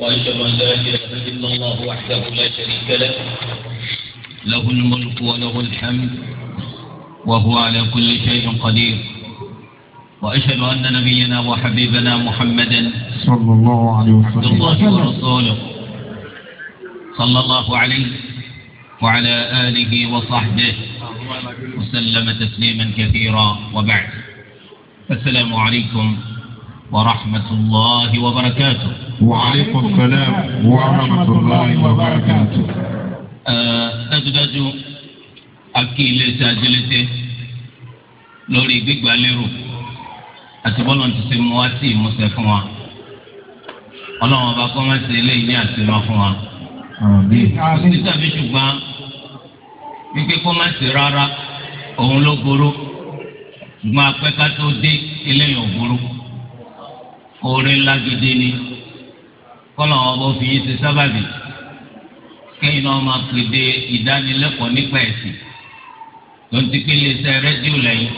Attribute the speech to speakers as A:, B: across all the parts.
A: وأشهد أن لا إله إلا الله وحده لا شريك له له الملك وله الحمد وهو على كل شيء قدير وأشهد أن نبينا وحبيبنا محمدا صلى الله عليه وسلم عبد الله ورسوله صلى الله عليه وعلى آله وصحبه وسلم تسليما كثيرا وبعد السلام عليكم ورحمة الله وبركاته وعليكم السلام ورحمة الله وبركاته dájúdájú أكيل iléeṣẹ́ ajílété lórí gbígbà lérò àti bọ́lá ti ṣe mú wá sí ìmúṣẹ fún wa ọlọ́run ọba kọ́ máa ṣe eléyìí ní àṣemọ́ fún wa òsì tàbí ṣùgbọ́n wípé kó rárá òun ló burú ṣùgbọ́n apẹ́ ká tó dé eléyìí ò burú oore ńlá gidi ni kọ́lọ̀ wọn bó fi yín ṣe sábàbí kẹ́yìn náà máa pèdè ìdánilẹ́kọ̀ọ́ nípa ẹ̀sìn tó ń ti pé iléeṣẹ́ rédíò lẹ́yìn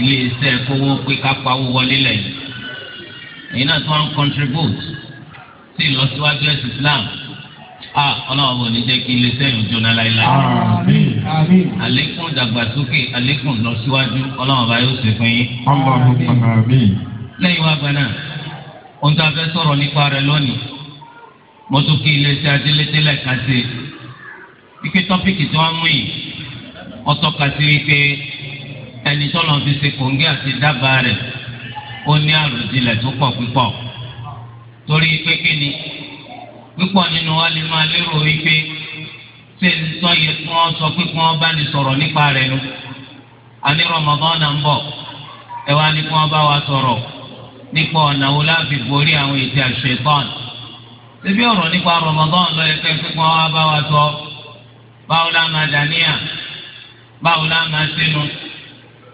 A: iléeṣẹ́ kówó pé kápáwó wọlé lẹ́yìn èyí náà tó wá ń contribute sí ìlọsíwájú ẹ̀sìn Islam ah ọlọ́run ò ní jẹ́ kí iléeṣẹ́ yìí jóná láéláé. àmín àmín. àlékún ìdàgbàsókè àlékún ìlọsíwájú ọlọ́run bá yóò ṣe fún yín. ọlọ́run àmín lẹ́yìn wá gbaná ohun tó a fẹ́ sọ̀rọ̀ nípa rẹ̀ lónìí mo tún kí iléeṣẹ́ adélété lẹ́ka sí ike tọ́pìkì tí wọ́n mú yìí wọ́n tọ́ka sí wípé ẹni tó lọ́n fi ṣe kòǹgẹ́ àti dábàá rẹ̀ ó ní àròjinlẹ̀ tó pọ̀ púpọ̀ torí pé kí ni púpọ̀ nínú wa lè máa lérò wípé ṣé ń tọ́ yẹ kí wọ́n sọ pé kí wọ́n bá ní sọ̀rọ̀ nípa rẹ̀ nu àní Ramadan náà ń bọ̀ ẹ wá ní kí wọ́n bá wa sọ̀rọ̀ nípa ọ̀nà wo láfi borí àwọn ètò àṣetán ṣébí ọ̀rọ̀ nípa Ramadan lọ yẹ kẹ́kẹ́ pọ́n wá bá wa sọ báwo la máa dàníyà báwo la máa sínú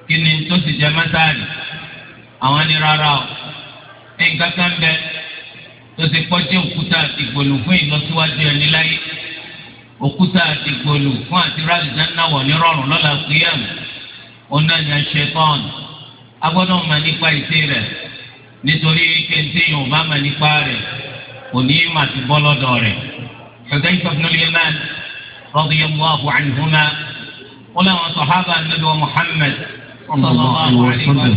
A: kí ni tó ti jẹ mẹ́tàlì àwọn ní rárá o nǹkan kan bẹ tó ti pọ́jú òkúta àti fún ìlọsíwájú ẹni láyé òkúta àti fún àti ráàdìjà náwọ nírọ̀rùn lọ́la kíyàmù ọ̀nà ni àṣetán agbọ́dọ̀ mọ̀ nípa ìṣe rẹ̀ nítorí kéńté yóò bá mà nípa rẹ̀ òní mà ti bọ́ lọ́dọ̀ rẹ̀ Hudhayfah ibn al-Yaman radiyallahu anhuma wọn làwọn sọ̀hábà Ànábì wa Muhammad sallallahu alayhi wa sallam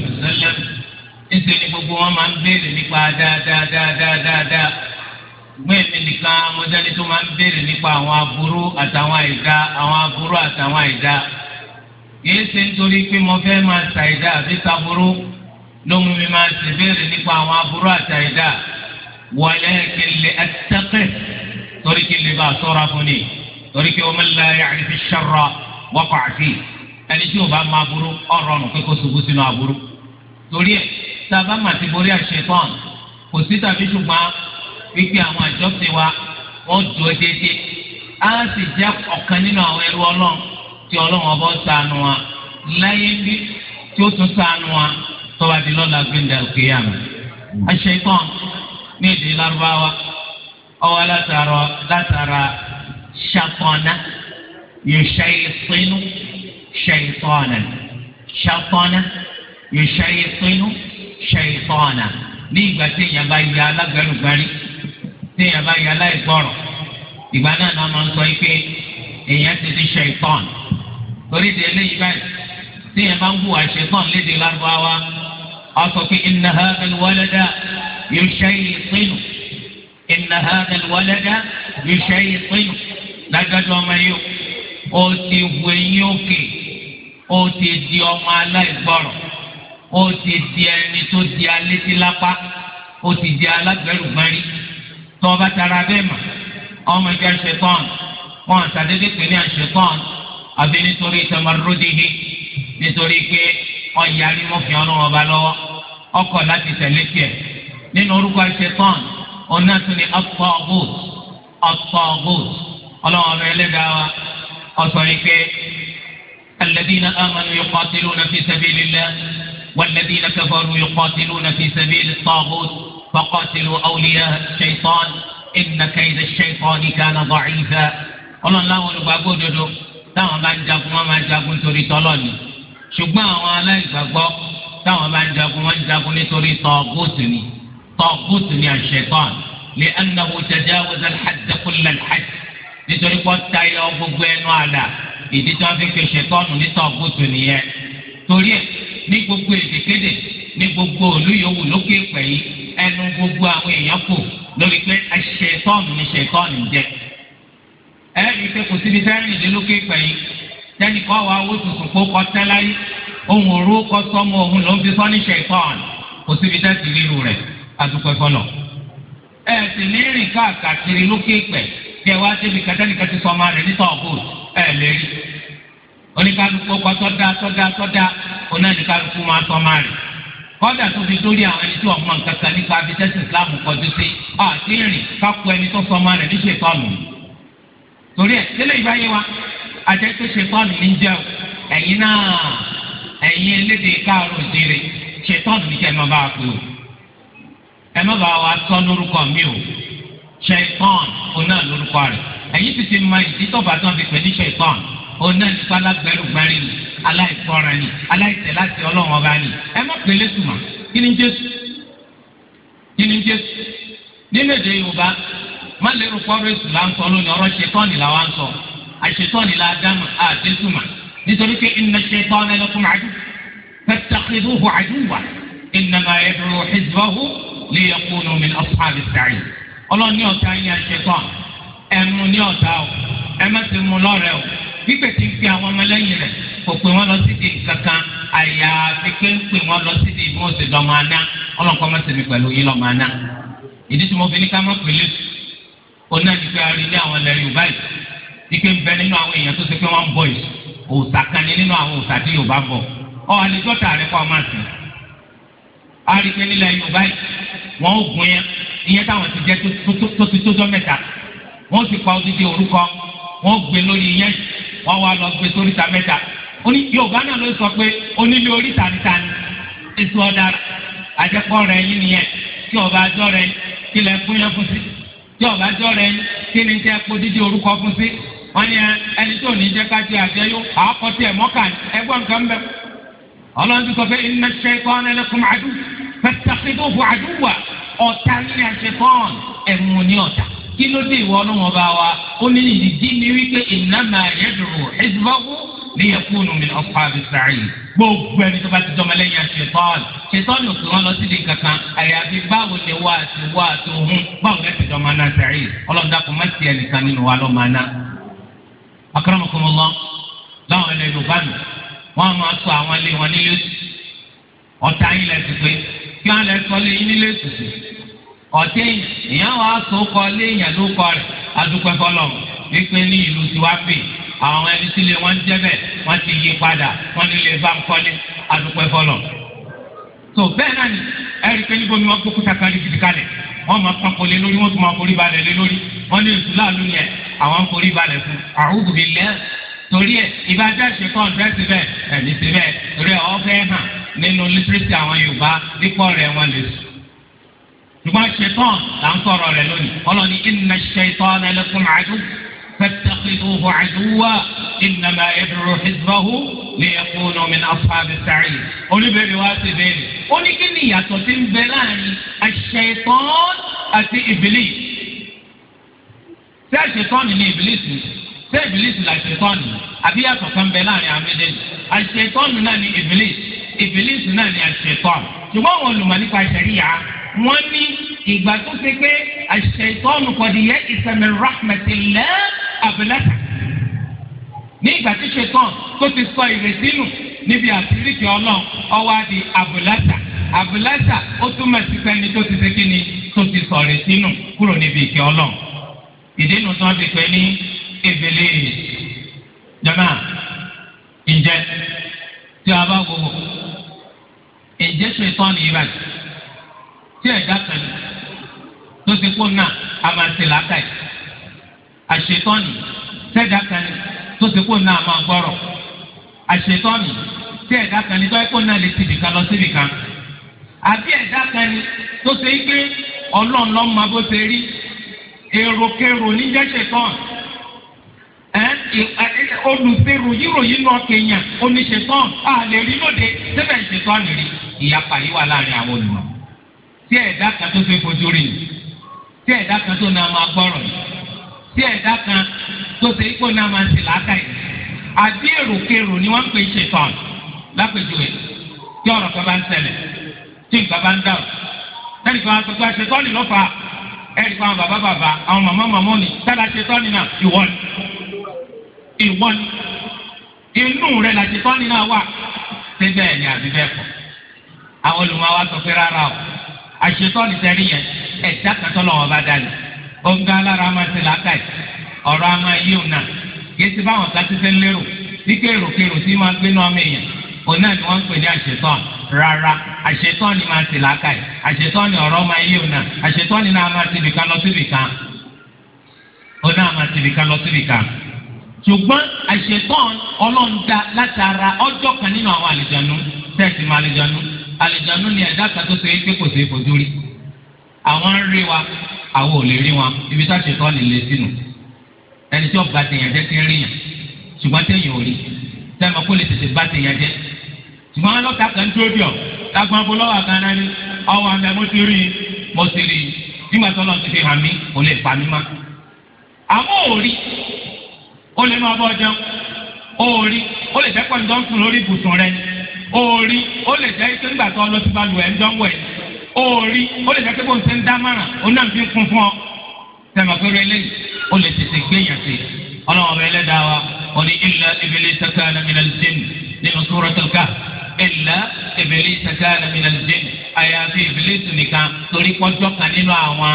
A: níṣẹ́ ni gbogbo wọn máa ń béèrè nípa dáadáadáadáa gbẹ̀mí nìkan mọ́jáde tó máa ń béèrè nípa àwọn aburú àtàwọn àìdá àwọn aburú àtàwọn àìdá kìí ṣe nítorí pé mo fẹ́ máa ṣàìdá àbí taburú ló mú mi máa ṣe béèrè nípa àwọn aburú àtàyídá wọlé kele ẹtẹkẹ torí kí lè bá a sọra fún ni torí kí wọn lè yàrá fi ṣọrọ wọkọ àti ẹni tí o bá máa burú ọ̀rọ̀ nù pé kó ṣubú sínú aburú torí ẹ sábà máa ti borí àṣẹ tán kò sí tàbí ṣùgbọ́n wípé àwọn àjọṣe wa wọ́n dùn ó déédéé á sì jẹ́ ọ̀kan nínú àwọn ẹrú ọlọ́run tí ọlọ́run ọba ń ṣàánú wa láyé bí tí ó tún ṣàánú wa tọ́wá di lọ́la gbẹ̀ndẹ̀ alqiyam. aṣ-ṣaytan ní èdè lárúbáwá ọwọ́ látara látara ṣàtọ̀nà yẹ̀ṣẹ̀yẹ̀sínú ṣàìtọ̀nà ṣàtọ̀nà yẹ̀ṣẹ̀yẹ̀sínú ṣàìtọ̀nà ní ìgbà tí èèyàn bá ya alágbẹ̀rùgbẹ̀rì tí èèyàn bá ya aláìgbọ̀rọ̀ ìgbà náà náà máa ń sọ pé èèyàn ti di ṣàìtọ̀nà torí di eléyìí báyìí tí èèyàn bá ń hùwà ṣàìtọ̀nà lédè lárúbáwá. أصف إن هذا الولد يشيطن إن هذا الولد يشيطن نجد وما يوك أوتي ويوكي أوتي دي وما لا يبارو أوتي دي أني تودي التي لابا أوتي دي على غير مري توبة ترابيما أما جاء الشيطان وأن تدري كني الشيطان أبيني توري تمرده نتوري كي ọ̀yarí mọ́fìn ọlọ́run ọba lọ́wọ́ ọkọ̀ láti tẹ̀lé tiẹ̀ nínú orúkọ ṣetán ọ̀nà tún ni ọ̀tọ̀ ọ̀bùt ọ̀tọ̀ ọ̀bùt ọlọ́run ọba ẹlẹ́dàá wa ọ̀sọ̀ yìí pé alladhina amanu yuqatiluna fi sabilillah والذين كفروا يقاتلون في سبيل الطاغوت فقاتلوا أولياء الشيطان إن كيد الشيطان كان ضعيفا ọlọ́run láwọn olùgbàgbọ́ òdodo táwọn bá ń jagun wọn máa jagun torí tọ́lọ́ọ̀nì ṣùgbọ́n àwọn aláìgbàgbọ́ táwọn bá ń jagun wọ́n ń jagun nítorí tọ́gùtù ni tọ́gùtù ni àṣetán lè ẹnáwó jẹjẹ awọ́sẹ̀ hajjakulẹ̀ hajj nítorí pọ́ tayọ gbogbo ẹnu àlà ìdí tí wọ́n fi fi ṣetánù ní tọ́gùtù nìyẹn torí ẹ̀ ní gbogbo èdèkéde ní gbogbo òlú yòówù lókè pẹ̀ yìí ẹnu gbogbo àwọn èèyàn kù lórí pé àṣetánù ni ṣetánù jẹ ẹ̀ẹ́dì pé kò síbi sẹ́rìn ìdílókè pẹ̀ yìí tẹnikọ́ wa owó tuntun kó kọ́ tẹ́láyé ohun òru kọ́ sọ́mọ ohun ló ń fi sọ́ ní ṣẹ̀tọ́n kò síbi tẹ́sí ríru rẹ̀ adúpẹ́ fọlọ́. ẹ sì ní rìn káàkiri lókè pẹ̀ kí ẹ wá débi kẹtẹ́nìkẹ́ ti sọmọ rẹ̀ nítorí ọ̀gbọ́n ẹ lè rí. oníkálukú kọ́ sọ́dá sọ́dá sọ́dá onáníkálukú máa sọmọ rẹ̀. kọ́dà tó fi dórí àwọn ẹni tí wọ́n mọ̀ nǹkan kan nípa abitẹ́sì ìsìláàmù kọjú sí àti rìn kápò ẹni tó sọmọ rẹ̀ níṣẹ́ tọ́nù. torí ẹ̀ tẹ́lẹ̀ ìbáyé wa àjẹpẹ́ ṣètọ́nù ní jẹ́ o ẹ̀yin náà ẹ̀yin elédè káàró ìdíire ṣètọ́nù ní jẹ́ ẹ má bàa pè o ẹ má bàa wà sọ lórúkọ mi o ṣètọ́n òun lórúkọ rẹ̀ ẹ̀yin ti ti ma ìdí tán fi pè ní ṣètọ́n òun náà nípa alágbẹ̀rùgbẹ̀rì ni aláìsọ́ra ni aláìsẹ̀ láti ọlọ́run ọba ni ẹ má pè lẹ́sùmọ̀ kí ni jésù kí ni jésù nínú èdè yorùbá má lérò pọ́ọ́rọ́ èsù là ń sọ lónìí ọ̀rọ̀ ṣètọ́nì là wá sọ àṣetọ́ni la dámà àti túmọ̀ nítorí pé inna ash-shaytana lakum aduwwun fattakhidhuhu aduwwan innama yad'u hizbahu liyakunu min ashab as-sa'ir ọlọ́run ní ọ̀tá yín àṣetọ́ ẹ̀mú ní ọ̀tá o ẹ má ti mú lọ́rẹ̀ o gbígbẹ̀ tí ń pe àwọn ọmọlẹ́yìn rẹ̀ kò pé wọ́n lọ sí di kankan àyàfi pé ń pè wọ́n lọ sí di bí wọ́n ti lọ́ máa ná ọlọ́nkọ́ má sèmi pẹ̀lú yín lọ́ máa ná ìdí tí mo fi ní ká má pèlè òun náà ti pé arí ní àwọn ilẹ̀ Yorùbá yìí ike ń bẹ nínú àwọn èèyàn tó ṣe pé wọ́n ń bọ̀ yìí òòtà kan ní nínú àwọn òòtà tí Yorùbá bọ̀ ọ àlejòta rẹ kọ́ ọmọ àti àríkẹ́ nílẹ̀ Yorùbá yìí wọ́n ó gun yẹn ìyẹn táwọn ti jẹ́ tó ti tójọ́ mẹ́ta wọ́n sì pa odidi orúkọ wọ́n gbé lórí yẹn wọ́n wá lọ gbé sóríta mẹ́ta oní Yorùbá náà ló sọ pé onílé oríta níta ni èso ọ̀daràn àjẹpọ̀ rẹ̀ yín nìyẹn tí ọba àjọ rẹ̀ kí fún yẹn fún sí tí ọba àjọ rẹ̀ kí ni jẹ́ kó orúkọ fún sí wọ́n ní ẹni tó ní jẹ́ kájí àjẹyó àkọ́tì ẹ̀ mọ́kà ẹgbọ́n nǹkan bẹ́ẹ̀. ọlọ́run ti sọ pé inna shaytana lakum adu fattakhiduhu aduwwa ọ̀tá ní àṣetán ẹ̀mú ní ọ̀tá kí ló dé ìwọ ọlọ́run ọba wa ó ní ìdí ni wípé innama yad'u hizbahu liyakunu min ashabis sa'ir gbogbo ẹni tó bá ti dọ́mọ lẹ́yìn àṣetán ṣetán òkè wọn lọ síbi kankan àyàfi báwo ni wà á ti wà á tó hun báwo lẹ́sìn dọ́mọ náà sa'ir ọlọ́run má ti ẹnìkan nínú wa lọ́mọ náà akramakumullah láwọn ilẹ̀ yorùbá mi wọ́n máa sọ àwọn ilé wọn nílé ọ̀tá yín lẹ ti pé kí wọ́n lẹ sọ lé yín nílé tùtù ọ̀tẹ́ ìyẹn wàá sọ kọ lé yẹn ló kọ rẹ̀ adúpẹ́ fọlọ́ wípé ní ìlú tiwa pè àwọn ẹni tí lè wọ́n jẹ́ bẹ́ẹ̀ wọ́n ti yí padà wọ́n ní lè bá ń kọ́lé tó bẹ́ẹ̀ náà ni ẹ̀rí pé níbo ni wọ́n gbókúta kan gidi kalẹ̀ wọ́n máa pọ́n lórí wọ́n tún máa forí balẹ̀ lé lórí wọ́n ní ètùláàlú àwọn ń forí balẹ̀ fún a'udhu billah torí ẹ̀ ìbájá ṣetán dẹ́sí bẹ́ẹ̀ ẹ̀mí sí bẹ́ẹ̀ torí ẹ̀ ọ́ fẹ́ hàn nínú lítírísì àwọn Yorùbá dípò rẹ̀ wọn lè sùn. ṣùgbọ́n ṣetán là ń sọ̀rọ̀ rẹ̀ lónìí ọlọ́ni inna ash-shaytana lakum aduwwun fattakhidhuhu aduwwan wá sí bẹ́ẹ̀ ni ní kí ni ìyàtọ̀ ti ṣé àṣetọ́ni ni ìbílísì ṣé ìbílísì là ṣetọ́ni àbí yàtọ̀ kan bẹ láàrin àmẹ́dẹ́ni àṣetọ́ni náà ni ìbílísì ìbílísì náà ni àṣetọ́ni ṣùgbọ́n àwọn olùmọ̀ nípa ṣẹ̀ríyà wọ́n ní ìgbà tó ṣe pé àṣetọ́ni kọ́ni yẹ ìsẹ̀mẹ̀ rahmatillah abẹ́lẹ́ta ní ìgbà tí ṣetọ́n tó ti sọ ìrètí nù níbi àtiríkì ọlọ́run ọwọ́ adi abùlátà abùlátà ó túmọ̀ sí pẹ́ni tó ti ṣe kí tó ti sọ̀rètí nù kúrò níbi ìkẹ́ ọlọ́run ìdí inú tí wọ́n ti pè ní ebèlè jama ǹjẹ́ tí a bá gbogbo ǹjẹ́ tó tán ní ibà tí ẹ̀dá kan tó ti kó náà a máa ti làákàyè àṣetọ́ni tẹ́ẹ̀dá kan tó ti kó náà a máa gbọ́rọ̀ àṣetọ́ni tí ẹ̀dá kan ní tọ́ẹ́kọ́ náà lè ti bìkan lọ sí bìkan àbí ẹ̀dá kan ní tó ṣe é gbé ọlọ́run lọ́mọ bó ṣe rí èròkèrò níjẹ́sẹ̀ tán olùsèrò yíròyìn náà kéèyàn oníṣẹ́ tán a lè rí lóde síbẹ̀ ń ṣe tán lè rí ìyapa yìí wà láàrin àwọn olùmọ̀ tí ẹ̀dá kan tó fẹ́ fojú rí ni tí ẹ̀dá kan tó náà máa gbọ́rọ̀ ni tí ẹ̀dá kan tó ṣe ikú náà máa ń ṣe làákà yìí àbí èròkèrò ni wọ́n ń pè é ṣe tán lápèjúwe tí ọ̀rọ̀ kan bá ń ṣẹlẹ̀ tí nǹkan bá ń dà lẹ́yìn kan á sọ pé àṣetọ́ni lọ́fà ẹ̀rí fún àwọn bàbá bàbá àwọn màmá màmá sábà ṣe tọ́ ìwọ ni ìwọ ni inú rẹ̀ là tọ́ wà ni àbí bẹ́ẹ̀ kọ́ àwọn olùmọ̀wá sọ pé rárá o àṣetọ́ ni sẹ́rí yẹn ẹ̀dá kàtọ́ lọ́wọ́ bá dalẹ̀ ọ̀gá alára máa ṣe làákàyè ọ̀rọ̀ Ona ni wọ́n ń pè ní àṣetán rárá ni máa ti làákàyè àṣetán ni ọ̀rọ̀ máa yé òun náà àṣetán ni náà máa tibì kan lọ síbì kan òun náà máa tibì kan lọ síbì kan ṣùgbọ́n àṣetán ọlọ́ọ̀dá látara ọjọ́ kan nínú àwọn àlìjànú tẹ̀sí máa àlìjànú àlìjànú ni ẹ̀dá kan tó ṣe é pé kò ṣe é fojú rí àwọn ń rí wa àwọn ò lè rí wọn ibi tá àṣetán lè lè sínú ẹni tí ọba tèèyàn jẹ ti ń rí yàn ṣùgbọ́n téèyàn ò rí tẹ́lẹ̀ kó lè tètè bá tèèyàn jẹ ṣùgbọ́n ọlọ́ta kan dúró dì ọ́ lágbọ́n abolówó àgànná ni ọwọ́ àmì mo ti rí i mo ti rí i nígbà tó lọ́n ti fi hàn mí kò lè pa mí má. àmọ́ òòrí ó lè máa bọ́ ọjọ́ òòrí ó lè jẹ́ pẹ̀lú dọ́ńtún lórí ibùsùn rẹ òòrí ó lè jẹ́ pé nígbà tó lọ sí balùwẹ̀ ń dánwò ẹ̀ òòrí ó lè jẹ́ pé kò ń ṣe ń dá márùn ó náà fi ń kún fún ọ. sẹ́mi pé eléyìí ó lè tètè gbéyàn sí ọlọ́run ọ̀rẹ́ ẹlẹ́dàá wa ó ní illa iblisa kana minal ilà ìbílí sàkánà mi náà jẹ àyàfi ìbílí sùnìkan torí kọjọ kan nínú àwọn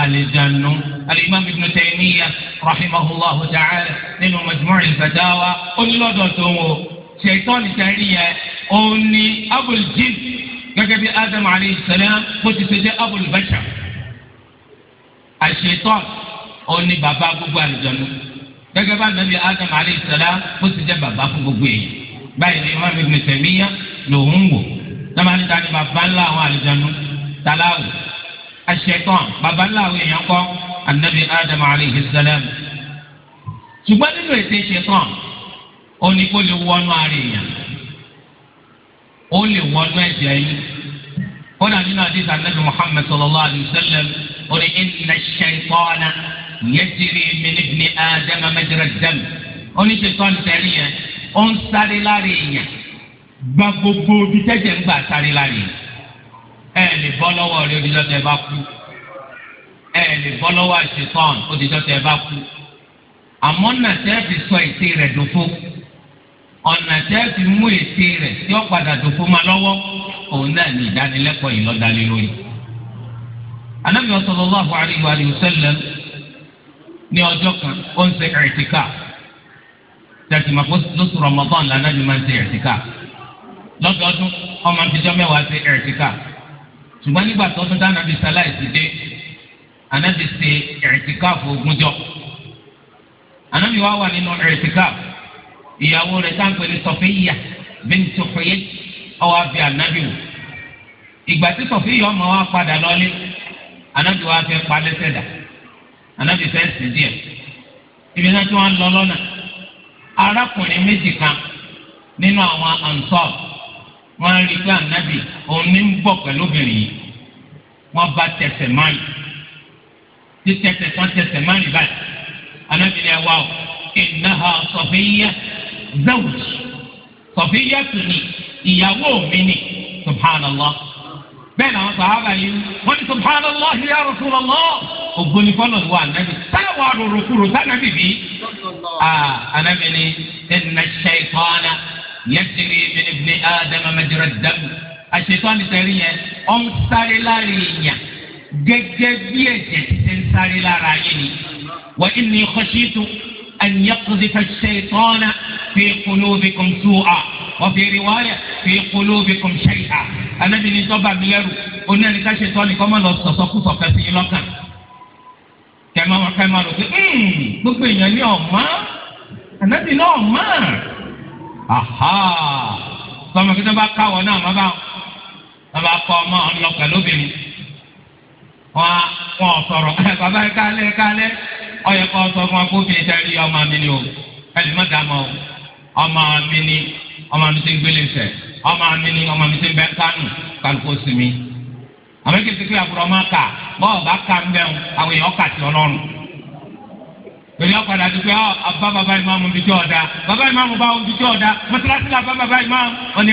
A: àlejànú. alimam ibn taymiya rahimahullahu ta'ala nínú majmuu al-fatawa ó ní lọ́dọ̀ tó ń wo ṣètọ́ni tẹ̀rí yẹn ó ní abul jinn gẹ́gẹ́ bí adam alayhi salam bó ti ṣe jẹ́ abul bashar àṣetọ́n ó ní bàbá gbogbo àlejànú gẹ́gẹ́ bá nàbí adam alayhi salam bó ti jẹ́ bàbá fún gbogbo èyí báyìí ni Imam Ibn Taymiyyah lòún wò lọ́mọ níta ni bàbá ńlá àwọn àlùjánu tàláwò aṣẹ́tàn bàbá ńlá àwọn èèyàn kọ́ anabi Adam alayhi salam ṣùgbọ́n nínú ètè ṣẹ́tàn ó ní kó lè wọnú ara èèyàn ó lè wọnú ẹ̀jẹ̀ yìí kódà nínú àdìsí anabi Muhammad sallallahu alayhi wa ó ní inna ash-shaytana yajri min Adam majra ó ní ṣẹ́tàn tẹ̀lé yẹn. ó ń sáré lára èèyàn gba gbogbo ibi tẹ́jẹ̀ ń gbà sáré lára èèyàn ẹ lè bọ́ lọ́wọ́ rẹ odijọ́ tẹ bá kú ẹ lè bọ́ lọ́wọ́ àṣetán tẹ bá kú àmọ́ ọ̀nà tẹ́ fi sọ ète rẹ̀ dòfo ọ̀nà tẹ́ fi mú ète rẹ̀ tí ó padà ma lọ́wọ́ òun náà ní ìdánilẹ́kọ̀ọ́ yìí lórí. ní ọjọ́ kan ó ń ṣe tẹ̀sìmọ̀ fún lóṣù rọmọbọ́n lànà ni máa ń ṣe ẹ̀sìká lọ́dọọdún ọmọ àfijọ́ mẹ́wàá ṣe ẹ̀sìká ṣùgbọ́n nígbà tó tún dáná bíi sáláìsì dé ànábì ṣe ẹ̀sìká fún ogúnjọ́ ànábì wá wà nínú ẹ̀sìká ìyàwó rẹ̀ táǹpẹ̀ ní sọfíyà bíntu Huyay ọwọ́ àfi ànábì wò ìgbà tí sọfíyà ọmọ wa padà lọ́lé ànábì wá fẹ́ palẹ́sẹ̀dà arákùnrin méjì kan nínú àwọn ansar wọn rí pé ànábì òun ní ń bọ̀ pẹ̀lú obìnrin yìí wọn bá tẹsẹ̀ márì tí tẹsẹ̀ tán tẹsẹ̀ márì báyìí ànábì ni ẹ wá o innaha Safiyya zawji Safiyya tù ní ìyàwó mi ni subhanallah bẹ́ẹ̀ náà sàhábà yìí wọ́n ní subhanallah ya Rasulullah ògbóni fọlọ́ ní wa ànábì sáyẹ̀wò àròrò kúrò sànábì bíi. آه، أنا أنمني إن الشيطان يجري من ابن آدم مجرى الدم الشيطان تريه أم ساري لارينيا ججبية جسن ساري لاريني وإني خشيت أن يقذف الشيطان في قلوبكم سوءا وفي رواية في قلوبكم شيئا أنا من طبع ميرو قلنا لك الشيطان كما لو سوف سوف سوف kẹmà wọn kẹmà lọ sí gbogbo èèyàn ní ọmọ ànábì náà ọmọ aha sọmọ kí ló bá káwọ náà má bá wọn bá kọ ọmọ ọlọ pẹ̀lú obìnrin wọn wọn sọ̀rọ̀ bàbá yẹ kálẹ kálẹ ọyẹ kọ sọ fún akóbìnrin tẹrí ọmọ mi ni o ẹni má dààmú o ọmọ mi ni ọmọ mi ti ń gbélé sẹ ọmọ mi ni ọmọ mi ti ń bẹ kánú kálukó sí mi àmọ́ kí n ti pé àbúrò máa kà bọ́ọ̀ bá kà ń bẹ̀rù àwọn èèyàn kà sí ọlọ́run pẹ̀lú ọ̀padà tó pé bá bàbá ìmáàmù bí tí ọ̀dà bàbá ìmáàmù bá wọn bí tí ọ̀dà mọ́tíláṣí la bá bàbá ìmáàmù wọn ni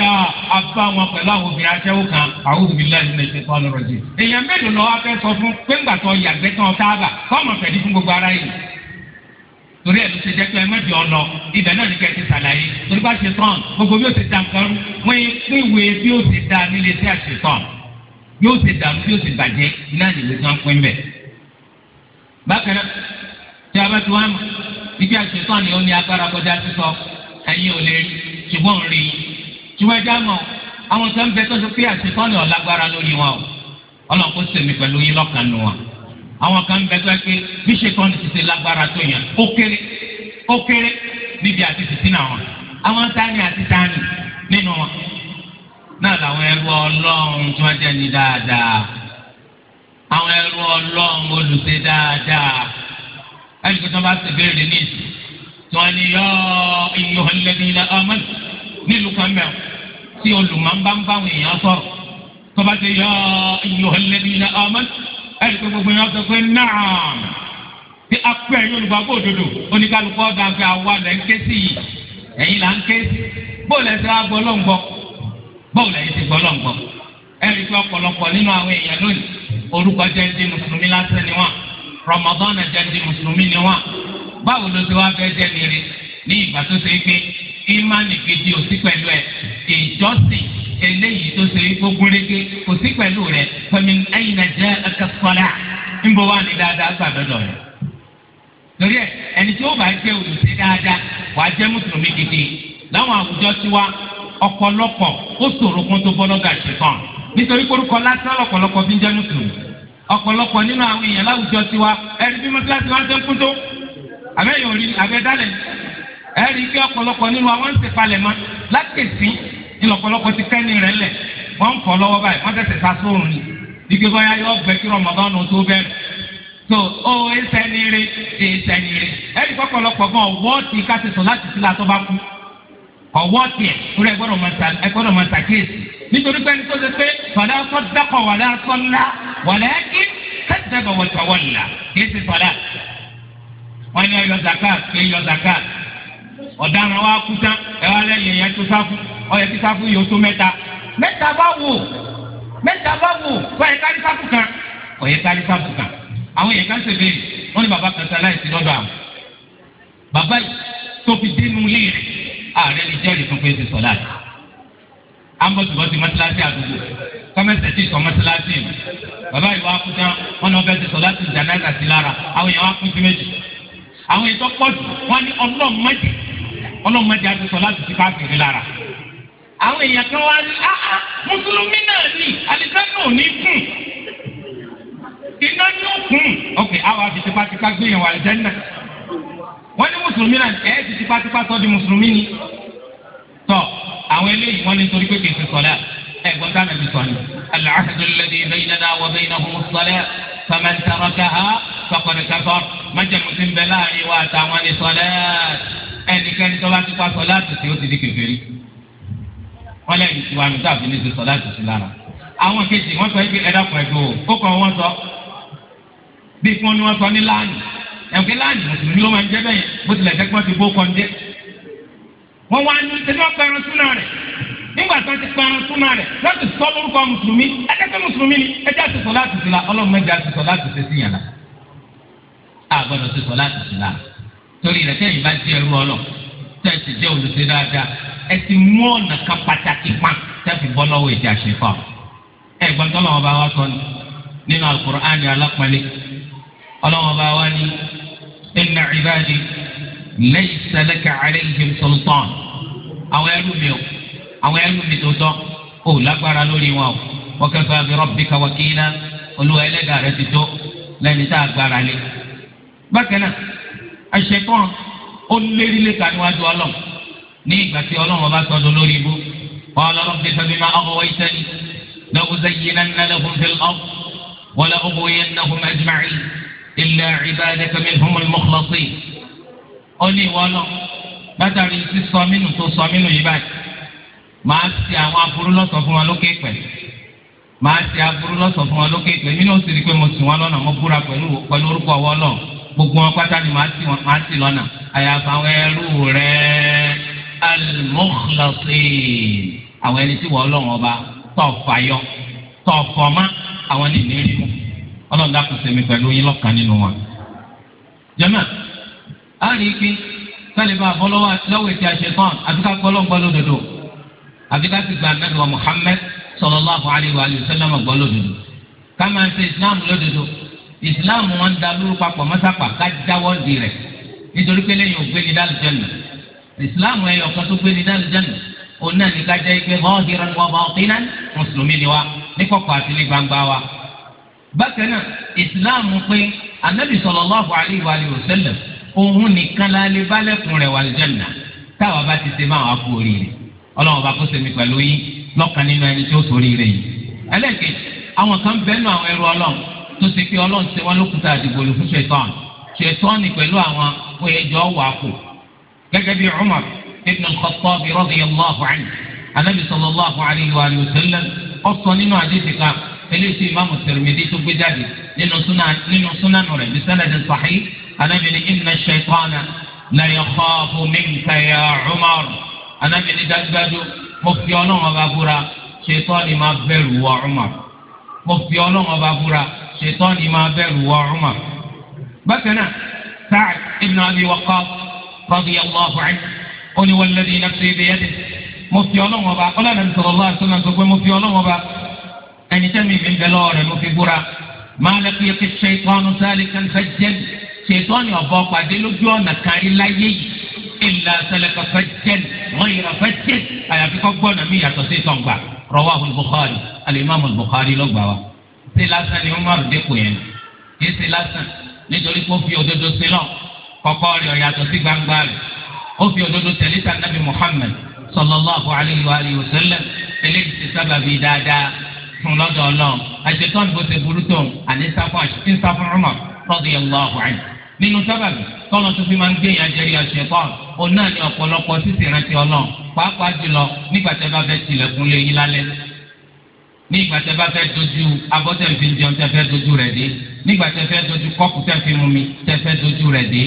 A: àbá wọn pẹ̀lú àwọn obìnrin aṣẹ́wó kan àwọn obìnrin láti ní ìṣẹ̀tọ́ ọlọ́rọ̀ jù. èèyàn mélòó lọ wá fẹ́ sọ fún pé ńgbà tó yàgbẹ́ tán táàbà fọ́ọ̀mù fẹ̀dí fún gbogbo ara yìí. torí ẹ̀ ló ṣe jẹ́ pé ẹ mẹ́jọ lọ ibẹ̀ náà ní kẹ́ẹ̀tì ṣàlàyé torí bá ṣe tán gbogbo bí ó ti dàǹkan wíwèé bí ó ti dà nílé tí a ṣe tán yóò ṣe dàrú yóò ṣe bàjẹ́ iná ìdìbò tí wọ́n pín bẹ̀. bákan náà tí a bá ti wá mọ̀ ibi àṣetán ni ó ní agbára kọjá sísọ ẹ̀yin ò lè rí ṣùgbọ́n rí i ṣùgbọ́n ẹja mọ̀ àwọn tó ń bẹ tó ṣe pé àṣetán ni ọ̀lágbára lórí wọn o ọlọ́run kò sèmi pẹ̀lú yín lọ́kàn nù wọn. àwọn kan ń bẹ tó ẹ pé bí ṣetán ti ṣe lágbára tó yàn ó kéré ó kéré níbi àti tìtì wọn àwọn táni àti táni nínú wọn náà làwọn ẹrú ọlọ́run tí wọ́n jẹ́ ní dáadáa àwọn ẹrú ọlọ́run olùṣe dáadáa ẹni tó tán bá ti béèrè ní ìsìn tí wọ́n ní yọ iyọ̀ ọ̀lẹ́ni ilẹ̀ ọmọ nílùú kan mẹ́wọ̀ tí olùmọ̀ ń bá ń báwọn èèyàn sọ̀rọ̀ tó bá ti yọ iyọ̀ ọ̀lẹ́ni ilẹ̀ ọmọ ẹni tó gbogbo yẹn sọ pé náà tí a pẹ́ ẹ̀yin olùgbàgbọ́ òdodo oníkálukọ́ dàgbé àwa lẹ́ ń ké sí yìí ẹ̀yin là ń ké sí bóòlù ẹ̀sẹ̀ àgbọ̀ ọlọ́ngbọ̀n báwo lẹ́yìn ti gbọ́ lọ́ngbọ́ ẹ̀rí pé ọ̀pọ̀lọpọ̀ nínú àwọn èèyàn lónìí orúkọ jẹ́ ti mùsùlùmí lásán ni wọ́n Ramadan jẹ́ mùsùlùmí ni wọ́n báwo ló ti wá fẹ́ jẹ́ nire ní ìgbà tó ṣe pé ìmánì gidi ò sí pẹ̀lú ẹ̀ ìjọsìn eléyìí tó ṣe gbógun régé kò sí pẹ̀lú rẹ̀ fẹ́mi ẹ̀yin náà jẹ́ wà ní dáadáa gbàdọ̀dọ̀ rẹ̀ torí ẹ ẹni tí ó bá jẹ́ olùsí dáadáa wàá jẹ́ mùsùlùmí gidi láwọn àwùjọ tiwa ọ̀pọ̀lọpọ̀ ó ṣòro kó tó bọ́lọ́gà ṣẹ̀tàn nítorí korúkọ lásán ọ̀pọ̀lọpọ̀ fi ń jẹ́ mùsùlùmí ọ̀pọ̀lọpọ̀ nínú àwọn èèyàn láwùjọ tiwa ẹ̀rí bí mọ́tíláṣí wá ń tẹ́ kúndó àbẹ́yẹ̀ òrí àbẹ́dálẹ̀ ẹ̀rí kí ọ̀pọ̀lọpọ̀ nínú àwọn ń sèpalẹ̀ mọ́ lákèsí ní ọ̀pọ̀lọpọ̀ ti kẹ́ni rẹ̀ lẹ̀ wọ́n ń kọ́ lọ́wọ́ báyìí wọ́n tẹ̀sẹ̀ sá sóòrùn ni ike bọ́yá yọ ọgbẹ́ kí rọmọdánù tó bẹ̀rẹ̀ so ó ẹsẹ̀ nire ẹsẹ̀ nire ẹ̀rí kọ́pọ̀lọpọ̀ ọwọ́ tiẹ̀ fúnra ẹgbọ́dọ̀ máa ṣàkíyèsí nítorí pé ẹni tó ṣe pé fàlẹ́ sọ dákọ̀ wàlẹ́ sọ ńlá wàlẹ́ kí kẹ́tẹ́bẹ̀ wọ tọwọ́ ńlá kìí ṣe fàlẹ́. wọ́n ní ọyọ zakat pé yọ zakat ọ̀daràn wa kú tán ẹ wá lẹ́yìn ẹ̀yẹ tó sáfù ọyẹ tí sáfù yóò tó mẹ́ta mẹ́ta bá wò mẹ́ta bá wò ọyẹ kárí sáfù kan ọyẹ kárí sáfù kan àwọn èèyàn kan ṣèbéèrè wọ́n ní bàbá kan sáláì sí lọ́dọ̀ àwọn bàbá yìí tó fi dénú ilé rẹ̀ ààrẹ ní jẹ́rìí fún pé ti sọ̀lá yìí. ambọ̀tìbọ̀ ti mọ́tíláṣí àdúgbò kọ́mẹ́sẹ̀ tí sọ mọ́tíláṣí mi. bàbá ìwà akúta wọn náà fẹ́ẹ́ ti sọ̀lá ti jàǹdà sí lára àwọn èèyàn akún sí méjì. àwọn ètò pọ̀ jù wọ́n ní ọlọ́mọdé ọlọ́mọdé àti sọ̀lá ti ti káàkiri lára. àwọn èèyàn kan wá ní áá mùsùlùmí náà ní àlìkáná ò ní kùn iná ní ó kùn. ok àwọn àfi tipátipá gbé yẹn wà wọ́n ní mùsùlùmí náà ẹ̀ ti tipátipá sọ di mùsùlùmí ni. tọ́ àwọn eléyìí wọ́n ní torí pé kèsì sọ̀lá ẹ̀ gbọ́n tá nàbí sọ̀ni. al-ahdu alladhi baynana wa baynahumu as-salat faman tarakaha faqad kafar bẹ láàrin wa àtàwọn ní sọ̀lá ẹnikẹ́ni tó bá ti pa sọ̀lá àtúntì ó ti di kèfèrí. wọ́n lẹ́yìn tí wàá nùtà fi ní ti sọ̀lá àtúntì lára. àwọn kejì wọ́n sọ ẹ̀fín láàyè mùsùlùmí ló máa ń jẹ́ bẹ́ẹ̀ bó tilẹ̀ jẹ́ pé wọ́n ti bó kọ́ ń jẹ́. wọ́n wá ní ṣe lọ́ọ́ pẹran súnà rẹ̀ nígbà tó ti pẹran súnà rẹ̀ láti sọ lórúkọ mùsùlùmí ẹ̀ẹ́dẹ́gbẹ́ mùsùlùmí ni ẹjẹ́ àtìsọ láti sùlá ọlọ́mọdé àtìsọ láti ṣe sí yàrá. a gbọ́dọ̀ ti sọ láti sùlá torí rẹ̀ tẹ́yìn bá jẹ́ ẹrú ọlọ́ tẹ́ẹ̀sì jẹ́ olùsè dáadáa ẹ ti mú ọ̀nà kan pàtàkì pa tẹ́ẹ̀fì bọ́ lọ́wọ́ ìjà ṣe fà. ẹ̀gbọ́n tọ́lọ́wọ́ bá wá sọ nínú Al-Qur'an alápẹ̀lẹ́ ọlọ́wọ́n bá wá ní inna ibadi laysa laka alayhim sultan àwọn ẹrú mi o àwọn ẹrú mi tó tọ́ o lágbára lórí wọn o wa kafa bi rabbika wakila olúwa ẹlẹ́dàá rẹ ti tó lẹ́ni tá a gbára lé. bákan náà àṣetán ó lérí lẹ́ka níwájú ọlọ́run ní ìgbà tí ọlọ́run bá sọdọ̀ lórí ibú qala rabbi fabima aghwaytani la uzayyinanna illa ibadaka minhumul mukhlasin ó ní ìwọ náà látàrí sísọ mínú tó sọ mínú yìí báyìí màá ti àwọn aburú lọ́sọ̀ fún wa lókè pẹ̀ màá ti aburú lọ́sọ̀ fún wa lókè pẹ̀ mí náà sì rí i pé mo sì wọn lọ́nà mo búra pẹ̀lú pẹ̀lú orúkọ ọwọ́ náà gbogbo wọn pátá ni màá ti wọn màá ti lọ́nà àyàfà àwọn ẹrú rẹ al-mukhlasin àwọn ẹni tí wọ́n lọ́wọ́ ọba tọ̀ fàyọ tọ̀ fọ̀mọ́ àwọn ènìyàn rí mu ọlọ́run dákun sẹ́mi pẹ̀lú yín lọ́kàn nínú wọn. jẹ́mọ̀ á rí i pé sálẹ̀ bá bọ́ lọ́wọ́ ètò àṣetán àti ká gbọ́ lọ́gbọ́ lódodo àti ká sì gba anábì wa Muhammad sallallahu alayhi wa sallam gbọ́ lódodo ká máa ṣe Islam lódodo Islam wọn da lóru papọ̀ mọ́sápà ká jáwọ́ di rẹ̀ nítorí pé lẹ́yìn ògbéni dálùjẹ́nà Islam ẹ̀yọ̀ kan tó gbéni dálùjẹ́nà òun náà ní ká jẹ́ pé bọ́ọ̀dì rẹ̀ wọ́n bá ọ̀tí náà mùsùlùmí ni wa ní kọ̀kọ̀ àti ní gbangba wa bákan náà ìsìláàmù pé anabi sallallahu alaihi wa alihi wasallam òun nìkan la lè bá lẹ̀kùn rẹ̀ wà lùjẹnà táwa bá ti ṣe máa wà kú oríire Ọlọ́run bá kó sẹmi pẹ̀lú yín lọ́kàn nínú ẹni tó sóríire yìí ẹlẹ́kẹ̀ẹ́ àwọn kan bẹ́nu àwọn ẹrú Ọlọ́run tó ṣe pé Ọlọ́run ṣe wọn lókùtà àdìgbò lò fún ṣètọ́n ṣètọ́n pẹ̀lú àwọn oyèjọ́ wà kù gẹ́gẹ́ bí Umar ibn al-Khattab radiyallahu anhu anabi sallallahu alaihi wa alihi wasallam ọ eléyìí tí imaamu Tirmidhi tó gbé jáde nínú súnánù rẹ̀ bí sanadin sahih anabi ni inna shaytana la yakhafu minka ya Umar anabi ni dájúdájú mo fi ọlọ́run ọba búra ṣètọ́ni máa bẹ̀rù wọ Umar mo fi ọlọ́run ọba búra ṣètọ́ni máa bẹ̀rù wọ Umar. bákan náà Sa'd ibn Abi Waqqas radiyallahu anhu ó ní walladhi nafsi biyadihi mo fi ọlọ́run ọba ọlọ́run sọ̀rọ̀ lọ́wọ́ àti mo fi ọlọ́run ọba ẹni tẹ́mi fi ń bẹ lọ́wọ́ rẹ̀ mo fi búra máa lọ kí ẹkẹ ṣe ìtọ́nu sáré kẹfẹ́ jẹ́ ṣètọ́ni ọ̀bọ pàdé lójú ọ̀nà kárí láyé yìí ìlà sẹlẹ̀kọ fẹ́ jẹ́ wọ́n yìí fẹ́ jẹ́ àyàfi kọ́ gbọ́nà mi yàtọ̀ sí ìtọ̀ǹgbà rawahu al-Bukhari al bukhari ló gbà wá. ṣé lásán ni Umar dẹ́kù yẹn kì í ṣe lásán nítorí pé fi òdodo sí lọ kọ́kọ́ rẹ̀ ọ̀yàtọ̀ sí gbangba rẹ̀ ó fi òdodo tẹ̀lé tànàbí Muhammad sallallahu alayhi wa sallam eléyìí sábàbí dáadáa fún lọ́dọ̀ ọlọ́run àṣetán bó ṣe burú tó àní sáfún àṣetí sáfún ọmọ tọ́jú yẹn lọ́ àbúrán nínú sábàbí tọ́lọ́ tó fi máa ń gbé yẹn jẹ́rí àṣetán òun náà ní ọ̀pọ̀lọpọ̀ sísè ìrántí ọlọ́run pàápàá jùlọ nígbà tẹ́ bá fẹ́ tilẹ̀kùn lé yín lálẹ́ nígbà tẹ́ bá fẹ́ dojú abọ́tẹ̀ fi jẹun tẹ́ fẹ́ dojú rẹ̀ dé nígbà tẹ́ fẹ́ dojú kọ́pù tẹ́ fi mumi tẹ́ fẹ́ dojú rẹ̀ dé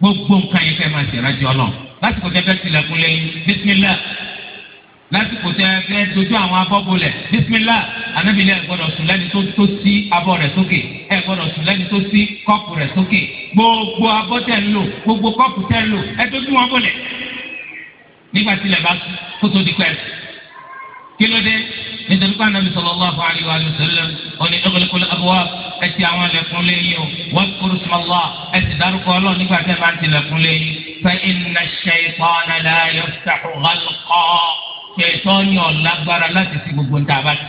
A: gbogbo nǹkan yẹn fẹ́ máa ṣèrántí ọlọ́run lásìkò tẹ́ fẹ́ tilẹ̀kùn lé yín lásìkò tẹ ẹ fẹ́ dojú àwọn abọ́bọ̀ lẹ̀ bísímìlá anábìlẹ̀ ẹ gbọ́dọ̀ sùn lẹ́ni tó sí abọ́ rẹ̀ sókè ẹ gbọ́dọ̀ sùn lẹ́ni tó sí kọ́ọ̀pù rẹ̀ sókè gbogbo abọ́ tẹ̀ ń lò gbogbo kọ́ọ̀pù tẹ̀ ń lò ẹ dojú wọn bọ̀lẹ̀ nígbà tí ilẹ̀ bá kó tó di pẹ́ kí ló dé nítorí pé anábì sallallahu alaihi wa sallam òní ọ̀gbẹ̀lẹ̀kọ̀lẹ̀ abúwá ẹ ṣètọ́ ní ọ̀lágbára láti sí gbogbo ń tàbá tì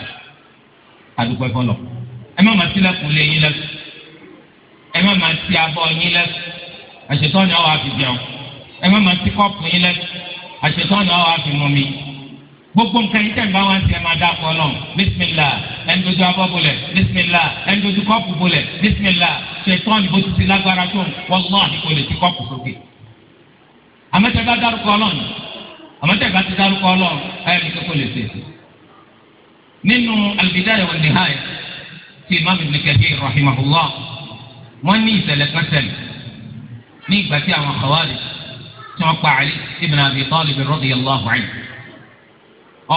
A: àdúgbò ẹ̀fọ́ lọ. ẹ má máa sílẹ̀kùn lé yín lẹ́sùn ẹ má máa ti abọ́ yín lẹ́sùn àṣetọ́ ní ọ̀wá fi jẹun ẹ má máa ti kọ́ọ̀pù yín lẹ́sùn àṣetọ́ ní ọ̀wá fi mú mi. gbogbo nǹkan yín tẹ̀m̀bá wọn ti ẹ̀ máa dá pọ̀ lọ bísímìlà ẹni dojú abọ́ bolẹ̀ bísímìlà ẹni dojú kọ́ọ̀pù bolẹ̀ bísímìlà ṣètọ́ ní bó ti ti lágbára tó wọ́n lọ́ àdínkù lè ti kọ́ọ̀pù sókè. àmọ́ àmọ́tẹ́gbà ti dárúkọ ọlọ́run ayé mi kókó lè ṣèṣe. nínú al-Bidaya wan-Nihaya ti imam ibn Kathir rahimahullah wọ́n ní ìṣẹ̀lẹ̀ kan ṣẹlẹ̀ ní ìgbà tí àwọn Khawarij tí wọ́n pa Ali ibn Abi Talib radiyallahu anhu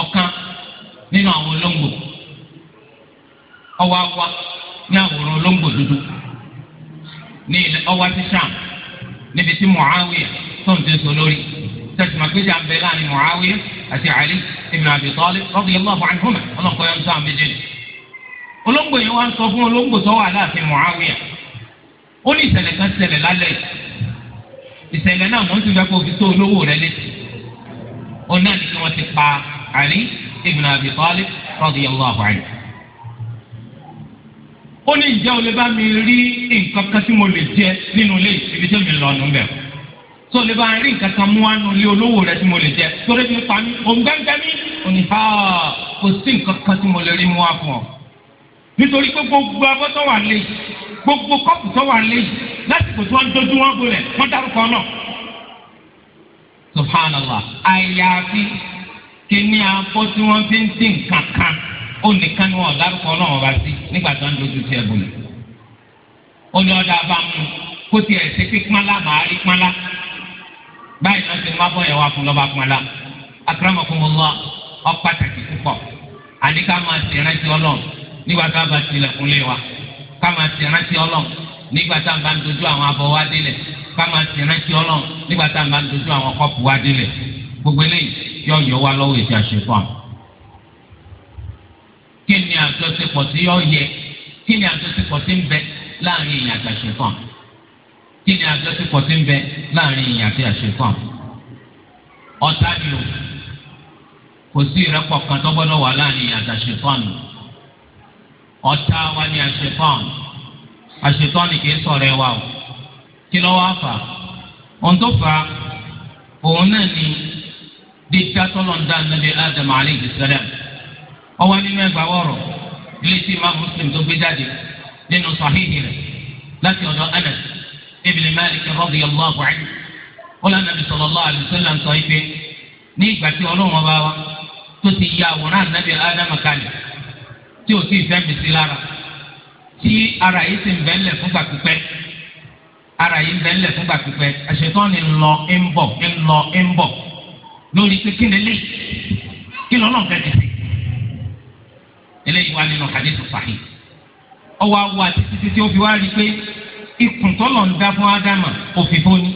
A: ọ̀kan nínú àwọn olóńgbò ọwọ́ awa ní àwòrán olóńgbò dúdú ní ọwọ́ ti sàm níbi tí Muawiya tó ń tẹ̀sọ̀ lórí tẹsán àgbéjà ń bẹ láàrin Muawiya àti Ali ibn Abi Talib radiyallahu anhuma ọlọ́kọ̀ yẹn ń sọ àmì jẹ́ni. olóńgbò yẹn wá ń sọ fún olóńgbò tó wà láàfin Muawiya ó ní ìṣẹ̀lẹ̀ kan ṣẹlẹ̀ lálẹ́ ìṣẹ̀lẹ̀ náà wọ́n ti fẹ́ kó fi tó olówó rẹ létí òun náà ní kí wọ́n ti pa Ali ibn Abi Talib radiyallahu anhu ó ní ìjẹ́ olè bá mi rí nǹkan kan tí mo lè jẹ nínú ilé ìṣèlú tẹ́mi lọ́nu bẹ́ẹ̀ tó lè bá ń rí nǹkan kan mú wá nulẹ̀ olówó rẹ tí mo lè jẹ torí mi pa mí òun gángan mi òní ha kò sí nǹkan kan tí mo lè rí mú wá fún ọ. nítorí pé gbogbo abọ́ tó wà lé gbogbo kọ́pù tó wà lé lásìkò tí wọ́n ń dojú wọn gbolẹ̀ wọ́n dárúkọ náà. subhanallah àyàfi kíní abọ́ tí wọ́n fi ń dín nǹkan kan ó nìkan ni wọ́n dárúkọ náà wọ́n sí nígbà tó ń dojú tiẹ̀ gbolẹ̀. ó ní ọ̀dà abámu kó tiẹ̀ ṣe pé pánlá màá rí pánlá báyìí náà ti máa bọ̀ yẹn wá fún lọ́ba fún ẹ la akramakumullah ọ pàtàkì púpọ̀ àní ká máa ti rántí ọlọ́run nígbà tá a bá tilẹ̀kùn lé wa ká máa ti rántí ọlọ́run nígbà tá a bá ń dojú àwọn abọ́ wa délẹ̀ ká máa ti rántí ọlọ́run nígbà tá a bá ń dojú àwọn kọ́pù wa délẹ̀ gbogbo eléyìí yọ yọ wa lọ́wọ́ ètò àṣepọ̀ kí ni àjọṣepọ̀ tí yọ yẹ kí ni àjọṣepọ̀ tí ń bẹ láàrin ìyàtọ̀ àṣepọ̀ kí ni àjọṣepọ̀ ti ń bẹ láàrin ìyàn àti àṣekọ̀ọ́ ọ̀tá ni o kò sí ìrẹ́pọ̀ kan tó gbọ́dọ̀ wà láàrin ìyàn àti àṣekọ̀ọ́ ọ̀tá wa ni àṣekọ̀ọ́ àṣekọ̀ọ́ ni kì í sọ̀rọ̀ ẹ wa o kí lọ́wọ́ àfà ohun tó fà òun náà ni dídá tọ́lọ̀ǹda nàbí ádámù alayhi salam ọwọ́ nínú ẹgbàá wọ̀rọ̀ ilé tí ìmáà Muslim tó gbé jáde nínú sàhíhì rẹ̀ láti ọ̀dọ̀ Anas ibn Malik radiyallahu anhu wọn lànà bí sallallahu alaihi wasallam sọ ife ní ìgbà tí Ọlọ́run ọba wa tó ti ya àwòrán ànábì ádámù kalẹ̀ tí ò sì fẹ́ mi sí lára tí ara yìí sì ń bẹ́ńlẹ̀ fúngbà pípẹ́ ara yìí ń bẹ́ńlẹ̀ fúngbà pípẹ́ àṣetán ni ń lọ ń bọ̀ ń lọ ń bọ̀ lórí pé kí ni lè kí ni ọlọ́run fẹ́ẹ́ tẹ̀sí eléyìí wá nínú hadith sahih ọwọ́ awọ àti títí tí ó fi wá rí i pé ikùn tọ́lọ̀ ń dá fún ádámà kò fi fóni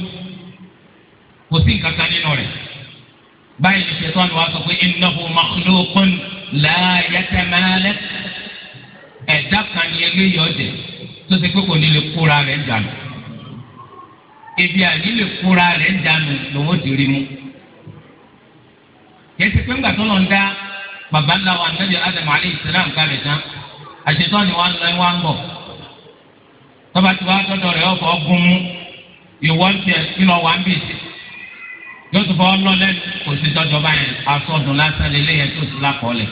A: kò sí nǹkan kan nínú rẹ̀ báyìí ní ṣètò àlùwà sọ pé innahu makhluqun la yatamalak ẹ̀dá kan ní eléyìí ọ̀dẹ̀ tó ṣe pé kò ní lè kóra rẹ̀ dànù ebi àní lè kóra rẹ̀ dànù lòun ti rí mu kìí pé ńgbà tọ́lọ̀ ń dá bàbá ńlá wa nàbí ádámà alayhi salam kalẹ̀ tán àṣetọ́ ni wọ́n ń lọ wọ́n ń bọ̀ tọ́ba tí wàá tọ́jọ rẹ̀ ọ̀fọ̀ ọ̀gùn mú ìwọ ń tiẹ̀ kí lọ wà ń bì sí yóò tún fọ́ lọ́lẹ́ kò sí tọ́jọ báyìí asọ́dún lásán lélẹ́ yẹn tó sì lákọọ́lẹ̀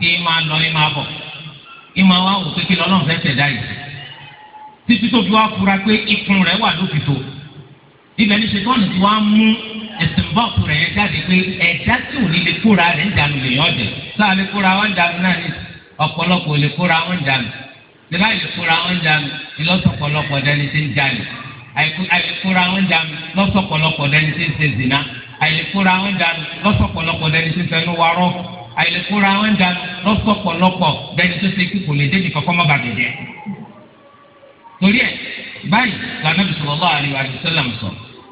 A: kí máa lọ ní máa bọ̀ kí máa wá òkè kí lọ́lọ́run fẹ́ tẹ̀dá yìí títí tó fi wá fura pé ikùn rẹ̀ wà lófìtò ibẹ̀ ní ṣetán ti wá mú ẹ̀sìn bọ́ọ̀kù rẹ̀ yẹn jáde pé ẹ̀dá tí ò ní lè kóra rẹ̀ ń dànù lèyàn ọ̀dẹ̀ sáà lè kóra wọn dànù náà ní ọ̀pọ̀lọpọ̀ lè kóra wọn dànù tìlá ìfura ọ̀njà mi ìlọ́sọ̀pọ̀lọpọ̀ dání ti ń jalè àìfura ọ̀njà mi lọsọpọlọpọ dání ti ń ṣe zìnà àìfura ọ̀njà mi isi dání ti ń fẹnu warọ́ àìfura ọ̀njà mi lọ́sọ̀pọ̀lọpọ̀ dání tó ṣe kíkò lè débi kọ́kọ́ má bàbí jẹ́. torí ẹ báyìí sọ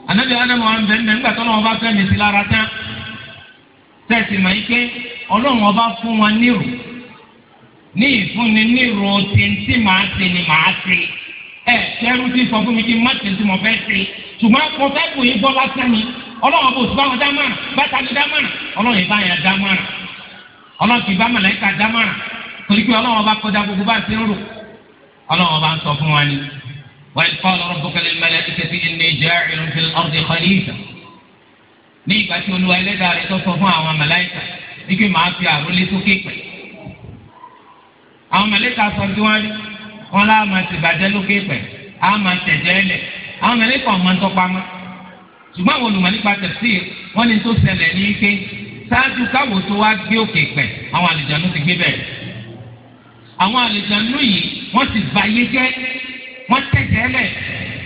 A: ànàbì ádámù wa ń bẹ ńbẹ ńgbà bá fẹ́ mi sí lára tán mọ̀ ní ìfúnni ni màá ẹ ṣẹ́rú sọ fún mi kí n má fẹ́ ṣùgbọ́n mo fẹ́ lásán ni ọlọ́run kò sí báwọn dámọ̀ràn bàtà mi dámọ̀ràn ọlọ́run ìbá yẹn dámọ̀ràn ọlọ́run kì bá mọ̀lẹ́kà dámọ̀ràn torí pé ọlọ́run ọba kọjá gbogbo bá ti ń rò ọlọ́run ọba ń sọ fún wa ni. وإذ قال ربك للملائكة إني ní àwọn mẹlẹ́ka sọ tí wọ́n rí wọn lá máa ti bàjẹ́ lókè pẹ̀ á máa tẹ̀jẹ́ lẹ̀ àwọn mẹlẹ́ka ọ̀mọ́ ntọ́pamọ́ ṣùgbọ́n àwọn olùmọ̀ nípa wọn ni tó ṣẹlẹ̀ ní ike ṣáájú káwọ́ tó wá gbé òkè pẹ̀ àwọn àlùjànnú ti gbé bẹ̀rẹ̀ àwọn àlùjànnú yìí wọ́n ti bàyé jẹ́ wọ́n tẹ̀jẹ́ lẹ̀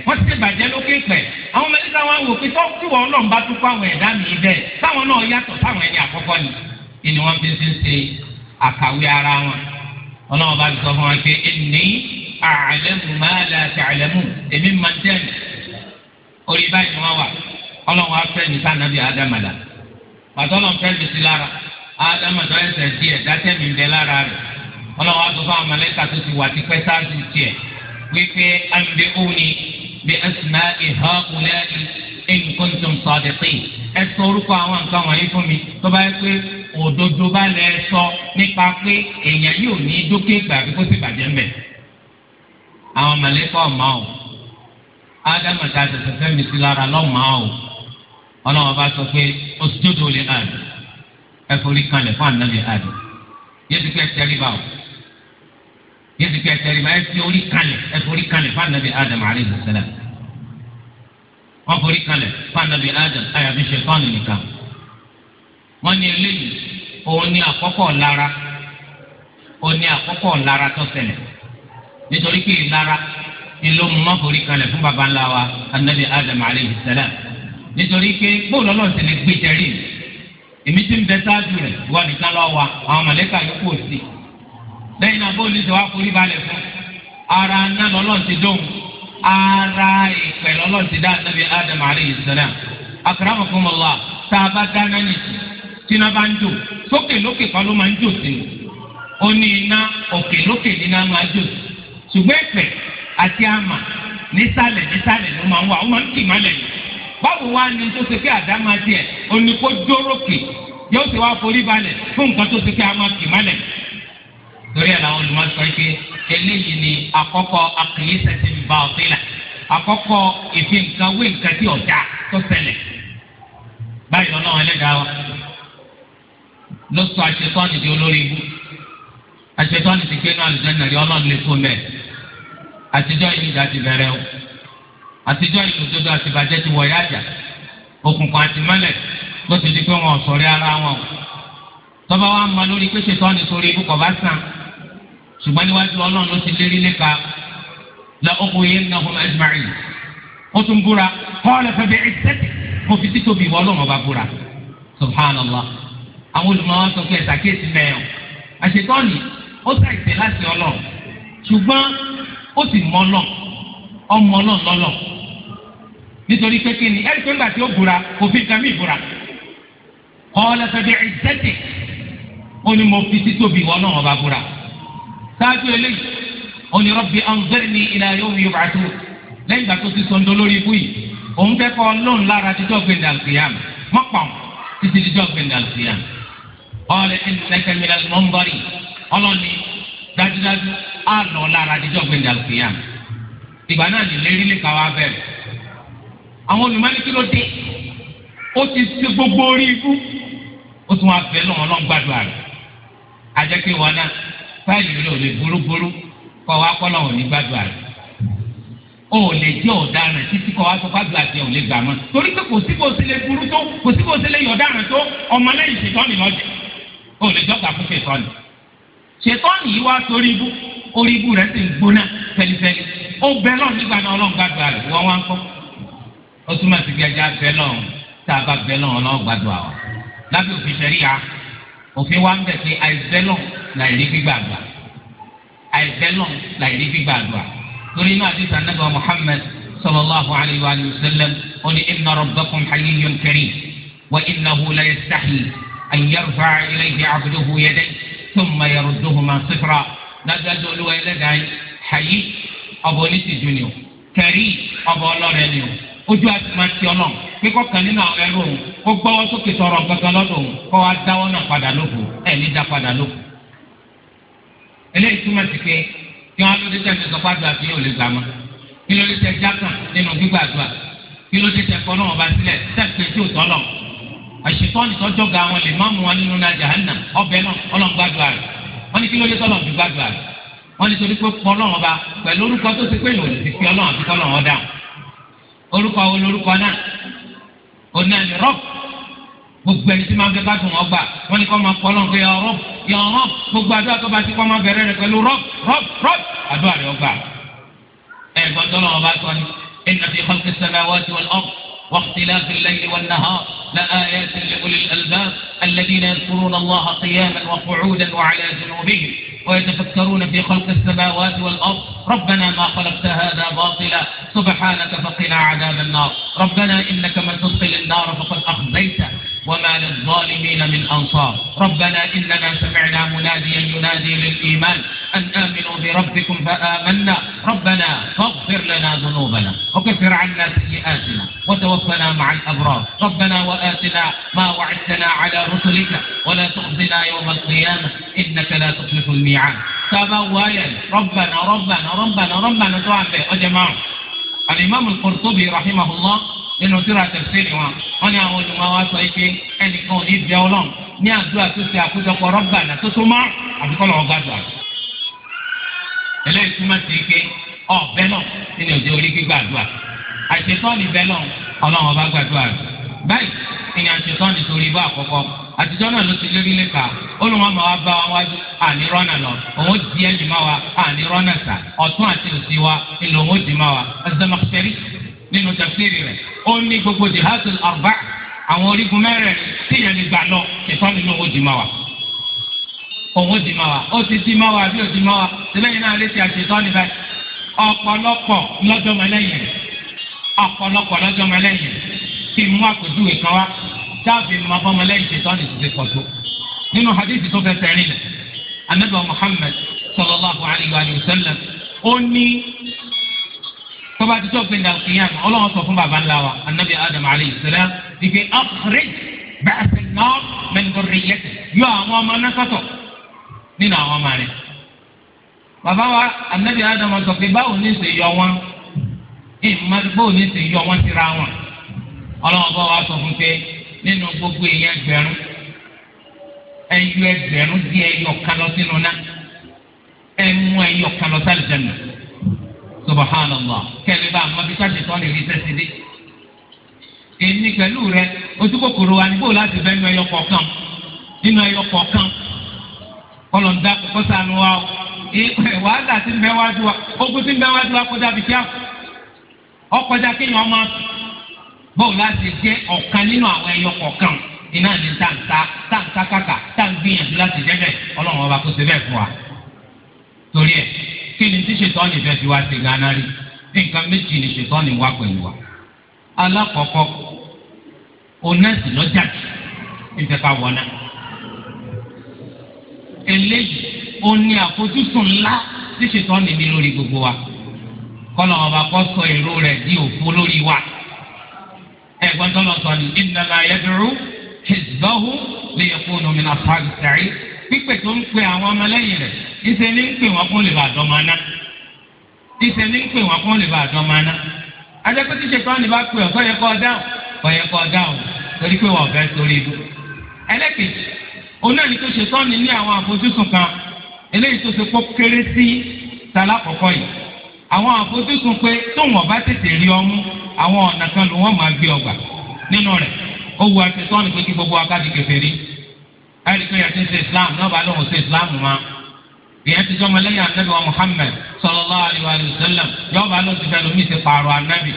A: wọ́n ti bàjẹ́ lókè pẹ̀ àwọn mẹ́lẹ́ta wọn wò pé tọ́kù wọn náà ń bá tún kó àwọn mi bẹ́ẹ̀ táwọn náà yàtọ̀ táwọn ẹni àkọ́kọ́ ni ìní wọn fi ń ṣe àkàwé ara wọn ọlọ́run bá ti sọ fún wa pé ẹnì àlẹ́mù máa la ti àlẹ́mù èmi máa dẹ́nu orí báyìí ni wọ́n wà ọlọ́run afẹ́ ní sànàbí ádámàlà pàtó ọlọ́run fẹ́ bìsí lára ádámàtọ́ ẹsẹ̀ díẹ̀ dátẹ́mi ń bẹ lára rẹ̀ ọlọ́run aṣọ fún amalẹ́ka tó ti wà tipẹ́ sáájú tiẹ̀ wípé àǹbẹ̀ òní bí ẹ̀sìnà ìhà òlẹ́ẹ̀dì ẹ̀yìn kọ́ńtùm sọ̀dẹ̀tì tó bá yẹ pé òdodo bá lẹ sọ nípa pé èèyàn yóò ní dókè gbà kó sì bàjẹ́ mẹ́. àwọn mọ̀lẹ́kọ̀ ọ̀ma o ádámù ta tẹ̀sẹ̀ fẹ́mi sí lára lọ́mọ o ọlọ́wọ́n bá sọ pé oṣù tó dòlè àdùn ẹ forí kanlẹ̀ fún ànábì àdùn yé ti kẹ́ tẹ́ríba o yé ti kẹ́ tẹ́ríba ẹ fi orí kanlẹ̀ ẹ forí kanlẹ̀ fún ànábì àdùn alayhi salam wọ́n forí kanlẹ̀ fún ànábì àdùn àyàfi ṣe tọ́ọ̀nù nìkan. wọ́n ní eléyìí òun ní àkọ́kọ́ lára òun ní àkọ́kọ́ lára tó ṣẹlẹ̀ nítorí pé ìlara ìlú kalẹ̀ fún baba ńlá wa anabi adam aleyhi salam nítorí pé bóòlù ọlọ́run ti lè gbé jẹrí èmi ti ń bẹ sáájú rẹ̀ wà nìkan lọ́wọ́ wa àwọn mọ̀lẹ́kà lẹ́yìn náà bóòlù balẹ̀ ara náà dóhùn ara dá anabi adam salam tá a tíná bá ń jò sókè lókè kan ló máa ń jò sí i ó ní iná òkè lókè níná máa jò sí ṣùgbọ́n ẹ̀pẹ̀ àti àmà nísàlẹ̀ nísàlẹ̀ ló máa ń wà ó máa ń kì má lẹ̀ yìí báwo wá ní tó ṣe pé àdámà tiẹ̀ ó ní kó dórókè yóò ṣe wá forí balẹ̀ fún nǹkan tó ṣe pé a máa kì má lẹ̀ torí ẹ̀ làwọn olùmọ̀sọ pé eléyìí ni àkọ́kọ́ akìlísẹ̀ ti ló sọ àṣetọ́ni di olórí ibú àṣetọ́ni ti gbénu àlùjáná rí ọlọ́run lè fún mẹ́ àtijọ́ yìí níjà ti bẹ̀rẹ̀ o àtijọ́ yìí àti bàjẹ́ ti wọ̀ yájà òkùnkùn àti mẹ́lẹ̀ ló ti di pé wọn ò sọ̀rí ara wọn o tọ́ba wa ma lórí pé ṣetọ́ni sórí ibú kọ̀ bá sàn ṣùgbọ́n àwọn olùmọ̀wá sọ pé ẹ̀sàkéèsì mẹ́rin àṣetọ́ni ó ṣàìsẹ̀ láti ọlọ́run ṣùgbọ́n ó sì mọ ọlọ́run ọmọ ọlọ́run lọ́lọ́ nítorí pé kí ni ẹ̀rí pé ńgbà tí ó búra òfin kan mí búra ọ̀ọ́lẹ̀ tẹ̀lé ẹ̀jẹ̀dẹ̀ ó ní mo fi títóbi ìwọ náà ọba búra sáájú eléyìí ó ní rọ́bì anzirni ila yawmi yub'athun lẹ́yìn ìgbà tó ti sọ̀ndọ́ lórí ikú yìí òun fẹ́ kọ́ ọlọ́run lára títọ́ gbẹ̀dàlùkìyàmù mọ́pọ̀ títí títọ́ gbẹ̀dàlùkìyàmù ọ̀rẹ́ ẹnìtẹ́kẹ́ mi lẹ́nu mọ́ńbọ́rì ọlọ́ni dájúdájú á lọ lára dídọ́ gbẹ̀dẹ̀ àlùkìyàm ìgbà náà lè lérí lè káwá bẹ̀rẹ̀ àwọn olùmọ̀ọ́ni kí ló dé ó ti ṣe gbogbo orí ikú ó tún wá bẹ̀ lọ́wọ́ lọ́n gbàdúrà rẹ̀ àjẹkẹ́ wọn náà fáìlì rẹ̀ ò lè burúburú kọ́ wa kọ́ lọ́wọ́ ní gbàdúrà rẹ̀ o ò lè jẹ́ ọ̀daràn títí kọ́ wa sọ gbàdúrà tẹ ò lè gbà mọ́ torí pé kò sí kò sí lè burú tó kò sí kò sí lè yọ̀ ọ̀daràn tó ọmọ lẹ́yìn ṣètọ́ nìlọ́jẹ̀ o lè jọ́ka fún ṣètọ́nì ṣètọ́nì yìí wá sórí ibú orí ibú rẹ̀ sì ń gbóná fẹlifẹli ó bẹ náà nígbà náà ọlọ́run gbàdúrà rẹ̀ wọ́n wá ń kọ́ ó túmọ̀ sí gbẹjà bẹ náà tá a bá bẹ náà ọlọ́run gbàdúrà wa lábẹ́ òfin ṣẹ̀ríya òfin wa ń bẹ̀ pé àìbẹ́ náà láìrí gbígbàgbà àìbẹ́ náà láìrí gbígbàgbà torí náà àti sànẹ́gbà Muhammad sallallahu alayhi wa sallam ó ní inna rabbakum hayyun karim wa innahu la yastahi أن يرفع إليه عبده يديه ثم يردهما صفرا dájúdájú olúwa ẹlẹ́dàá yìí hayi ọba onítìjú ni o kẹrí ọba ọlọ́rẹ̀ ni o ojú àti máa ti ọlọ́ kíkọ́ kan nínú àwọn ẹrú òun kó gbọ́wọ́ sókè tọrọ gangan lọ́dọ̀ òun kó wá dáwọ́ náà padà lóko ẹ̀ dá padà lóko. eléyìí túmọ̀ sí pé kí wọ́n á lóde tẹ̀ ní sọ́kọ́ àdúrà yóò lè gbà mọ́ kí ló tẹ̀ jákàn nínú gbígbà àdúrà kí ló tẹ̀ kọ́ náà wọ́n bá sílẹ̀ tẹ̀ pé tí ò tọ́ lọ́wọ́ àṣetọ́ni tọ́jọ́ ga àwọn lè má mú wọn nínú náà jahannam ọbẹ̀ náà ọlọ́run gbàdúrà rẹ̀ wọ́n ní kí ló dé tọ́lọ̀ fi gbàdúrà rẹ̀ wọ́n ní torí pé pọ́lọ́run ọba pẹ̀lú orúkọ tó ti pé yòó ti fi ọlọ́run àti kọ́lọ́run ọ̀dà orúkọ wo lorúkọ náà òun náà ni rọ́ọ̀bù gbogbo ẹni tí máa ń fẹ́ bá dùn wọ́n ní kọ́ máa pọ́ lọ́nkọ́ yọ rọ́ọ̀bù yọ gbogbo واختلاف الليل والنهار لآيات لأولي الألباب الذين يذكرون الله قياما وقعودا وعلى جنوبهم ويتفكرون في خلق السماوات والأرض ربنا ما خلقت هذا باطلا سبحانك فقنا عذاب النار ربنا إنك من تدخل النار فقد أخزيته وما للظالمين من أنصار ربنا إننا سمعنا مناديا ينادي للإيمان أن آمنوا بربكم فآمنا ربنا فاغفر لنا ذنوبنا وكفر عنا سيئاتنا وتوفنا مع الأبرار ربنا وآتنا ما وعدتنا على رسلك ولا تخزنا يوم القيامة إنك لا تخلف الميعاد تبوايا ربنا ربنا ربنا ربنا تعبئ وجماعه الإمام القرطبي رحمه الله nínú síra tẹ̀síìrì wọn wọn ní àwọn olùmọ̀ wa sọ pé ẹnìkan ò ní bẹ ọlọ́run ní àdúrà tó ṣe àkójọpọ̀ rọ́bà náà tó tó má àbíkọ́ lọ́wọ́ gbàdúrà. eléyìí túmọ̀ sí pé ọ bẹ́ẹ̀ náà nínú òde orí gbígbàdúrà àṣetọ́ni bẹ́ẹ̀ náà ọlọ́run ọba gbàdúrà rẹ̀ báyìí ìní àṣetọ́ni torí ibà àkọ́kọ́ àtijọ́ náà ló ti lérí lẹ́ka olùmọ̀mọ́ wa bá wa wájú ànírọ́nà lọ òun di ẹ̀yìn máa wa ànírọ́nà sà ọ̀tún àti òsì wa ìlò òun di wa ẹ̀sẹ̀ mọ̀kẹ́rì nínú tafsiri rẹ̀ ó ní gbogbo jihadul arba àwọn orígun mẹ́rẹ̀ẹ̀rin tíyẹn lè gbà lọ ìtọ́ni ní owó dìímọ̀ wa owó dìímọ̀ wa ó ti dìímọ̀ wa àbí òdìímọ̀ wa síbẹ̀ náà lè ti àṣetọ́ni báyìí ọ̀pọ̀lọpọ̀ lọ́jọ́ mẹ́lẹ́yìn ọ̀pọ̀lọpọ̀ lọ́jọ́ mẹ́lẹ́yìn kí n mú àpèjúwe kan wá dábì mọ bọ́mọlẹ́yìn ṣetọ́ni ti ti pọ̀ tó nínú hadith tó fẹ́ tẹ̀rín lẹ̀ anabi Muhammad sallallahu alayhi wa sallam ó ní tọ́ba tó tọ́pẹ́ ní àkìyàn ọlọ́run sọ fún baba ńlá wa anabi adam alayhi salam ìgbé ọkùnrin bẹ́ẹ̀ náà mẹ́ngọ́rẹ́ yẹ yọ àwọn ọmọ náà sọ́tọ̀ nínú àwọn ọmọ rẹ̀. bàbá wa anabi adam sọ pé báwo ní ṣe yọ wọn ìmọ̀ báwo ní ṣe yọ wọn síra wọn ọlọ́run bá wa sọ fún pé nínú gbogbo èèyàn ẹgbẹ̀rún ẹyọ ẹgbẹ̀rún díẹ̀ ẹyọ kan sínú náà ẹ mú ẹyọ kan lọ subhanallah kẹ́mi bá àmọ́ bí sáṣẹ tọ́ lè rí sẹ́sì dé. èmi pẹ̀lú rẹ ojú kòkòrò wa nígbò láti bẹ́ẹ̀ nu ẹyọ kọ̀ọ̀kan nínú ẹyọ kọ̀ọ̀kan kọlọ̀ ń dá kókó sànù wa o wàhálà ti ń bẹ wájú wa ogun ti ń bẹ wájú wa kọjá bìkíá ọkọjá kéèyàn máa bọ́ọ̀ láti jẹ́ ọ̀kan nínú àwọn ẹyọ kọ̀ọ̀kan iná ní tàǹtà tàǹtà kàkà tàǹgbìyànjú láti jẹ́ bẹ́ẹ̀ ọlọ́run ọba kó ṣe bẹ́ẹ̀ fún wa torí ẹ̀ kí ni tí ṣètọ́ni fẹ́ fi wá sí gánà rí ní nǹkan méjì ni ṣètọ́ni wá pẹ̀lú wa. alákọ̀ọ́kọ́ onẹ́sì lọ́jà ìjẹ̀pá wọ̀nà. eléyìí ó ní àfojúsùn ńlá tí ṣètọ́ni ní lórí gbogbo wa kọ́nà ọba kọ́ sọ èrò rẹ̀ di òfo lórí wa. ẹ̀gbọ́n tó lọ sọ ní ìdílé ayẹ́dúró hezbollah lè yẹ fóònù mi náà fáàgì pípè tó ń pe àwọn ọmọlẹ́yìn rẹ̀ ìṣe ní ń pè wọ́n kó lè bá àdọ́mọ aná ìṣe ní ń pè wọ́n kó lè bá àdọ́mọ aná adẹ́pẹ́ tíṣe kan lè bá pè ọ́ sọ́yẹ kọ́ dáhùn ọ̀yẹ kọ́ dáhùn torí pé wọ́n fẹ́ sórí ibú. ẹlẹ́kejì òun náà ní tó ṣe tán ní àwọn àfojúsùn kan eléyìí tó ṣe kó kéré sí tàlákọ̀kọ́ yìí àwọn àfojúsùn pé tóun ọ̀bá tètè rí ọmú àwọn ọ̀nà kan ló wọ́n máa gbé ọgbà nínú rẹ̀ ó wu àti tán pé kí gbogbo akádìí rí àyẹ̀lẹ́kọ̀ yẹn ti ṣe islam náà bá lóun ṣe islam ma ìyẹn ti sọmọ lẹ́yìn anabi wa muhammed sallallahu alayhi wa sallam yọọ bá lóun ti fẹ́ lómi ti pààrọ̀ anabi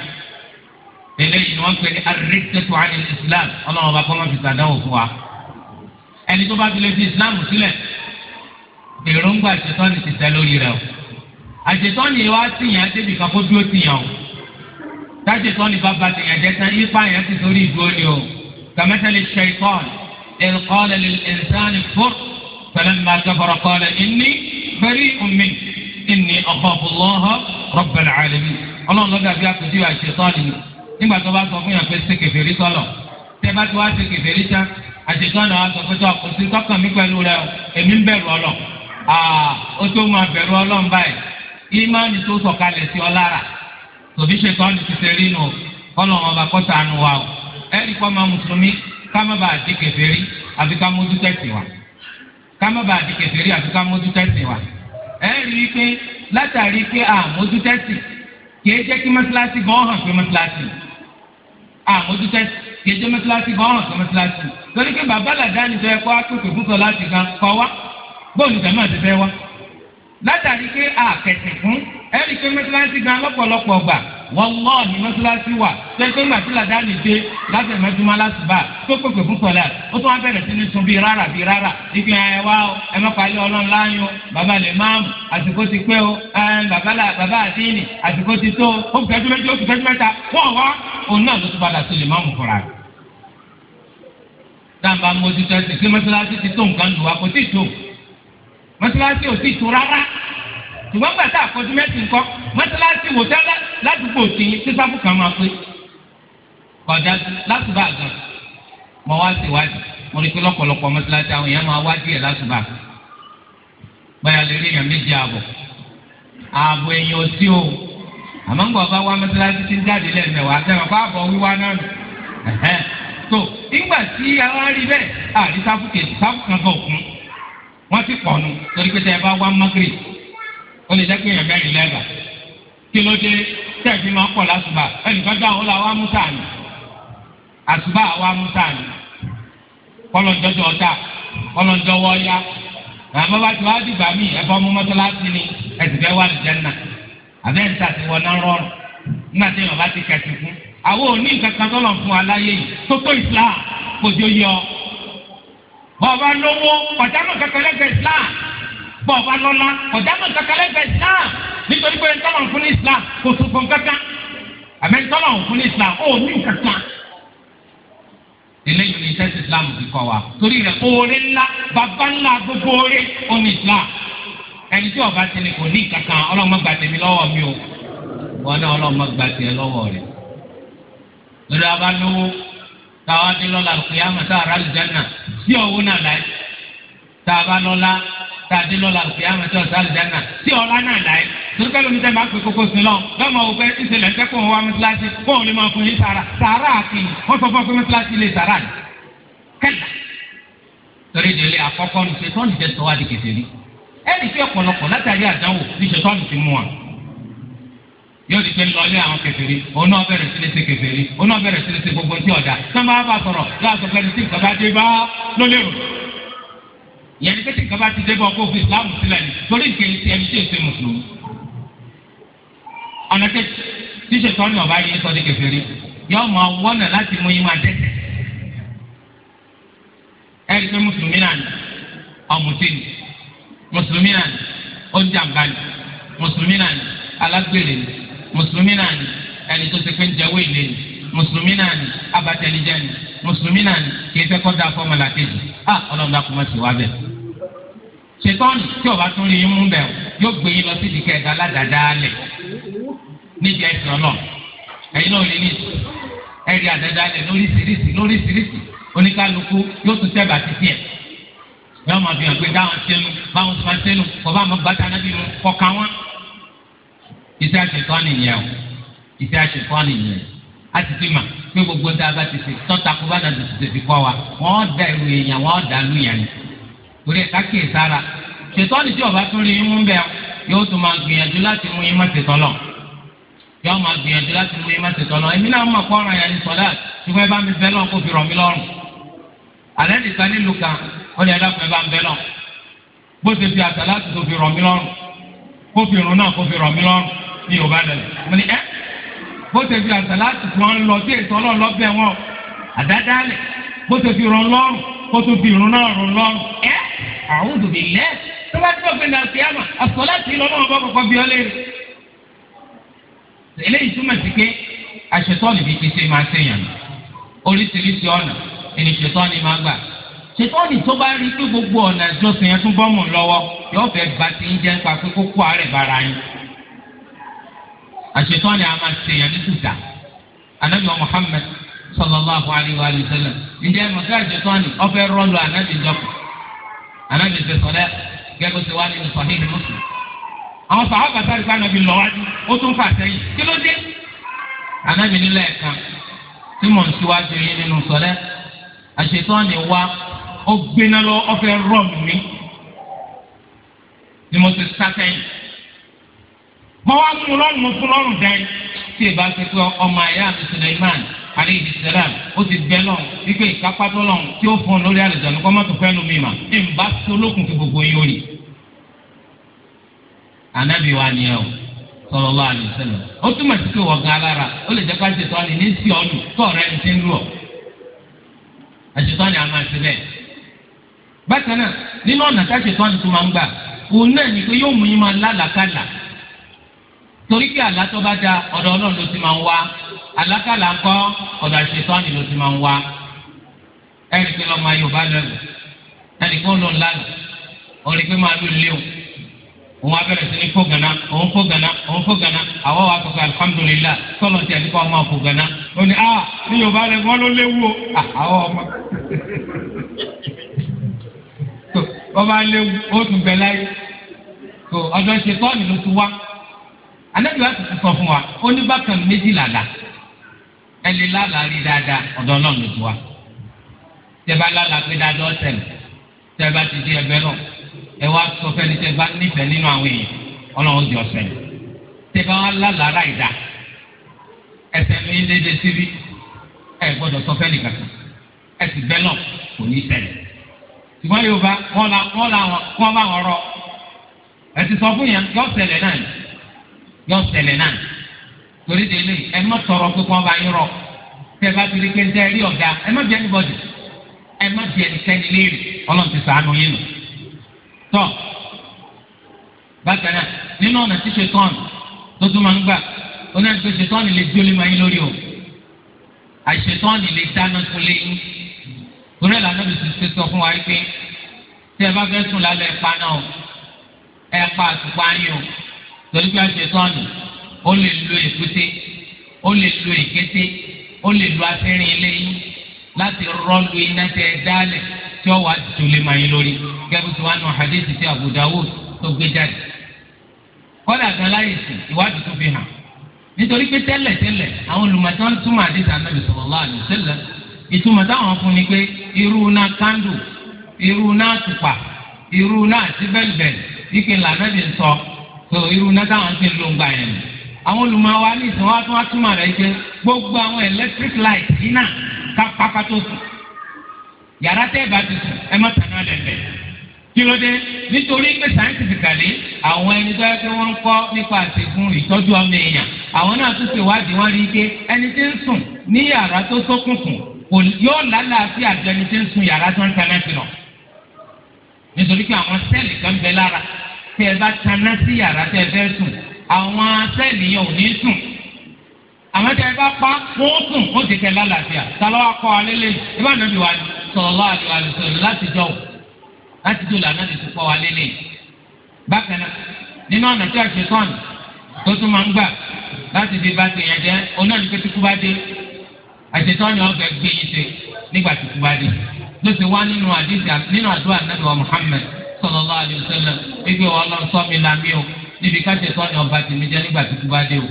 A: eléyìí ni wọ́n pè ní arìkẹ́tù àni islam ọlọ́run bá kọ́mọ́ fi sàdánwò fún wa ẹni tó bá ti lè fi islam sílẹ̀ èròǹgbà ṣetán ti tẹ lórí rẹ o àṣetán ni tìyàn débi kan kó dúró tìyàn o táṣetán ni bàbá tìyàn jẹ tán ipa yẹn ti torí ìdúró ni o kàmẹ́tẹ́lẹ̀ ṣẹ́tán. إذ قال للإنسان كفر فلما كفر قال إني بريء منك إني أخاف الله رب العالمين ọlọ́run lọ́dà bí akutu yà ṣe tọ́ni ni nígbà tó bá sọ fún yàn pé ṣe kèfèrí sọ́lọ̀ tẹ́ bá ti wá ṣe kèfèrí tán àṣetọ́nà wa sọ pé tó kò sí tọ́kàn mi pẹ̀lú rẹ èmi ń bẹ̀rù ọlọ́ ó tó máa bẹ̀rù ọlọ́run báyìí ìmáàní tó sọ̀kalẹ̀ sí ọ lára tòbí ṣetọ́ni ti ṣe rí nu kọ́lọ́run ọba kọ́ta nu wa o ẹ̀rí kọ́ máa mùsùlùmí Kama má bàa di kèfèrí àfi ká mójú tẹ̀sìn wa ká má bàa di kèfèrí àfi ká mójú tẹ̀sìn wa ẹ rí i pé látàrí pé à mójú tẹ̀sìn kìí jẹ́ kí mọ́sálásí gan hàn pé mọ́sálásí à mójú tẹ̀sìn kìí jẹ́ mọ́sálásí gan hàn pé mọ́sálásí torí pé bàbá làdáni tó yẹ kó akókò púpọ̀ láti gan kọ́ wa bóòlù jàmọ́ àti fẹ́ wa látàrí pé à kẹ̀sìn fún ẹ pé mọ́sálásí gan lọ́pọ̀lọpọ̀ gbà wọ́lọ́ọ̀hì mọ́sálásí wà tẹ́gbẹ́ ńgbà tí làdáni dé láti ẹ̀mẹ́túmọ́ láti bá tó pèpè fún sọ̀lá ó tún wá bẹ̀rẹ̀ sí ní sun bíi rárá bíi rárá ìpè ẹ̀ wá o ẹ má palẹ̀ ọlọ́run láàyò bàbá lè máa mú àsìkò ti pé o bàbá àdínì àsìkò ti tó o kẹ́jú méjì o kẹ́jú mẹ́ta wọ́n wá òun náà ló tún padà sí lè má mú fúnra rẹ̀. dáàbà mójútó ẹsẹ̀ pé mọ́sálásí ti tó nǹkan lù wá kò tí ì tó mọ́sálásí ò tí ì ṣùgbọ́n gbàtà àfọ́jú mẹ́sìn kọ́ mọ́sálásí wò sálá ládùúgbò tí sísáfù kan máa pé kọjá lásùbà gan mọ wá sí wájú mo rí i pé lọ́pọ̀lọpọ̀ mọ́sálásí àwọn èèyàn máa wájú ẹ̀ lásùbà báyà lè rí èèyàn méjì ààbọ̀ ààbọ̀ èèyàn ò sí o àmọ́ ń gbọ́ bá wá mọ́sálásí tí ń jáde lẹ́ẹ̀mẹ̀wàá tẹ̀wọ̀n fún àbọ̀ wíwá náà tó nígbà tí ara rí bẹ́ẹ̀ àrí sáfù kejì sáfù kan gan òkun wọ́n ti pọ̀ nu torí pé tẹ́ ẹ bá wá mọ́gírì ó lè jẹ́ pé èèyàn mẹ́rin lẹ́gbàá kí ló dé tẹ̀sí máa ń pọ̀ lásùbà ẹnìkan dáhùn ó la wá mútà ni àsùbà wá mútà ni kọlọ́njọ́jọ́ ọ̀tá kọlọ́njọ́ wọ́ọ́yá àmọ́ bá ti wá dìgbà míì ẹ̀fọ́ mú mọ́tọ́láṣí ni ẹ̀sìn fẹ́ wà ní jẹ́nà àbẹ́ ń tàṣí wọn náà rọrùn nígbà tí èèyàn bá ti kẹ̀sì fún àwọn òní nǹkan kan tó lọ fún wa láyé yìí tó tó Islam kò jó yọ bọ́ọ̀ bá lówó pàtàkì kankan lẹ́gbẹ̀ẹ́ Islam bọ́ ọba lọ́la ọ̀dà mọ̀ kankan lẹ́gbẹ̀ẹ́ islam nítorí pé ntọ́nà fún ní islam kò tún fún kankan àmì ntọ́nà fún ní islam ó ní kankan. eléyìí ni sẹ́sì islam ti kọ́ wa torí rẹ̀ oore ńlá bàbá ńlá gbogbo oore ó ní islam ẹni tí ọba ti ní kò ní kankan ọlọ́mọ gba tèmi lọ́wọ́ mi o wọn náà ọlọ́mọ gba tèmi lọ́wọ́ rẹ̀ lórí abalówó táwa dín lọ́la kìyàmù táwa rà lùjánà sí ọ̀wọ́ náà láyé tá a bá lọ́lá tá a dé lọ́lá òkè àmọ́tí ọ̀sán àlùjáná tí ọ̀lá náà láyé torí pẹ́lú mi tẹ́ máa pè kókó sí lọ́n lọ́mọ òwe ìṣẹ̀lẹ̀ ńkẹ́ kó wọn wá mọ́tíláṣí kó wọn lè máa fún yín sàrà sàrà àkì wọ́n sọ fún ọ pé mọ́tíláṣí lè sàrà ni kẹ́lá torí ìdílé àkọ́kọ́ ní ṣetán ìjẹ́ sọ wá di kèfèrí ẹnì fi ọ̀pọ̀lọpọ̀ látàrí àdánwò ní ṣetán ti mú wa yóò di pé lọlé àwọn kèfèrí òun náà bẹ̀rẹ̀ sí ní ṣe kèfèrí òun náà bẹ̀rẹ̀ sí ní ṣe gbogbo ti ọ̀dà sọ́mọ́ bá sọ̀rọ̀ yóò sọ pé ní tí nǹkan bá dé bá lólè rò yẹn kí nǹkan bá ti dé bọ́ kó fi islam sílẹ̀ ní torí nǹkan ti ẹni tí ò ṣe mùsùlùmí. ọ̀nà kejì tíṣe tọ́ ni ọ̀bá yìí sọ ní kẹfẹ́rí yọ ọmọ wọ́nà láti mú yín máa dẹ́sẹ̀. ẹni pé mùsùlùmí náà ni ọ̀mùtí ni mùsùlùmí náà ni oúnjàmbá ni mùsùlùmí náà ni alágbèrè ni mùsùlùmí náà ni ẹni tó ti pé ń jẹ wéèlé ni mùsùlùmí náà ni abatẹnijẹ ni mùsùlùmí náà ni kì í fẹ́ kọ́ da fọ́ọ̀mù làkejì á ọlọ́run dàkú mọ́ sí wa bẹ́ẹ̀. ṣetán tí ọba tún rí mú bẹ́ẹ̀ yóò gbé yín lọ sí ìdíkẹ́ ẹ̀dá aládàáda lẹ̀ níbi ẹ̀sìn ọlọ́ ẹ̀yin náà lè ní ẹ̀rí àdáda lẹ̀ lóríṣiríṣi lóríṣiríṣi oníkálukú yóò tún tẹ́ bàtí tiẹ̀ yóò máa fi hàn pé dáhùn sẹ́nu báwọn a ti fi mà pé gbogbo tá a bá ti fi tọ́ta kó bá dàdú ti fi kọ́ wa wọ́n da ìwé èèyàn wọ́n da lu yẹn ni torí ẹ̀ka kìí sára ṣètọ́ ni tí ọba tún rí imú bẹ́ẹ̀ yóò tún máa gbìyànjú láti mú imá ṣètọ́ lọ yóò máa gbìyànjú láti mú imá ṣètọ́ lọ èmi náà mọ̀ kọ́ra yẹn ní sọ́dá ṣùgbọ́n ẹ bá mi bẹ́ lọ́n kó fi rọ̀ mí lọ́rùn alẹ́ nìkan nílùú kan ó ní ẹ̀dá fún ẹ bá ń bẹ́ lọ́n bó ṣe fi bó ṣe fi àṣàláàtì tí wọ́n ń lọ sí ètò ọlọ́run lọ́bẹ̀ wọn àdádálẹ̀ bó ṣe fi ràn lọ́rùn bó ṣe fi ìrún náà ràn lọ́rùn ẹ́ àwọn òdòdó ilẹ̀ tó bá tó gbẹ̀dà sí àmà àṣàláàtì lọ́nà ọ̀bọ̀ kọ̀ọ̀kan bí ọlẹ́ rẹ̀. eléyìí túmọ̀ sí pé àṣetọ́ni fi ti ṣe máa ṣèyàn oríṣiríṣi ọ̀nà ẹni ṣetọ́ni máa gbà ṣetọ́ni tó bá rí pé gbogbo ọ̀nà ìjọsìn yẹn tún bọ́ mọ̀ lọ́wọ́ yóò fẹ́ bá ti ń jẹ́ nípa pé kókó àárẹ̀ bára yín àṣetọ́ ni a máa ṣe yẹn ní kùtà anabi muhammed sallallahu alayhi wa sallam ǹjẹ́ ẹ̀ mọ̀ká àṣetọ́ ni ọ̀fẹ́ rọ́ọ̀lù anabi jọ́pọ̀ anabi ṣe sọ́lẹ̀ gẹ́gẹ́ ṣe wá nínú sahih muslim àwọn sàhábà sáré fún anabi lọ́wájú ó tún fà sẹ́yìn kí ló dé anabi nílẹ̀ ẹ̀ka tí mò ń síwájú yín nínú sọ́lẹ̀ àṣetọ́ ni wá ó gbéná lọ ọ̀fẹ́ rọ́ọ̀lù mi ni mo ti sá sẹ́yìn. mọ wá fún lọ́rùn mo fún lọ́rùn dán tí ìbá ti pé ọmọ àyà àti Suleiman aleyhi salam ó ti bẹ lọ wípé ìkápátọ́ lọ tí ó fún un lórí àlùjáde kọ́ mọ́tò ní tó lókun ni ẹ o sallallahu alaihi wasallam ó túmọ̀ sí pé wọ́n gan alára ó lè jẹ́ ká ṣètò ní sí tó ọ̀rẹ́ ẹni ti ni ọ̀nà tó máa ń gbà torí pé àlá bá da ọ̀dọ̀ ọlọ́run ló ti máa ń wá àlákàlà ńkọ́ ọ̀dọ̀ àṣetọ́ni ló ti máa ń wá ẹ̀rí pé lọ́mọ yorùbá lẹ́nu ẹnì kan ló ń lánà pé máa lù léwu òun abẹ́rẹ́ sí ní kó òun kó òun a ti kọ́ ọmọ ah ní yorùbá wọ́n ló léwu o ah, àwọn ọmọ anabi wa tuntun sọ fún wa ó ní bákan méjì làlà ẹ lè lálàá rí dáadáa ọ̀dọ̀ ọlọ́run ló ti wá tẹ́bá lálàá pé dáadáa ọ̀sẹ̀lẹ̀ tẹ́bá ti di ẹgbẹ́ náà ẹ wá sọ fẹ́ni tẹ́bá nífẹ̀ẹ́ nínú àwọn èèyàn ọlọ́run di ọ̀sẹ̀lẹ̀ tẹ́bá wá lálàá ráì dá ẹsẹ̀ mi léde síbi ẹ gbọ́dọ̀ sọ fẹ́ni kankan ẹ sì bẹ́ náà kò ní ṣẹlẹ̀ ṣùgbọ́n yorùbá wọn la wọn la wọn bá wọn rọ ẹ ti sọ fún yẹn yọ ọ̀sẹ̀lẹ̀ náà yọ ṣẹlẹ̀ náà torí délé ẹ má tọrọ pé kọ́ bá yín rọ tẹ bá ti rí pé ǹjẹ́ rí ọ̀gá ẹ má bí ẹnibọ́dì ẹ má bí ẹnikẹ́ni léèrè ọlọ́run ti sàánú yín nù. tọ́ bákan náà nínú ọ̀nà tí ṣetán tó tún máa ń gbà ó náà gbé ṣetán lè gbélé máa yín lórí o àṣetán lè dáná fún léyìn torí ẹ̀ lànà bìsí ṣe sọ fún wa pé tẹ bá fẹ́ sùn lálẹ́ pa náà ẹ̀ pa àtùpá yín o torí pé àṣetọ́nù ó lè lo èkúté ó lè lo èkété ó lè lo asẹ́rin eléyìí láti rọ́ọ̀lù iná tẹ dálẹ̀ tí ó wà jòlè màá yín lórí gẹ́gẹ́ tí wọ́n á nù hadith ti Abu Dawud tó gbé jáde. kọ́dà gan láyè sí ìwádìí tó fi hàn nítorí pé tẹ́lẹ̀ tẹ́lẹ̀ àwọn olùmọ̀tá ń túmọ̀ àdéhùn anábì sallallahu alaihi wasallam ìtumọ̀ táwọn fún ni pé irú náà kándù irú náà tùpà irú náà síbẹ̀lìbẹ̀lì ike làbẹ́bí ń sọ tó irú náà táwọn ti ń lo ngbà yẹn àwọn olùmọ̀wá ní ìsìn wa tó wá túmọ̀ rẹ̀ jẹ́ gbogbo àwọn electric light yìí náà ká pápá tó sùn yàrá tẹ́ ẹ̀ bá ti sùn ẹ má tàn án lẹ́fẹ̀ẹ́ kí ló dé nítorí pé scientifically àwọn ẹni tó yẹ kí wọ́n ń kọ́ nípa àṣegùn ìtọ́jú ọmọ èèyàn àwọn náà tún ṣe ìwádìí wọn rí i pé ẹni tí ń sùn ní yàrá tó ṣókùnkùn kò yóò lálàáfíà ju ẹni tí ń sùn yàrá tó ń tẹ́lẹ̀ sí lọ nítorí pé àwọn sẹ́ẹ̀lì kan bẹ lára tí ẹ bá taná sí yàrá tẹ fẹ́ sùn àwọn sẹ́ẹ̀lì yẹn ò ní sùn àmọ́ tẹ bá pa wọ́n sùn ó ti kẹ́ lálàáfíà tálọ́ wa kọ́ alẹ́ lẹ́yìn ìbá nàbí wa sallallahu alaihi wasallam láti jọ láti jọ lànà lè tún kọ́ wa lẹ́lẹ́ bákan náà nínú ọ̀nà tí a ṣe tán tó tún máa ń gbà láti fi bá ti yẹn jẹ́ onáà ní pé tí kú bá dé àṣetán ni ọ̀gá gbé yìí ṣe nígbà tí kú bá dé ló ti wá nínú àdúrà nínú àdúrà nàbí wa Muhammad sallallahu alaihi wasallam wípé wọn lọ sọmi lami o níbi káṣẹ sọni ọba tèmi jẹ nígbà tí kú bá dé o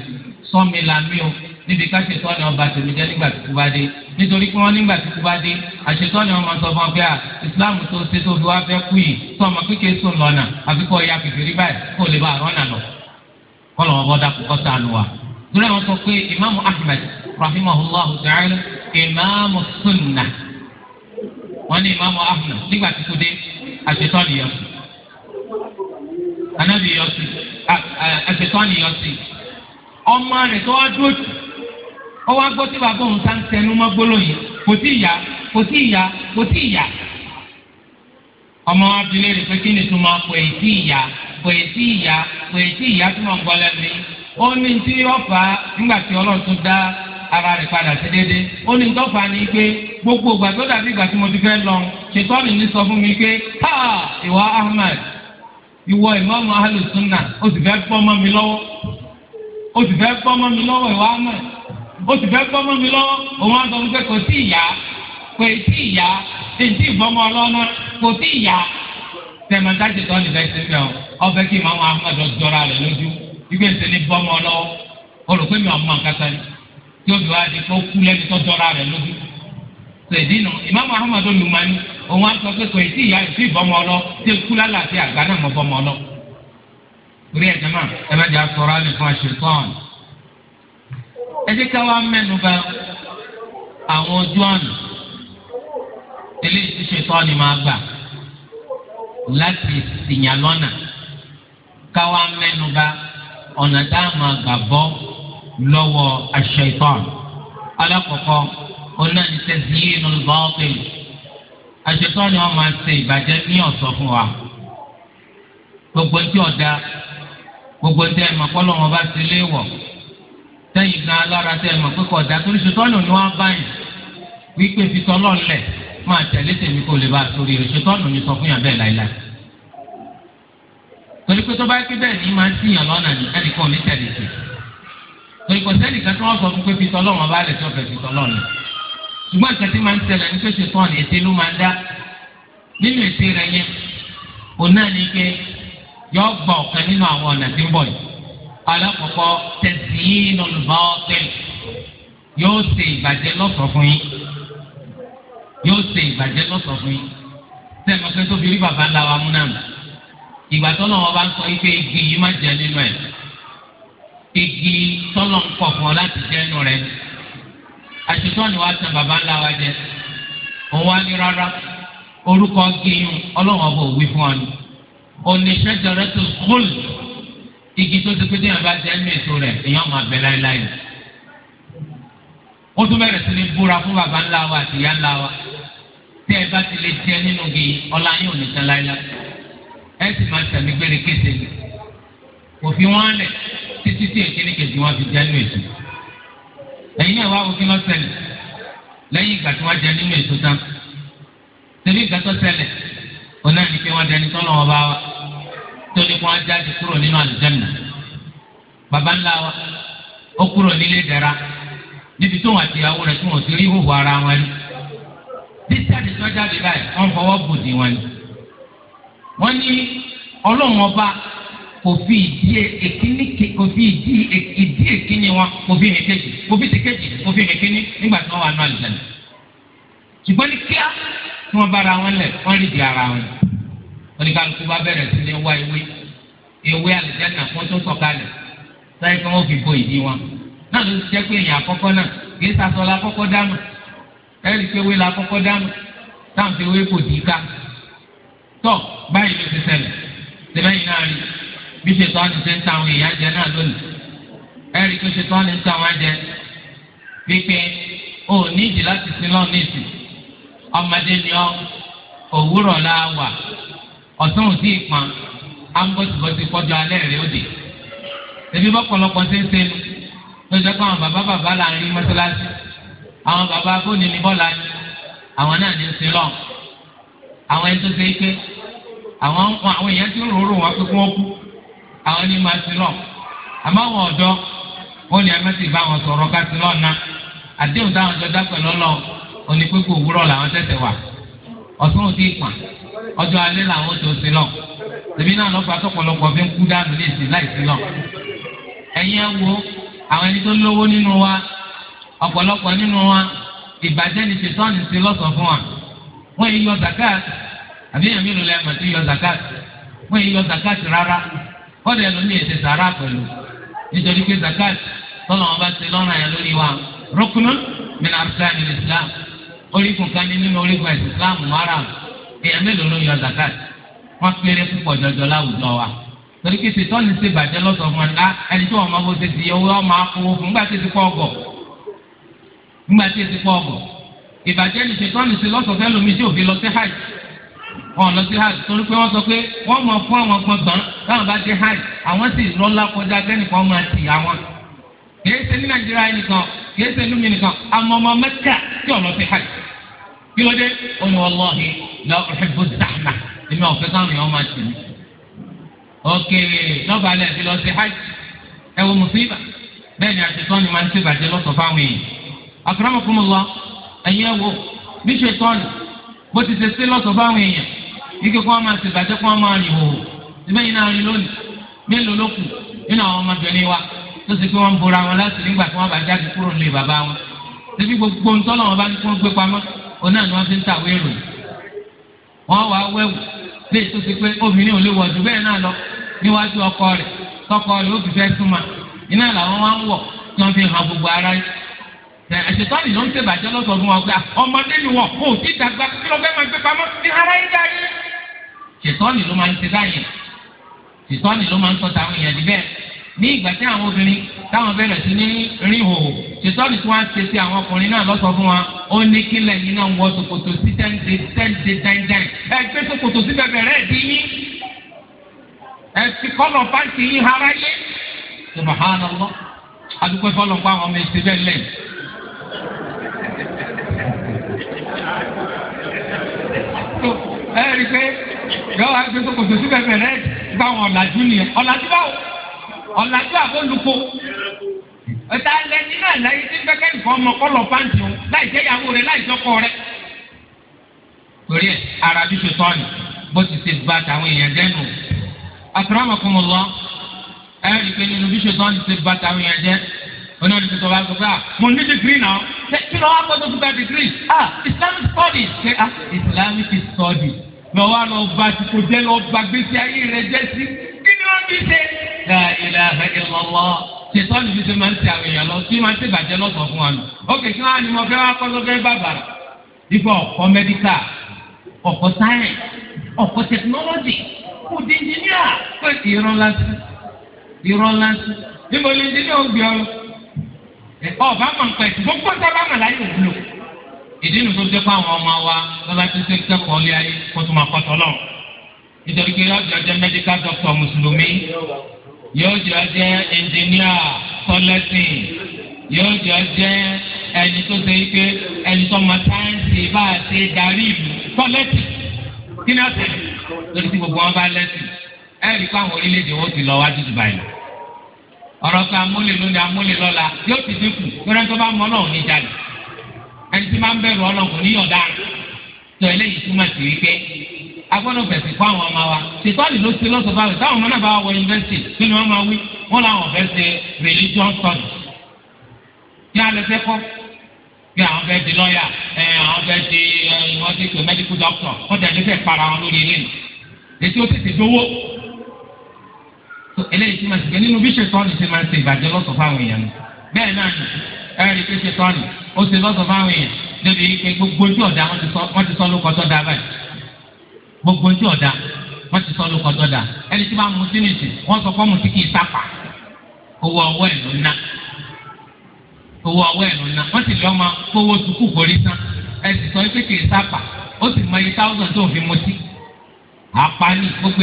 A: sọmi lami o níbi káṣẹ sọni ọba tèmi jẹ nígbà tí kú bá dé nítorí pé wọn nígbà tí kú bá dé àṣetọ ni wọn sọ fún ọ à islam tó ṣe tó fi wá fẹ́ kú yìí sọmọ kékeré sùn lọnà àfi kọ ya kékeré báyìí kó lè bá àrọ́nà lọ kọlọ wọn bọdà kó kọta àlù wa lórí àwọn sọ pé imaamu ahmed rahimahullah ta'ala imaamu sunnah wọn ní imaamu ahmed nígbà tí kú dé àṣetọ́ni yọ sí anábì yọ sí àṣetọ́ni yọ sí ọmọ rẹ̀ tó wá dúró jù ó wá gbọ́ tí bàbá òun sáà ń tẹnu mọ́ gbólóyìn kò sí ìyá kò sí ìyá kò sí ìyá ọmọ wa fi léèrè pé kí ni tó máa pè é sí ìyá pè é sí ìyá pè é sí ìyá tó máa ń gbọ́ lẹ́nu ó ní tí ọ̀fà nígbà tí ọlọ́run dá ara rẹ̀ padà sí déédéé ó ní tọ́fà ni pé gbogbo ìgbà tó dàbí ìgbà tí mo ti fẹ́ lọ ṣètọ́nì ní sọ fún mi pé ha ìwà Ahmad ìwọ ìmọ̀ọ́mù alùsùnà ó sì fẹ́ gbọ́mọ mi lọ́wọ́ ó sì fẹ́ gbọ́mọ mi lọ́wọ́ ó fẹ́ mi lọ́wọ́ o yóò fi wá di kó kú lẹ́ni tó dọ́ra rẹ̀ lójú. Sèdí nù Imam Ahmad Olùmọ̀ni òun á sọ pé kò tí ìyá ìfi bọ́mọ lọ tí kú lálẹ́ àti àgbà náà mọ bọ́mọ lọ. Orí ẹ̀jẹ̀ máa ẹ bá jà sọ̀rọ̀ alẹ́ fún aṣèkọ́ọ̀n. Ẹ jẹ́ ká wá mẹ́nu bà àwọn ojú ọ̀nà eléyìí tí ṣètọ́ọ̀nì máa gbà láti ṣìyàn lọ́nà ká wá mẹ́nu bà ọ̀nà tá a bọ́ lọ́wọ́ aṣ-ṣaytan alákọ̀ọ́kọ́ ọ̀nà ìtẹ̀síyìnú bọ́ọ̀tì aṣ-ṣaytan ni wọ́n máa ṣe ìbàjẹ́ ní ọ̀sọ́ fún wa gbogbo tí ọ̀dà gbogbo tí ẹ̀ mọ̀ kọ́lọ́ wọn bá ti léwọ̀ sẹ́yìn gan alára tẹ́ ẹ̀ mọ̀ pé kọ̀ ọ̀dà torí ṣètọ́ nù ni wọ́n bá yìí wípé fi tọ́lọ́ máa tẹ̀lé tèmi kó lè bá a sórí rẹ̀ ṣètọ́ ni sọ fún yàn bẹ́ẹ̀ láìláì torí pé tó bá pé bẹ́ẹ̀ ni máa ń síyàn lọ́nà ní ẹnì ní tẹ̀lé tèmi torí kò sẹ́ni kan tí wọ́n sọ fún pé fi tọ́lọ́ wọn bá lè tọ́ fẹ́ fi tọ́lọ́ ni ṣùgbọ́n nǹkan tí máa ń ṣẹlẹ̀ ní pèsè tán ní ètè ló máa ń dá nínú ètè rẹ̀ yẹn òun náà ní pé yọ gbà ọ̀kan nínú àwọn ọ̀nà tí ń bọ̀ yìí alákọ̀ọ́kọ́ tẹ̀sí yín lọ́lùbọ́ tẹ̀ yóò ṣe ìbàjẹ́ lọ́sọ̀ọ́ fún yín yóò ṣe ìbàjẹ́ lọ́sọ̀ọ́ fún yín sẹ́mi tó fi rí bàbá ńlá wa mú ìgbà tó lọ́wọ́ bá ń sọ yí pé igi yìí má jẹ nínú ẹ̀ igi tọ́lọ̀ ń kọ̀ fún ọ láti jẹ́ inú rẹ̀ ni. àṣetọ́ ni wàá tan bàbá ńlá wa jẹ òun wá ní rárá orúkọ gíyún ọlọ́wọ́n bò wí fún ọ ni. oníṣẹ́ jẹrẹ́tò kúl igi tó ti pé tí yàrá jẹ́ inú ètò rẹ̀ èèyàn máa bẹ láéláé ni. ó tún bẹ̀rẹ̀ sí ní búra fún bàbá ńlá wa àti ìyá ńlá wa tí ẹ bá ti lè jẹ nínú gi ọlá yín ò láéláé ẹ sì máa tẹ̀mí gbére kése ni òfin wọn lẹ̀ títí tí èkéde kejì wọn fi jẹ nínú èso ẹ̀yin náà wá wo kí ló ṣẹlẹ̀ lẹ́yìn ìgbà tí wọn jẹ nínú èso tán tẹbi ìgbà tó ṣẹlẹ̀ ọ̀nà ni pé wọn dẹni tọ́lọ̀ wọn bá wa tó ní kó wọn jáde kúrò nínú àlùjánnà baba ńlá wa ó kúrò nílé dẹ̀ra níbi tó wọn àtìyàwó rẹ̀ tó wọn ti rí ìhòòhò ara wọn ni bí jáde tó báyìí wọn fọwọ́ bòdì kò fi ìdí e, èkíní kò fi ìdí e, ìdí èkíní wọn kò fi hàn kejì kò fi ti kejì kò fi hàn kíní nígbà tí wọn wà nù àlùjáde ṣùgbọ́n ní kíá tí wọ́n bára wọn lẹ̀ wọ́n rí di ara wọn oníkàlùkù bá bẹ̀rẹ̀ sí ní wá ewé ewé àlùjáde náà wọ́n tún sọ̀kalẹ̀ sáyé kí wọ́n fi bo ìdí wọn náà ló jẹ́ pé èèyàn àkọ́kọ́ náà kì í sasọ la dánù ẹ̀rí pé ewé la dánù táwọn fi ewé kò dì í ká tọ́ báyìí ló ti ṣẹlẹ̀ ṣẹlẹ̀ yìí náà rí i bí ṣètọ́ni ṣe ń ta àwọn èèyàn jẹ náà lónìí ẹ̀rí tó ṣètọ́ni ń ta wọn jẹ pípé ò níjì láti sin lọ́ọ̀ níìsì ọmọdé ni ọ òwúrọ̀ la wà ọ̀sán ò sí ìpọn ambọ̀tìbọ̀tì kọjọ alẹ́ rẹ̀ ó dé ebi bọ́pọ̀lọpọ̀ ṣe ń ṣe nu lọ́jọ́ pé àwọn bàbá bàbá là ń rí mọ́ṣáláṣí àwọn bàbá bóni ní bọ́lá ni àwọn náà ní ń sin lọ́ọ̀ àwọn ẹni tó ṣe é pé àwọn èèyàn ti ń rò ó rò wọn pé kí wọ́n kú. àwọn ní máa sin lọ àmọ́ àwọn ọ̀dọ́ wọn ni ẹmẹ ti bá wọn sọ̀rọ̀ ká sin lọ ná àdéhùn táwọn jọ dápẹ lọlọ òní pípé òwúrọ̀ làwọn wà ọjọ́ làwọn lọ tèmi náà lọ fà fi ń kú lọ àwọn ẹni tó lówó nínú wa nínú wa ìbàjẹ́ ni sí lọ́sọ̀ fún wa yọ zakat àbí lẹ́ẹ̀mọ̀ tó yọ zakat wọ́n yọ zakat rárá kọ́dà ẹlòmí ètè sàrà pẹ̀lú nítorí pé zakat tọ́lọ̀ wọn bá ṣe lọ́nà yẹn lórí wa rọ́kùnú min arkani islam orígun kan nínú orígun ẹ̀sìn islam mara èèyàn mélòó ló yọ zakat wọ́n péré púpọ̀ jọjọ láwùjọ wa torí pé tètè ọ̀nì ṣe bàjẹ́ lọ́sọ̀ fún ẹ̀dá ah, ẹni tí wọ́n máa bó ṣe ti owó ọmọ akówó fún nígbà tí èsìkọ́ ọgọ̀ nígbà tí èsìkọ́ ọgọ̀ ìbàjẹ́ ni tètè ọ̀nì ṣe lọ́sọ̀ fẹ́ wọn lọ sí hajj torí pé wọn sọ pé wọ́n mọ̀ fún àwọn gbọ̀ngàn táwọn bá dé hajj àwọn sì lọ́lá kọjá kẹ́nìkan máa tì àwọn. kìí ṣe ní nàìjíríà nìkan kìí ṣe lómi nìkan àmọ́ mẹ́kà tí ò lọ sí hajj. kí ló dé ó ní wallahi la uhibbu zahma èmi ò fẹ́ káwọn èèyàn máa tì mí. òkè lọ́ba alẹ́ ti lọ hajj ẹ wo bẹ́ẹ̀ ni ni máa ń ike kó wọn máa ṣe ìbàjẹ́ kó wọn máa rìn òwò síbẹ̀ yìí náà rìn lónìí mélòó ló kù nínú àwọn ọmọbìnrin wa tó ṣe pé wọ́n bora wọn láti nígbà tí wọ́n bá jáde kúrò nílé bàbá wọn síbi gbogbo ń tọ́lọ̀ wọn bá ní gbé pamọ́ òun náà ni fi ń tàwé ìròyìn wẹ́wù tó pé obìnrin ò lè bẹ́ẹ̀ náà lọ níwájú ọkọ rẹ̀ tọkọ rẹ̀ ó fi gbogbo ara ṣètọ́nì ló máa ń ṣe báyìí ṣètọ́nì ló máa ń sọ táwọn èèyàn níbẹ̀ ní ìgbà tí àwọn obìnrin táwọn bẹ̀rẹ̀ sí ní rí hòhò ṣètọ́nì tí wọ́n ṣe sí àwọn ọkùnrin náà lọ́sọ̀ fún wa ó ní kí lẹ́yìn náà wọ ṣòkòtò sí tẹ́ǹdé tẹ́ǹdé dáńdáń ẹ gbé ṣòkòtò sí bẹ̀bẹ̀ rẹ̀ dín yín ẹ fi kọ́lọ̀ fáǹtì yín hara yé subhanallah adúgbò fọlọ́ pa àwọn ọmọ ẹ̀sìn bẹ́ẹ̀ lẹ́yìn. ẹ rí i pé yọ wá gbé kòkòtò síbẹ̀ bẹ̀rẹ̀ báwọn ọ̀làjú nìyẹn ọ̀làjú báwo ọ̀làjú àbólùkọ ẹ̀ta lẹni náà láyé tí gbẹ́kẹ́ nǹkan ọmọ kọ́lọ̀ pàǹtì o láì jẹ́ ìyàwó rẹ láì jọ́kọ rẹ. torí ẹ ara bí ṣe tọ́ ni bó ti ṣe gba tàwọn èèyàn dẹ́nu. akramakumullah ẹ rí i pé nínú bí ṣe tọ́ ni ṣe gba tàwọn èèyàn jẹ́ onáàdì tuntun bá gbogbo à mo ní dìgírì náà kí ló wá gbọdọ̀ gbogbo dìgírì ah islamic studies ṣe ah islamic studies lọ wá lọ gba àsìkò jẹ lọ gba gbèsè ayé rẹ jẹ sí kí ni wọn fi ṣe. la ilaha illallah ṣètò ní fífi máa ń ṣe àwọn èèyàn lọ sí máa ń ṣe ìbàjẹ́ lọ́sọ̀ fún wa nù. ókè kí wọ́n á ní mo fẹ́ wá kọ́ sọ́fẹ́ bàbàrà. ife ọ̀kọ́ mẹ́díkà ọ̀kọ́ sáyẹ̀nsì ọ̀kọ́ tẹkinọ́lọ́jì kò di ìnjíníà pé ìrọ̀ lásì ìrọ̀ lásì. níbo ni ìnjíníà ó gbé ọ lọ? ọ̀bá mọ̀ ìdí nu tó dé fún àwọn ọmọ wa lọ́la tó ṣe kẹ́kọ̀ọ́ lé ayé kó tó máa kọ́tọ́ lọ́wọ́ nítorí pé yóò jẹ́ medical doctor mùsùlùmí yóò jẹ́ engineer tọ́lẹ́sìn yóò jẹ́ ẹni tó ṣe pé ẹni tó máa sáyẹ́ǹsì bá a ṣe darí ìlú tọ́lẹ́sìn kí ni ọ̀sẹ̀ lórí tí gbogbo wọn bá lẹ́sìn ẹ̀rí kó àwọn orílẹ̀-èdè wọn ti lọ wá jújù báyìí ọ̀rọ̀ kan amúlẹ̀ lónìí yóò ti dínkù pé rántí wọn bá mọ náà ní jalè ẹni tí máa ń bẹ̀rù ọlọ́run ní yọ̀dá tó eléyìí túmọ̀ sí wípé agbọ́dọ̀ fẹ̀sìn kọ́ àwọn ọmọ wa ṣètò àlè ló ṣe lọ́sọ̀ọ́ báwẹ̀ táwọn ọmọ náà bá wọ yunifásitì kí ni wọ́n máa wí wọ́n làwọn fẹ́ ṣe religion studies kí á lè fẹ́ kọ́ kí àwọn fẹ́ di lọ́ọ̀yà àwọn fẹ́ di wọ́n ti pè medical doctor wọ́n tẹ̀lé fẹ́ para wọn lórí ilé ètò tètè dówó eléyìí túmọ̀ sí pé nínú bí ṣètò àlè ṣe máa ṣe ìbàjẹ́ lọ́sọ̀ọ́ fáwọn èèyàn bẹ́ẹ̀ náà ẹ̀rí pé ṣe tọ́ni ó ṣe lọ́sọ̀ fáwọn èèyàn gbogbo ojú ọ̀dà wọ́n ti sọ lóko gbogbo ojú ọ̀dà wọ́n ti sọ lóko tó ẹni tí wọ́n á mutí wọ́n sọ fọ́ọ̀mù tí kì í owó ọwọ́ ẹ̀ ló ná owó ọwọ́ ẹ̀ ló ná wọ́n sọ pé ó sì mọ iye táwùsàn tó fi àpáni gbogbo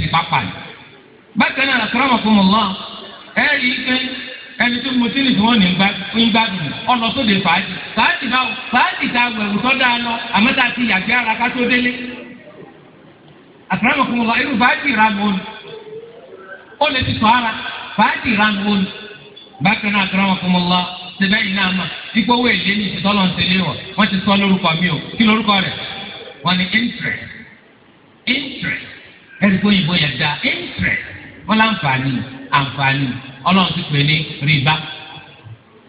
A: sí pápá yìí ẹni tó mo ti lè fi wọn ní gbá ń gbádùn ọlọ sóde fàájì fàájì báwo fàájì ta wẹ̀wù tó dáa lọ àmọ́ tá a ti yàgbé ara ká tó délé. àtàràmọ̀ fún wa irú fàájì ìranù òní ó lè ti sọ ara fàájì ìranù òní bákan náà àtàràmọ̀ fún wa síbẹ̀ yìí náà mà ipò owó èlé ní ìfitọ́lọ̀ ń tẹ̀lé wọn wọ́n ti sọ lórúkọ mi o kí lórúkọ rẹ̀ wọ́n ní interest interest ẹ̀rí kó yìnbó yẹn da interest wọ́n láǹfààní àǹfààní ọlọ́run ti pè ní rìbá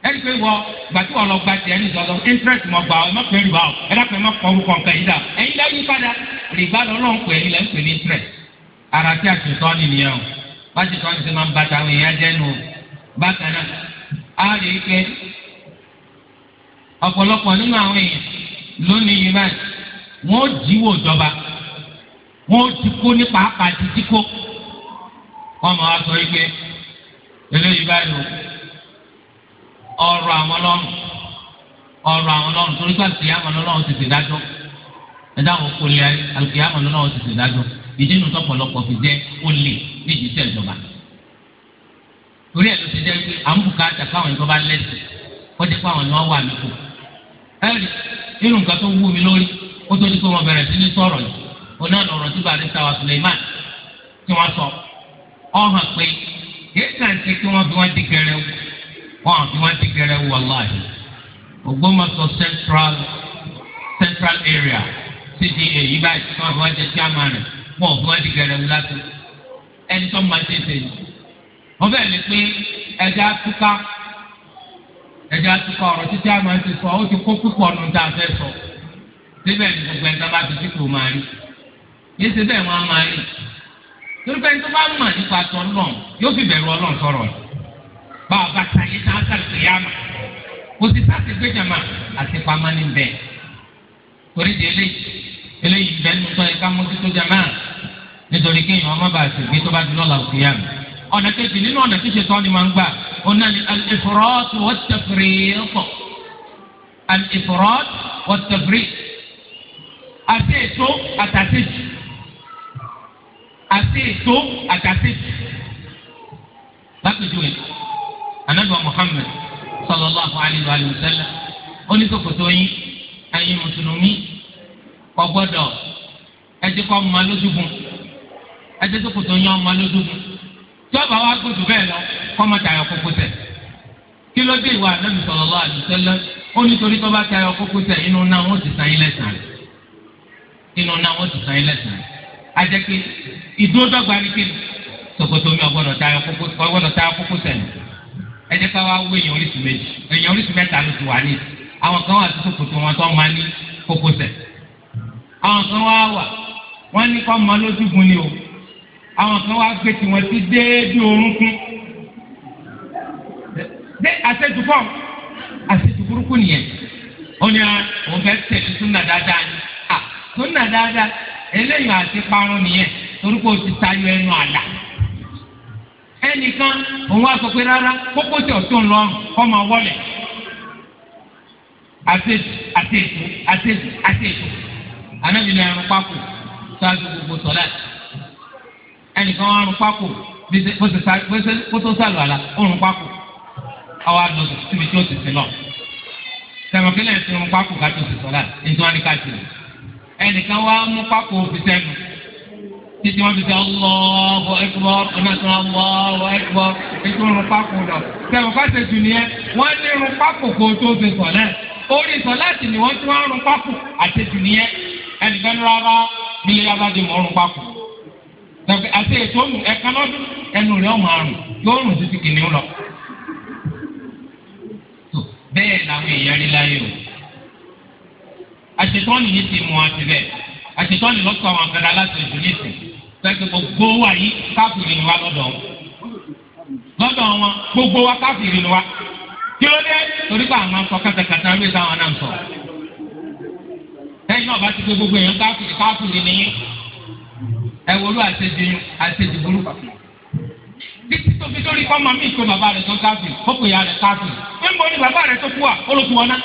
A: ẹni pé wọ gbàtí wọn lọ gba tiẹ̀ ní ìsọdọ interest mọ gbà ọ ẹ má pè rìbá o ẹ dákun ẹ má kọ orúkọ nǹkan yìí dà ẹyin dájú padà rìbá lọ́lọ́run pè ní lẹ́yìn pè ní interest ara tí a ti sọ nìyẹn o bá ti sọ ní sẹ máa ń bàtà àwọn èèyàn jẹ nù bákan náà a rí i pé nínú àwọn èèyàn lónìí yìí báyìí wọ́n ó jíwò ìjọba wọ́n ó ti kó ní pàápàá ti ti kó wọ́n máa sọ yìí pé eléyìí báyìí ọrụ àwọn lọ́rùn ọ̀rọ̀ àwọn lọ́rùn torí pé àlùkìyàmọ lọ́rùn ti ti dájọ́ ẹ̀dá àwọn kọlẹ àlùkìyàmọ ti ti fi jẹ olè torí ẹ̀ ló ti jẹ pé à ń bùkátà ìjọba lẹsẹ kọjá pé àwọn ni wọn wà lóko ẹ̀rí nínú nǹkan tó wú mi lórí ó tó wọn sí ní yìí sọ ọ hàn pé kìí kàn sí kí wọ́n fi wọ́n di gẹ̀rẹ́ wò wọ́n fi wọ́n di gẹ̀rẹ́ wò wàláhì Ògbómọ̀ṣọ́ central central area CDA yìí báyìí tí wọ́n fi wọ́n jẹ chairman rẹ̀ wọ́n fi wọ́n di gẹ̀rẹ́ wò láti ẹni tó máa tètè ní. wọ́n fẹ́ẹ́ lè pé ẹja túká ẹja túká ọ̀rọ̀ títí àmọ́ ti sọ ó ti kó púpọ̀ nù tá a fẹ́ sọ síbẹ̀ ní gbogbo ẹ̀ka bá ti dìbò máa rí yé síbẹ̀ wọ́n á máa rí torí pé tó bá mọ̀ nípa tó ń lọ yóò fi bẹ̀rù ọlọ́run sọ̀rọ̀ bá a bá sáyé tá a sàlùkì yá mà kò sí sáà ti gbé jàmà àti pamọ́ ní bẹ́ẹ̀ torí di eléyìí eléyìí bẹ́ẹ̀ ní sọ́yìn ká mójútó jàmà nítorí kéèyàn ọmọ bá a sì gbé tó bá di lọ́la òkè yá mà ọ̀nà kejì nínú ọ̀nà tí ṣètò ọ̀nì máa ń gbà ọ̀nà ni al-ifrat wa at-tafrit al-ifrat wa at-tafrit àti ètò àti ètò àtàtì. lápèjúwe anábìá Muhammad sallallahu alayhi wa sallam oníkòkòtò yín ẹ̀yin mùsùlùmí kò gbọ́dọ̀ ẹjẹ kọ ọmọ alójúgun ẹjẹ tó kòtò yín ọmọ alójúgun tí ọba wa gbójú bẹ́ẹ̀ lọ kọ ọmọ kókó tẹ kí ló dé ìwà anábì sallallahu alayhi wa sallam ó nítorí kókó tẹ inú náà wọn ti sàn yín lẹ́sàn inú náà wọn ti sàn yín lẹ́sàn ajẹ́pé ìdúródọ́gba ni kíni ṣòkòtò mi ọgbọ́dọ̀ tayọ kókó ọgbọ́dọ̀ tayọ kókó sẹ́nu ẹ jẹ́ ká wá wé èèyàn oríṣi méjì èèyàn oríṣi mẹ́ta ló ti wà ní àwọn kan wà tó ṣòkòtò wọn tó máa ní kókó sẹ̀ àwọn kan wá wà wọ́n ní kọ́ mọ lójúgun ni o àwọn kan wá gbé tiwọn sí déédéé orúnkún dé àṣejù fọ́ àṣejù burúkú nìyẹn ó ní àwọn fẹ́ tẹ̀lé súnà dáadáa ni à súnà dáadáa eléyìí àti parun nìyẹn torí pé o ti tayọ ẹnu àlà ẹnìkan òun wá sọ pé rárá kókó tí ọ̀tún lọ kọ́ máa wọlé àtẹ̀tù àtẹ̀tù àtẹ̀tù àtẹ̀tù ànábì náà ẹrù pákó ṣáájú gbogbo sọ̀lá ẹnìkan wọn rún pákó bó tó sàlù àlà ó rún pákó àwọn àdó síbi tí ó ti sí lọ sẹ̀mọ̀kílẹ̀ ti rún pákó ká tó sì sọ̀lá ètò àníkàtì rẹ̀ ẹnìkan wá mú pákó fi sẹ́nu títí wọn fi sẹ́ Allahu Akbar ọ̀nàtàn Allahu Akbar ètò irun pákó lọ. sẹ́wọ̀n ká ṣe jù nìyẹn wọ́n ní irun pákó kó tó ṣe sọ̀ náà orí sọ láti ni wọ́n tún wá rún pákó àti jù nìyẹn ẹnìkan rárá nílé yàrá di mọ́ rún pákó. àti ètò òmù ẹ̀ka lọ́dún ẹnu rẹ̀ ọ̀mọ̀ àrùn yóò rùn títí kìnìún lọ. bẹ́ẹ̀ làwọn èèyàn rí láyé o àṣetọ́nì ní ti mú wọn tilẹ̀ àṣetọ́nì ló sọ àwọn akẹ́rẹ́ aláṣẹ ìlú nísìn pẹ́ẹ́kì gbogbo wa yìí káfíìrì ni wa lọ́dọ̀ wọn lọ́dọ̀ wọn gbogbo wa káfíìrì ni wa kí ló dé torí pé àwọn sọ kàtàkàtà ń bẹ sáwọn náà sọ lẹ́yìn náà bá ti pé gbogbo èèyàn káfíìrì káfíìrì ni yín ẹ wọlé àṣejì títí tó fi dórí kọ́ mọ́ mí ìkó rẹ̀ tó káfíìrì ó pè ya rẹ̀ káfíìrì ń bọ́ ní rẹ̀ tó kú à ó ló náà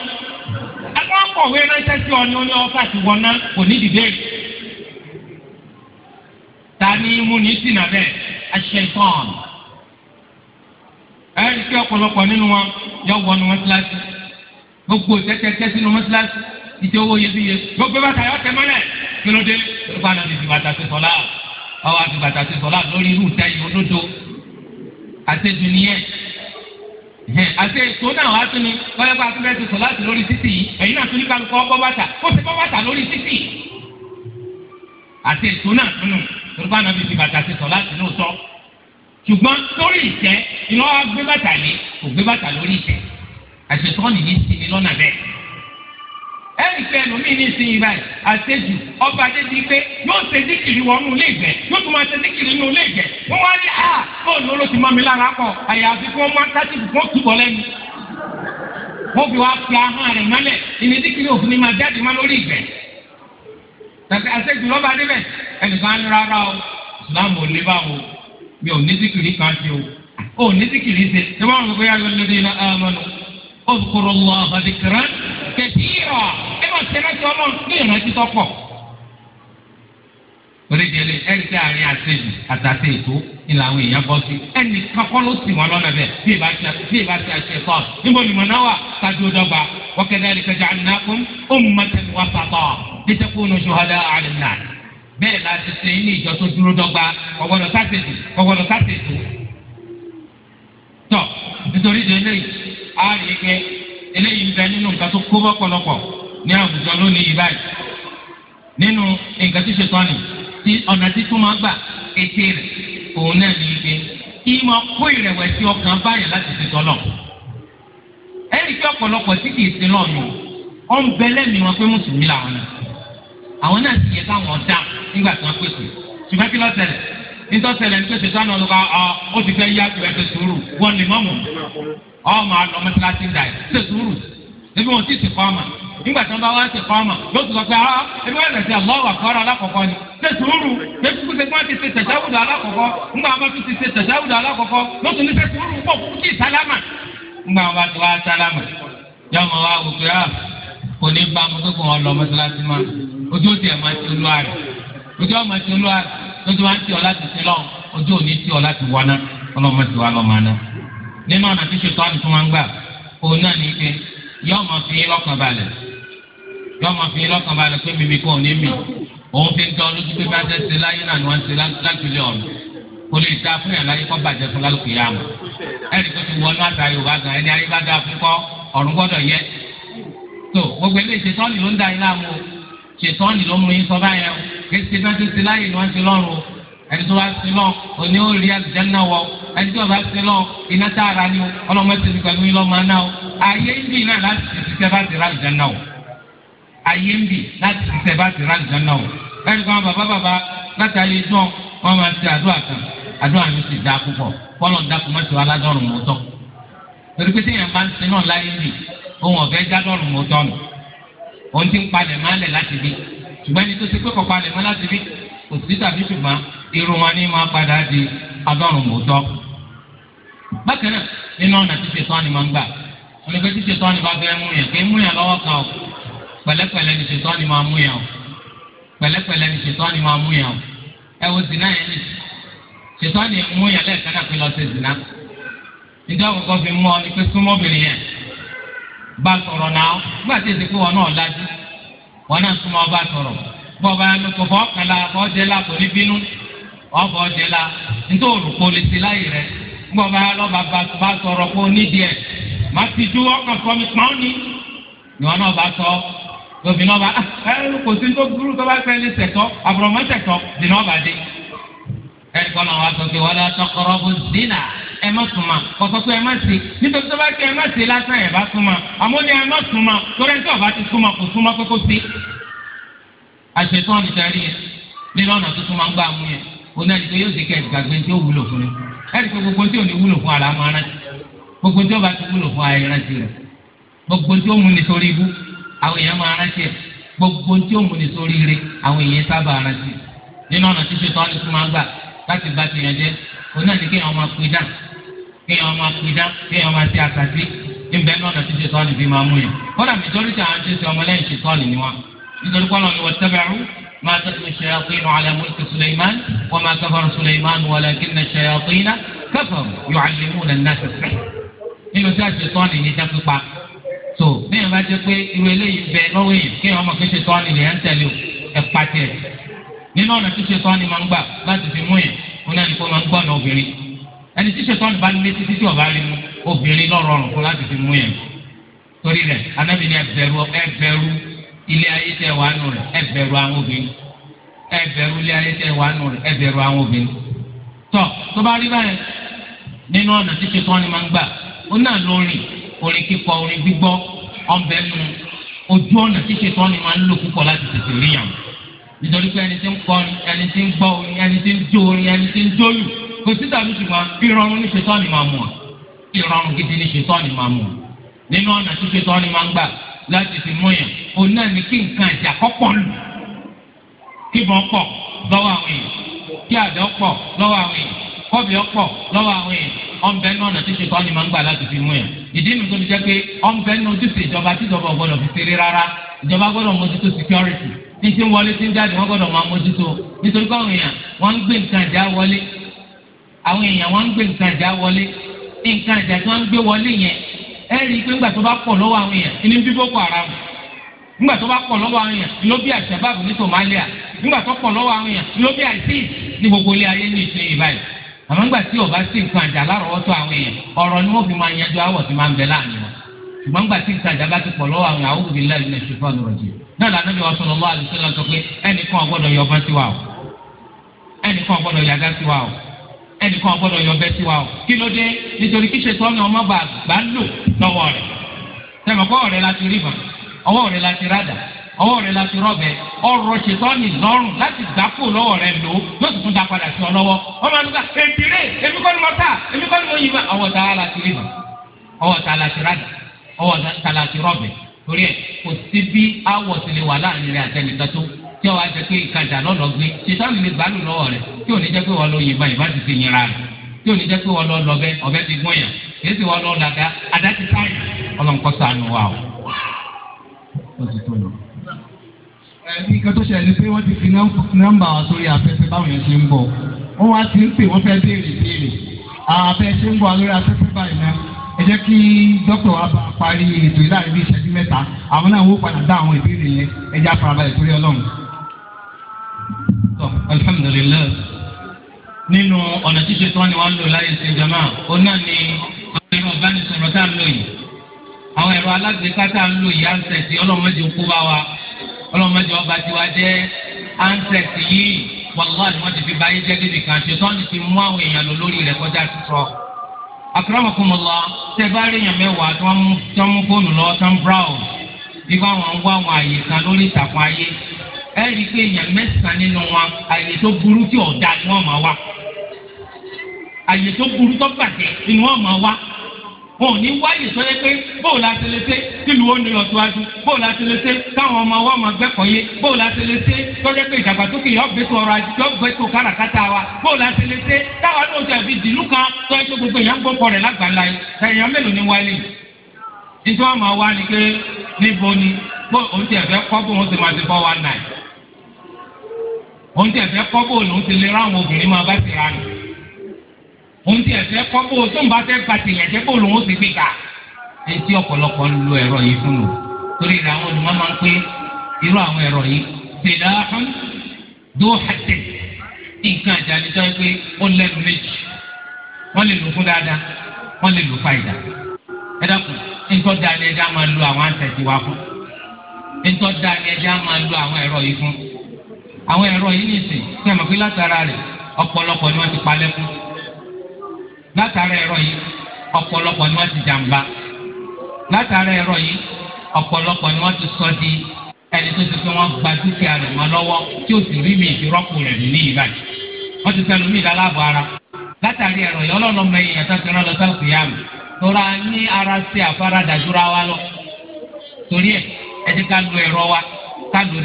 A: ẹgbẹ́ ọkọ̀wé ránṣẹ́ sí ọ ní ó ní ọ́fà ti wọná kò ní dìde. ta ni mú ní sínà bẹ́ẹ̀ aṣẹ tán. ẹ ẹ́ kí ọ̀pọ̀lọpọ̀ nínú wọn yọ wọnú mọ́sálásí gbogbo tẹ́tẹ́tẹ́ sínú mọ́sálásí ìdí owó iyebíye gbogbo bàtà yọ tẹ mọ́lẹ̀ kí ló dé nípa náà ti bàtà ti sọ̀lá ọwọ́ àti bàtà ti sọ̀lá lórí irú ìtẹ́yìn olódo àtẹ́jú nìyẹn àti ètò náà wá tún ni wọ́n bá tún bẹ́ẹ̀ ti sọ láti lórí títì yìí ẹ̀yin náà tún ní kálukọ́ bọ́ bàtà ó ti bọ́ bàtà lórí títì. àti ètò náà tún nù torípa náà fi fi bàtà ti sọ láti lóòótọ́ ṣùgbọ́n lórí ìtẹ́ ìlọ́wọ́ gbé bàtà lé kò gbé bàtà lórí ìtẹ́ àṣetọ́ nìyí sinmi lọ́nà bẹ́ẹ̀ ẹnì kẹnu mí ní ìsinyìí báyìí àṣejù ọba adébí pé yóò ṣe díkìrì wọnú ilé ìgbẹ́ yóò tún máa ṣe díkìrì nínú ilé ìgbẹ́ wọn wá ní à fóònù olóṣù mọ mi lára pọ àyàfi kí wọn máa tájì fún túbọ lẹ́nu wọn fi wá fi ahọ́n rẹ̀ mọ́lẹ̀ ìní díkìrì òfin ni máa jáde má lórí ìgbẹ́ àṣejù lọ́ba adébẹ̀ ẹnìkan ní rárá o islam ò lé báwo mi ò ní díkìrì kan ti o ò ní díkìrì ṣe ṣé wọn rò pé ayọ̀ lóde ilẹ̀ amanu ó kúrò lọ́ kẹ̀sí ọ̀ ẹ máa ṣe láti ọlọ́run ní ìrántí tọ́pọ̀. oríṣiríṣi ẹni tí àárín àtẹ̀jù àtàtẹ̀ ètò ìlà àwọn èèyàn bọ́ sí ẹnì kan kọ́ ló sì wọ́n lọ́nà bẹ́ẹ̀ bí ìbá ti àṣẹ sọ níbo ni mọ̀nà wà kájú dọ́gba wọ́kẹ́dẹ́ ẹni kẹjọ àdínàkùn ummatan wasata litakunu shuhadaa 'ala an-nas bẹ́ẹ̀ la ti ṣe ní ìjọ tó dúró dọ́gba kọ̀gbọ́dọ̀ sátẹ̀jù kọ̀gbọ́dọ̀ sátẹ̀jù. tọ́ nítorí ìdílé yìí á eléyìí ń bẹ nínú nǹkan tó kó bọ́pọ̀lọpọ̀ ní àwùjọ lónìí yìí báyìí nínú nǹkan tí ṣètò àná tí ọ̀nà títún máa gbà ètè rẹ̀ òun náà ní ibi ìmọ̀ kó ìrẹ̀wẹ̀sì ọkàn báyìí láti ṣètò ọlọ́ ẹ̀rí kí ọ̀pọ̀lọpọ̀ tí kì í sin lọ́ọ̀nù ọ̀ ń bẹ lẹ́mìí wọn pé mùsùlùmí làwọn náà àwọn náà sì yẹ káwọn dá nígbà tí wọ́n pèsè ṣùgbọ́n kí ló nítorí ṣẹlẹ̀ ní pé ṣètò ọ̀ ọmọ àlọ mọ́sálásí ń dà yìí ṣe sùúrù ebi wọn sì ti kọ́ ọmọ nígbà tí wọn bá wá ti kọ́ ọmọ yóò tún sọ pé ah ebi wọn lè ṣe Allahu Akbar alákọ̀ọ́kọ́ ni ṣe sùúrù ebi ti ṣe nígbà wọn ti ṣe yóò tún ní ṣe sùúrù nígbà wọn bá ti wá sálámà nínú ọ̀nà tí ṣètò àti fún wa ń gbà òun náà ní pé yọ́ọ́ máa fi lọ́kàn balẹ̀ yọ́ọ́ máa fi lọ́kàn balẹ̀ pé mímí kò ní mì òun fi ń tọ́ lójú pé bá ṣe láyé náà ni wọ́n ṣe lágbèlè ọ̀nà kò lè ta fún yàrá yìí kọ́ bàjẹ́ fún lálùkù yá mọ̀ ẹ̀rí tó ti wọnú àtà Yorùbá gan ẹni ayé bá dáa fún kọ́ ọ̀run gbọ́dọ̀ yẹ tó gbogbo eléyìí ṣètọ́ni ló ń da yín láàmú ṣètọ́ni ló mú yín sọ báyẹn kí ṣe náà ṣe láyé ni wọ́n ṣe lọ́rùn ẹni tó bá sin lọ òní ó rí àlùjánnà wọ ẹni tó bá sin lọ iná tá a ra ni ọlọ́mọ ti fi pẹ̀lú ilọ́ máa ná o ayé ń bì náà láti ṣiṣẹ́ bá ti ra àlùjánnà wọ ayé ń bì láti ṣiṣẹ́ bá ti ra àlùjánnà wọ ẹni kan bàbá bàbá látàrí ìjọ wọn máa ti àdúrà kan àdúrà mi ti da púpọ̀ kọ́lọ̀ ń dákun mọ́tò aládọ́rùn mọ́tọ́ torí pé téèyàn bá ń sin náà láyé bì ohun ọ̀fẹ́ jádọ́rùn mọ́tọ́ nù òun ti ń palẹ̀ mọ́lẹ̀ láti bí ṣùgbọ́n ẹni tó ti pé kọ̀ palẹ̀ mọ́ láti bí kò sí tàbí ṣùgbọ́n irun wọn ní máa padà di adọ́rùn bòtọ́. bákan náà nínú ọ̀nà títí tán ni máa ń gbà wọn ní pé títí tán ni bá fẹ́ mú yàn kí mú yàn lọ́wọ́ kan o pẹ̀lẹ́pẹ̀lẹ́ ni títán ni máa mú yàn o pẹ̀lẹ́pẹ̀lẹ́ ni títán ni máa mú yàn o ẹ wo zina yẹn ni títán ni mú yàn lẹ́ẹ̀kan náà pé lọ sí zina nígbà kọ́kọ́ fi mú ọ ní pé súnmọ́bìnrin yẹn bá sọ̀rọ̀ náà nígbà tí èsì pé wọn náà dájú wọn náà súnmọ́ bá sọ̀rọ̀ bọ́ọ̀ bá yẹn lóko fọ́ọ̀kan la fọ́ọ̀ jẹ́ láàbò ní ọbọ̀ ọdẹ la ntọ olùkọ́ lè ti láyè rẹ bá ni ìwọ náà bá sọ náà bá ah, ẹ kò sí tó burú tó bá náà bá dé ẹ kọ́ náà wá sọ pé ẹ má ẹ má nítorí tó bá ẹ má lásán ẹ bá ẹ má torí tó bá ti súnmọ́ kò súnmọ́ pé sí. àṣetán nìkan rí nínú ọ̀nà tuntun máa gbà mú oní àti yóò ṣe kẹ́ẹ̀dì gbàgbé tí ó wúlò fún yín ẹ̀rí pé gbogbo tí ò ní wúlò fún ara máa rántí gbogbo tí ó bá ti wúlò fún ara rántí rẹ̀ gbogbo tí ó mú ni sórí ibú àwọn èèyàn máa rántí ẹ̀ gbogbo tí ó mú ni sórí ire àwọn èèyàn sábà rántí nínú ọ̀nà tí ṣètò ọ̀nà tó máa gbà láti bá ti yàn jẹ́ oní àti kéèyàn máa pè dá kéèyàn máa pè dá kéèyàn máa ti àtàtì níbẹ̀ ní ọ̀nà tí ṣètò ọ̀nà fi máa mú yàn kódà mìtọ́rìtì àwọn tí ó ما تتلو الشياطين على ملك سليمان وما كفر سليمان ولكن الشياطين كفروا يعلمون الناس السحر nínú tí a ṣe tọ́ nìyí jẹ́ pípa tó bẹ́ẹ̀ bá jẹ́ pé irú eléyìí bẹ lọ́wọ́ yìí kí ọmọ kí ṣe tọ́ nìyí ẹ̀ ń tẹ̀lé o ẹ̀ pa tiẹ̀ nínú ọ̀nà tí ṣe tọ́ ni máa ń gbà láti fi mú yẹn wọn náà ní kó máa ń gbọ́nà obìnrin ẹni tí ṣe tọ́ ni bá lé títí tí ọba rí mu obìnrin lọ́rọ̀ọ̀rùn kó láti fi mú yẹn torí rẹ̀ anábìnrin ẹ bẹ̀rù ilé ayé tẹ wà nù rẹ̀ ẹ bẹ̀rù àwọn obìnrin ẹ bẹ̀rù ilé ayé tẹ wà nù rẹ̀ ẹ bẹ̀rù àwọn obìnrin. tọ tó bá rí báyìí nínú ọ̀nà títí tó ni máa ń gbà ó náà lórin orin kíkọ orin gbígbọ́ ọ̀nbẹ́ nu ojú ọ̀nà títí tó ni máa ń lò púpọ̀ láti tètè ríyàn nítorí pé ẹni tí ń kọ orin ẹni tí ń gbọ́ orin ẹni tí ń jó orin ẹni tí ń jólù kò sí tàbí ṣùgbọ́n ìrọ̀rùn ní ni máa mú ọ ìrọ̀rùn gidi ní ni máa mú ọ nínú ọ̀nà tí ṣetán ni máa ń gbà láti fi mú yàn òun náà ní kí nǹkan ìjà kọ́pọ̀ lù kí bọ́n pọ̀ lọ́wọ́ àwọn èèyàn kí àdó pọ̀ lọ́wọ́ àwọn èèyàn kọ́bì ọ̀pọ̀ lọ́wọ́ àwọn èèyàn ọ̀nbẹ náà nà títí kan ni màá ń gbà láti fi mú ìdí nu tó jẹ́ pé ọ̀nbẹ náà ojúṣe ìjọba tí ìjọba ọ̀gbọ́dọ̀ fi ṣeré rárá ìjọba gbọ́dọ̀ mójútó security ní ti ń wọlé tí ń jáde wọ́n gbọ́dọ̀ máa mójútó nítorí pé àwọn èèyàn wọ́n ń gbé nǹkan ìjà wọlé àwọn èèyàn wọ́n ń gbé nǹkan ìjà wọlé nǹkan ìjà tí wọ́n ń gbé wọlé yẹn ẹ rí i pé ńgbà tó bá pọ̀ lọ́wọ́ àwọn èèyàn ní bí boko haram ńgbà tó bá pọ̀ lọ́wọ́ àwọn èèyàn ló bí àṣàbàbù ní Somalia ńgbà tó pọ̀ lọ́wọ́ àwọn èèyàn ọrụ bí àìsíì ní gbogbo ilé ayé ní ìsìn ìbáyìí àmọ́ ńgbà tí ọba sí nǹkan àjà lárọ̀ọ́tọ̀ àwọn èèyàn ọ̀rọ̀ ni wọ́n fi máa yanjú àwọ̀ tí máa ń ẹnìkan gbọ́dọ̀ yọ bẹ́ẹ̀ sí wa o kí ló dé nítorí kí ṣètò ọ̀nà ọmọ bá gbà ń lò lọ́wọ́ rẹ̀ tẹ̀mọ̀kọ́ ọ̀rẹ́ la ti rí bọ̀ ọwọ́ rẹ̀ la ti rádà ọwọ́ rẹ̀ la ti rọ́bẹ̀ ọ̀rọ̀ ṣètò ọ̀nì lọ́rùn láti gbà kó lọ́wọ́ rẹ̀ lò yóò tuntun da padà sí ọ lọ́wọ́ ọmọ àlùkà èdèrè èmi kọ́ ni mo ta èmi kọ́ ni mo yìí ma ọwọ́ ta la ti rí bọ̀ ọwọ́ ta la ti rádà ọwọ́ ta la ti rọ́bẹ̀ torí ẹ̀ kò síbi awọ̀ sílẹ̀ wà láàrin rẹ̀ àtẹnìkan tó tí ọ wá jẹ pé ìkàjà lọ́lọ́ gbé ṣètàn lè gbàlù lọ́wọ́ rẹ̀ tí ò ní jẹ́ pé wọ́n lọ yìnbọn ìbá ti fi yìnra rẹ̀ tí ò ní jẹ́ pé wọ́n lọ lọ́bẹ ọ̀bẹ ti gbọ́n yàn kìí sì wọ́n lọ làgá adá ti táyà ọlọ́nkọ́ sànù wa o. ẹbí kan tó ṣẹlẹ̀ ni pé wọ́n ti fi nọ́mbà wa sórí afẹ́fẹ́ báwọn yẹn ti ń bọ̀ wọ́n wá ti ń pè wọ́n fẹ́ béèrè béèrè àfẹ́ ń bọ̀ lórí afẹ́fẹ́ báyìí náà ẹ jẹ́ kí dókítà wa parí ètò ìlànà ìbí ìṣẹ́jú mẹ́ta àwọn náà wọ́n padà dá àwọn ìbéèrè yẹn ẹ jẹ́ àfarabalẹ̀ torí ọlọ́run alhamdulilayi nínú ọ̀nà tí ṣètò ni wọ́n lò láyé ṣe jama ó náà ni àwọn ẹ̀rọ ìbánisọ̀rọ̀ tá a ń lò yìí àwọn ẹ̀rọ alágbèéká tá a ń lò yìí ansẹ̀tì ọlọ́mọdé ń kó bá wa ọlọ́mọdé ọba tiwa jẹ́ ansẹ̀tì yìí wàlúwà ni wọ́n ti fi báyé jẹ́ débi kan ṣètò ni ti mú àwọn èèyàn lò lórí rẹ̀ kọjá sísọ. akramakumullah tẹ bá rí èèyàn mẹ́wàá tí mú fóònù lọ tán brown ẹ rí i pé èèyàn mẹ́sàn-án nínú wọn àyè tó burú tí ọ̀dà ni wọ́n máa wá àyè tó burú tó bàjẹ́ ni wọ́n máa wá wọn ò ní wáyè tó yẹ pé bóòlù àtẹlẹsẹ tìlú ó ní ọtún adú bóòlù àtẹlẹsẹ táwọn ọmọ wa máa gbẹkọ yé bóòlù àtẹlẹsẹ tọjọ pé ìdàgbàsókè yọ bẹtọ ọrọ̀ ajé yọ bẹtọ káràkátà wa bóòlù àtẹlẹsẹ táwọn náà ti àfi dìlú kan tó yẹ pé gbogbo èèyàn ń gbọkọ rẹ lágbàlá yìí èèyàn mélòó ni wálé nítorí wọn máa wá ni pé níbo ni bó òun ti ẹ̀fẹ́ kọ́ òun tiẹ̀ fẹ́ kọ́ bóòlù ń ti lè ráwọn obìnrin máa bá ti ra nù òun tiẹ̀ fẹ́ kọ́ bóòlù tó ń bá fẹ́ gba tìyẹ̀ jẹ́ bóòlù ń ti gbé ga etí ọ̀pọ̀lọpọ̀ ń lo ẹ̀rọ yìí fún lò torí ra àwọn olùmọ̀ máa ń pé irú àwọn ẹ̀rọ yìí tèlè ahọ́n dó hàtẹ̀ nǹkan àjà níjọ́ pé ó lẹ́nu méjì wọ́n lè lò fún dáadáa wọ́n lè lò fàyà ẹ dákun ntọ́ da ni ẹja máa lo àwọn àǹtẹ̀tì wa fún ntọ́ da ni ẹja máa lo àwọn ẹ̀rọ yìí fún àwọn ẹ̀rọ yìí nìsín ní àmọ́ pé látara rẹ̀ ọ̀pọ̀lọpọ̀ ni wọ́n ti palẹ̀ fún látara ẹ̀rọ yìí ọ̀pọ̀lọpọ̀ ni wọ́n ti jàǹbá látara ẹ̀rọ yìí ọ̀pọ̀lọpọ̀ ni wọ́n ti sọ di ẹni tó ti pé wọ́n gba dúkìá rẹ̀ mọ́ lọ́wọ́ tí ó sì rí mi rẹ̀ ní ní wọ́n ti sẹ́nu mí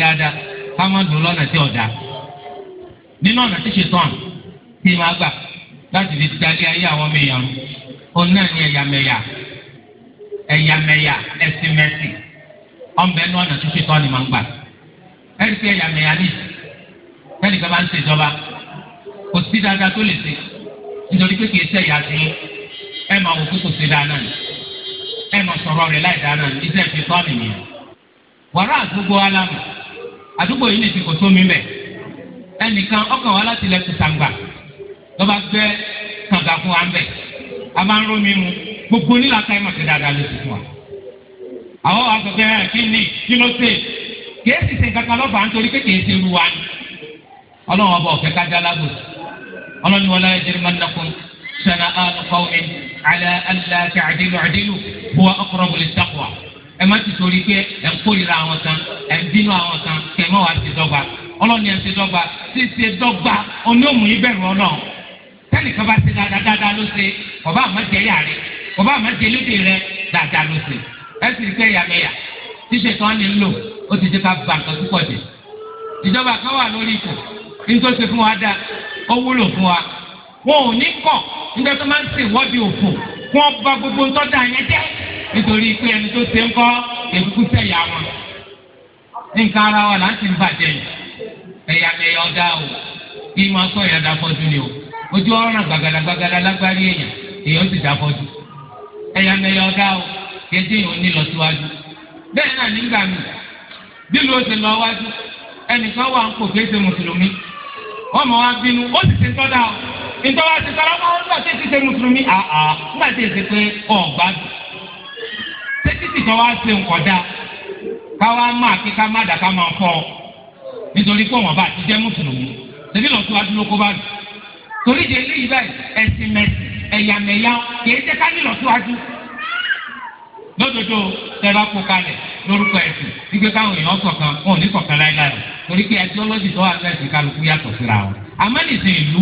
A: ara ká má lò lọ́nà tí ọ̀dà nínú ọ̀nà tí ṣetán tí máa gbà láti fi darí ayé àwọn ọmọ èèyàn òun náà ní ẹ̀yàmẹ̀yà ẹ̀yàmẹ̀yà ẹ̀sìnmẹ̀sì ọ̀nbẹ nínú ọ̀nà tí ṣetán ni máa ń gbà ẹ̀rí sí ẹ̀yàmẹ̀yà ní ẹnìkan bá ń ṣèjọba kò sí dáadáa tó lè ṣe nítorí pé kì í sẹ́yà sí ẹ máa wò pé kò sí dáadáa ni ẹ máa sọ̀rọ̀ rẹ̀ láì dáadáa ni iṣẹ́ ìfitọ́ nìyẹn àdúgbò yìí nìsín kò tó mi mẹ́ ẹnìkan ọkàn wa láti lẹ kùsàǹgbà lọ́ba gbẹ́ kàǹgà fún wa ń bẹ̀ a máa ń ró mi mu gbogbo nílà ká ẹ mọ̀ sí dáadáa ló ti fún wa. àwọn àgbẹ̀gbẹ̀ ẹ̀ kí ni kí ló ṣe kìí ṣe kankan lọ́ba nítorí pé kìí ṣe irú wa ni ọlọ́run ọba ọ̀fẹ́ kájá lágbo ọlọ́run wọlé ẹ̀jẹ̀ máa ń nàkún sẹ́nà àlùkò ọ̀hún àlẹ́ àlẹ́ àti àdìlù ẹ má ti torí pé ẹ ń kórìíra àwọn kan ẹ ń bínú àwọn kan kẹ mọ́ wàá ti dọ́gba ọlọ́ni ẹ ti dọ́gba ṣíṣe dọ́gba oníhùn ìbẹ̀rù ọ̀nà tẹ́nìkan bá ti dáadáa dáadáa ló ṣe ọba àmọ́jẹ́yà rẹ ọba àmọ́jẹ́lédè rẹ dáadáa ló ṣe ẹ sì fẹ́ yàmẹ̀yà ṣíṣe kan ní lò ó ti jẹ́ ká ba nǹkan púpọ̀ jẹ ìjọba kan wà lórí ipò nítorí fún wa dá ó wúlò fún wa wọn ò ní kọ̀ nígbà tó máa ń nítorí pé ẹni tó ṣe ń kọ́ èkúkú sẹ̀yà wọn nǹkan ara wa là ń bàjẹ́ ẹ̀yà ọ̀dà o kí máa sọ ni o ojú ọ̀ràn gbàgàdà gbàgàdà lágbárí èèyàn èèyàn ti ẹ̀yà ọ̀dà o ní lọ síwájú bẹ́ẹ̀ náà nígbà mi bí ṣe lọ wájú ẹnìkan wà ń kò kí ṣe mùsùlùmí wọ́n mọ̀ wá bínú ó sì o ìtọ́wá ti sọ tẹ́títì kan wá ṣe nǹkan dá ká wá máa kí ká má dà ká máa fọ́ ọ nítorí pé wọn bá ti jẹ́ mùsùlùmí tẹ̀lé lọ́n tó wá dúró kó bá lù torí ìdè eléyìí báyìí ẹ̀sìn mẹ́sìn ẹ̀yàmẹ̀yà kìí jẹ́ ká nílọ̀ síwájú lódodo tẹ́lá kó kalẹ̀ lórúkọ ẹ̀sìn wípé káwọn èèyàn ṣọ̀kan wọn ò ní ṣọ̀kan láéláé torí pé ẹtíọ́lọ́jì tó wà fẹ́ẹ̀sì kálukú yàtọ̀ síra wọn àmọ́ nìsín ìlú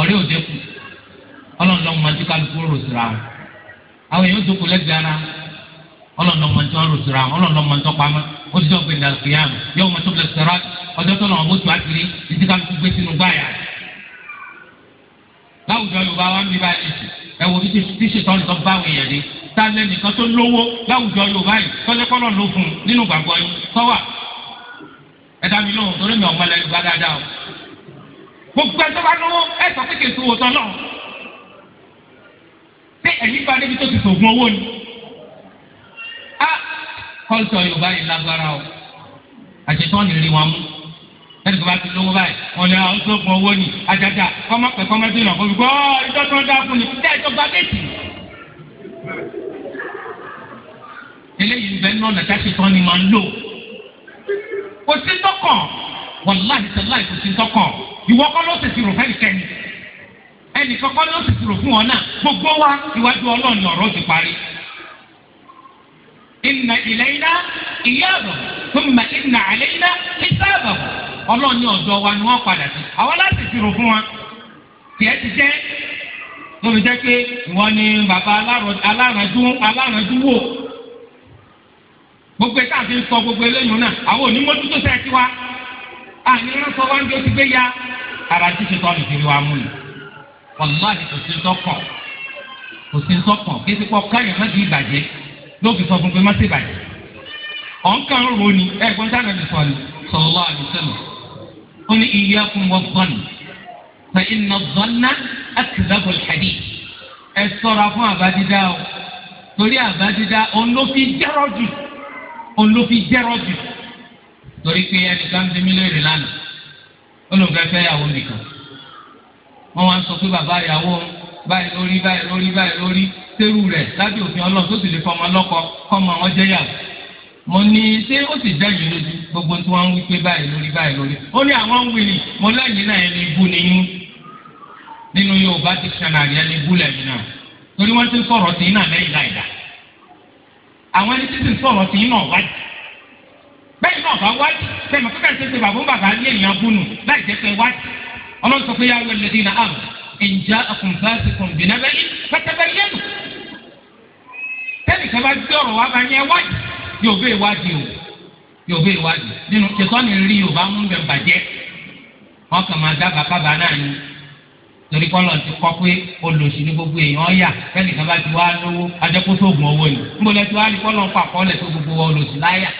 A: ọ̀rẹ́ òde kù ọlọ́run lọ́mọ máa ti kálukú rò síra wọn àwọn èèyàn tó kù lẹ́gbẹ̀ẹ́ ara ọlọ́run lọ́mọ tó rò síra wọn ọlọ́run lọ́mọ tó pamọ́ ó ti dọ́gbẹ́ ìdá kìyàmù yóò mọ tó bẹ̀rẹ̀ sọ̀rọ̀ ọjọ́ tó náà mọ́tò àtìrí títí kálukú gbé sínú gbáyà. láwùjọ yorùbá wa ń bí bá ìsì ẹ wo bí tí ṣètọ́ni tó bá àwọn èèyàn dé tá a lẹ́nìkan tó lówó láwùjọ yorùbá yìí gbogbo ẹjọ́ bá náwó ẹ sọ pé kèsì wò tán náà ṣé ẹ̀yìn bá débi tó ti sògùn owó ni. a ah, kọ́ńtọ̀ yorùbá yìí lágbára o àṣetọ́ ni rí wọn mú ẹnì kan bá ti lówó báyìí wọn ni àwọn ah, sóògùn owó ni ajaja kọ́mọ́pẹ́ kọ́mọ́dé náà kọ́mi gbọ́ ah, ìjọ tó ń dá fún ni ṣé ẹjọ́ gba géètì. eléyìí ń bẹ náà nàta ṣetọ́ ni máa ń lò kò sí tọkàn wàláhìí sàláhìí kò sí tọkàn ìwọ kọ́ ló sì sírò fẹ́ẹ́ kẹ́ni ẹnìkan kọ́ ló sì sírò fún ọ náà gbogbo wa ìwájú ọlọ́run ọ̀rọ̀ ti parí. inna ilayna iyabahum thumma inna alayna hisabahum ọlọ́run ní ọ̀dọ̀ wa ni wọ́n padà sí àwọn láti sírò fún wa tiẹ̀ ti jẹ́ lórí jẹ́ pé wọ́n ní bàbá alárànjú alárànjú wò gbogbo ẹ̀ káàfin sọ gbogbo eléyìí náà àwọn onímọ̀tútù sẹ́ẹ̀ tiwa àní lọ́sọ̀ wá ń bí ó ti gbé ya ara ti ṣe tọ́ ní ìdílé wa mú ni wàláhì kò sí tọkàn kò sí tọkàn kí ẹsẹ̀ pọ̀ káyọ̀ má ti ìbàjẹ́ ló fi sọ fún pé má ti ìbàjẹ́ ọ̀nkàn rò ní ẹ̀gbọ́n sáà nàbì sọ̀rọ̀ sọ̀rọ̀ àdùsọ̀rọ̀ ó ní iyyakum wadh-dhann fa inna adh-dhanna akdhabu al-hadith ẹ ṣọ́ra fún àbádídá o torí àbádídá òun ló fi jẹ́rọ̀ jù òun ló fi jẹ́rọ̀ jù torí pé ẹnìkan ti mílíọ̀nù lánàá olùfẹ́fẹ́ yàwó nìkan wọ́n wá ń sọ pé bàbá ìyàwó báyìí lórí báyìí lórí báyìí lórí sẹ́rù rẹ̀ lábẹ́ òfin ọlọ́run tó sì lè fọmọ lọ́kọ kọ́mọ wọn jẹ́ yàwó mo ní ṣé ó sì dẹ́yìn lójú gbogbo tí wọ́n ń wí pé báyìí lórí báyìí lórí ó ní àwọn ń wí ni mo lẹ́yìn náà ẹni ibú ni yín nínú Yorùbá ti ṣàlàyé ẹni ibú lẹ́yìn náà torí wọ́n ti sọ̀rọ̀ sí iná lẹ́yìn láìda àwọn ẹni tí ti sọ̀rọ̀ sí iná wájú bẹ́ẹ̀ náà bá wájú sẹ́mi kọ́kà ṣe pé bàbá bàbá ní èèyàn búnú láì jẹ́ pé wájú ọlọ́run sọ pé yà wọ ẹlẹ́dìn náà àmọ́ ìjà àkùnfàṣe kùnbìnà bẹ́ẹ̀ pẹ́tẹ́pẹ́ lẹ́nu tẹ́nìkan bá gbé ọ̀rọ̀ wá bá yẹn wájú yóò bẹ́ẹ̀ wájú o yóò bẹ́ẹ̀ wájú nínú ṣètọ́ ni rí yorùbá mú bẹ́ẹ̀ bàjẹ́ wọn kàn máa dábàá kábàá náà ni torí kọ́lọ̀ ti kọ́ pé olùsí ní gbogbo èèyàn yà tẹ́nìkan bá ti wá lówó adẹ́kótóògùn owó ni níbo lẹ́tọ́ á rí kọ́lọ̀ ń pàkọ́ lẹ̀ gbogbo olùsí láyà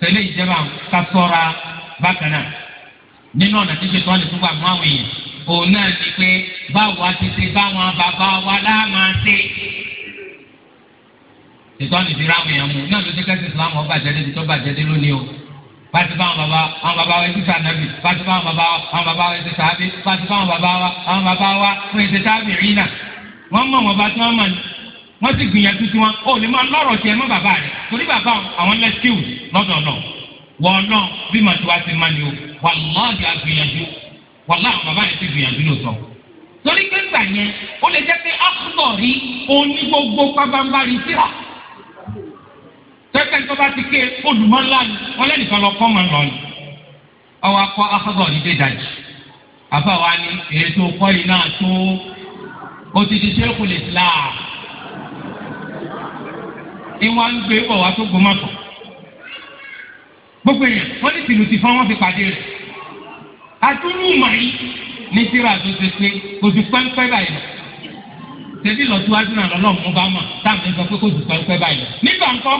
A: tẹ̀lé ìjẹba ká sọ́ra bákan nínú ọ̀nà tí ṣètò ọ̀nà ìfúnpá mú àwọn èèyàn òun náà ni pé báwo a ti ṣe báwọn bàbá wa láàmà ṣe ṣètò ọ̀nà ìfúnpá àwọn èèyàn mú náà ló ti kẹ́sì Islam ọba àjẹdẹ ti tó bàjẹ́dé lónìí o pàṣẹ báwọn bàbá àwọn bàbá wa ẹsẹ sànàbì pàṣẹ báwọn bàbá wa àwọn bàbá wa ẹsẹ sàbí pàṣẹ báwọn bàbá wa àwọn bàbá wa fún ẹsẹ sàbì rínà wọn mọ wọn bá tí wọn mọ wọ́n ti gbìyànjú sí wọn ó ní máa lọ́rọ̀ tiẹ̀ mọ́ bàbá rẹ̀ torí bàbá àwọn lẹ́síkìw lọ́dọọdọ wọ́n náà bí màtúwá ti máa ní o wà lọ́ọ̀dì àgbìyànjú wà láwọn bàbá yẹn ti gbìyànjú lóòótọ́ torí pé gbà yẹn ó lè jẹ́ pé ápùtọ̀ rí oní gbogbo pábánbárí síra tẹ́tẹ́ tó bá ti ké olùmọ̀lá ni wọ́n lẹ́nìkan lọ kọ́ máa lọ ni ọwọ́ akọ afọ́gọ́ ní dé dájú àbáwa ni ètò kọ́ yìí náà tó ó ti di sẹ́kùlì ìwà ń gbé bọ̀ wá tó gbọmọ̀tọ̀ gbogbo èèyàn wọ́n ní tìlù ti fọ́n wọ́n fi pàdé rẹ̀ àtúrú màáyí ní tíra tó ṣe pé kò ju pẹ́ńpẹ́ báyìí tẹ̀sí lọ́síwájú náà lọ́lọ́mú bá mà táwọn ẹ̀sọ́ pé kò ju pẹ́ńpẹ́ báyìí nígbà ńkọ́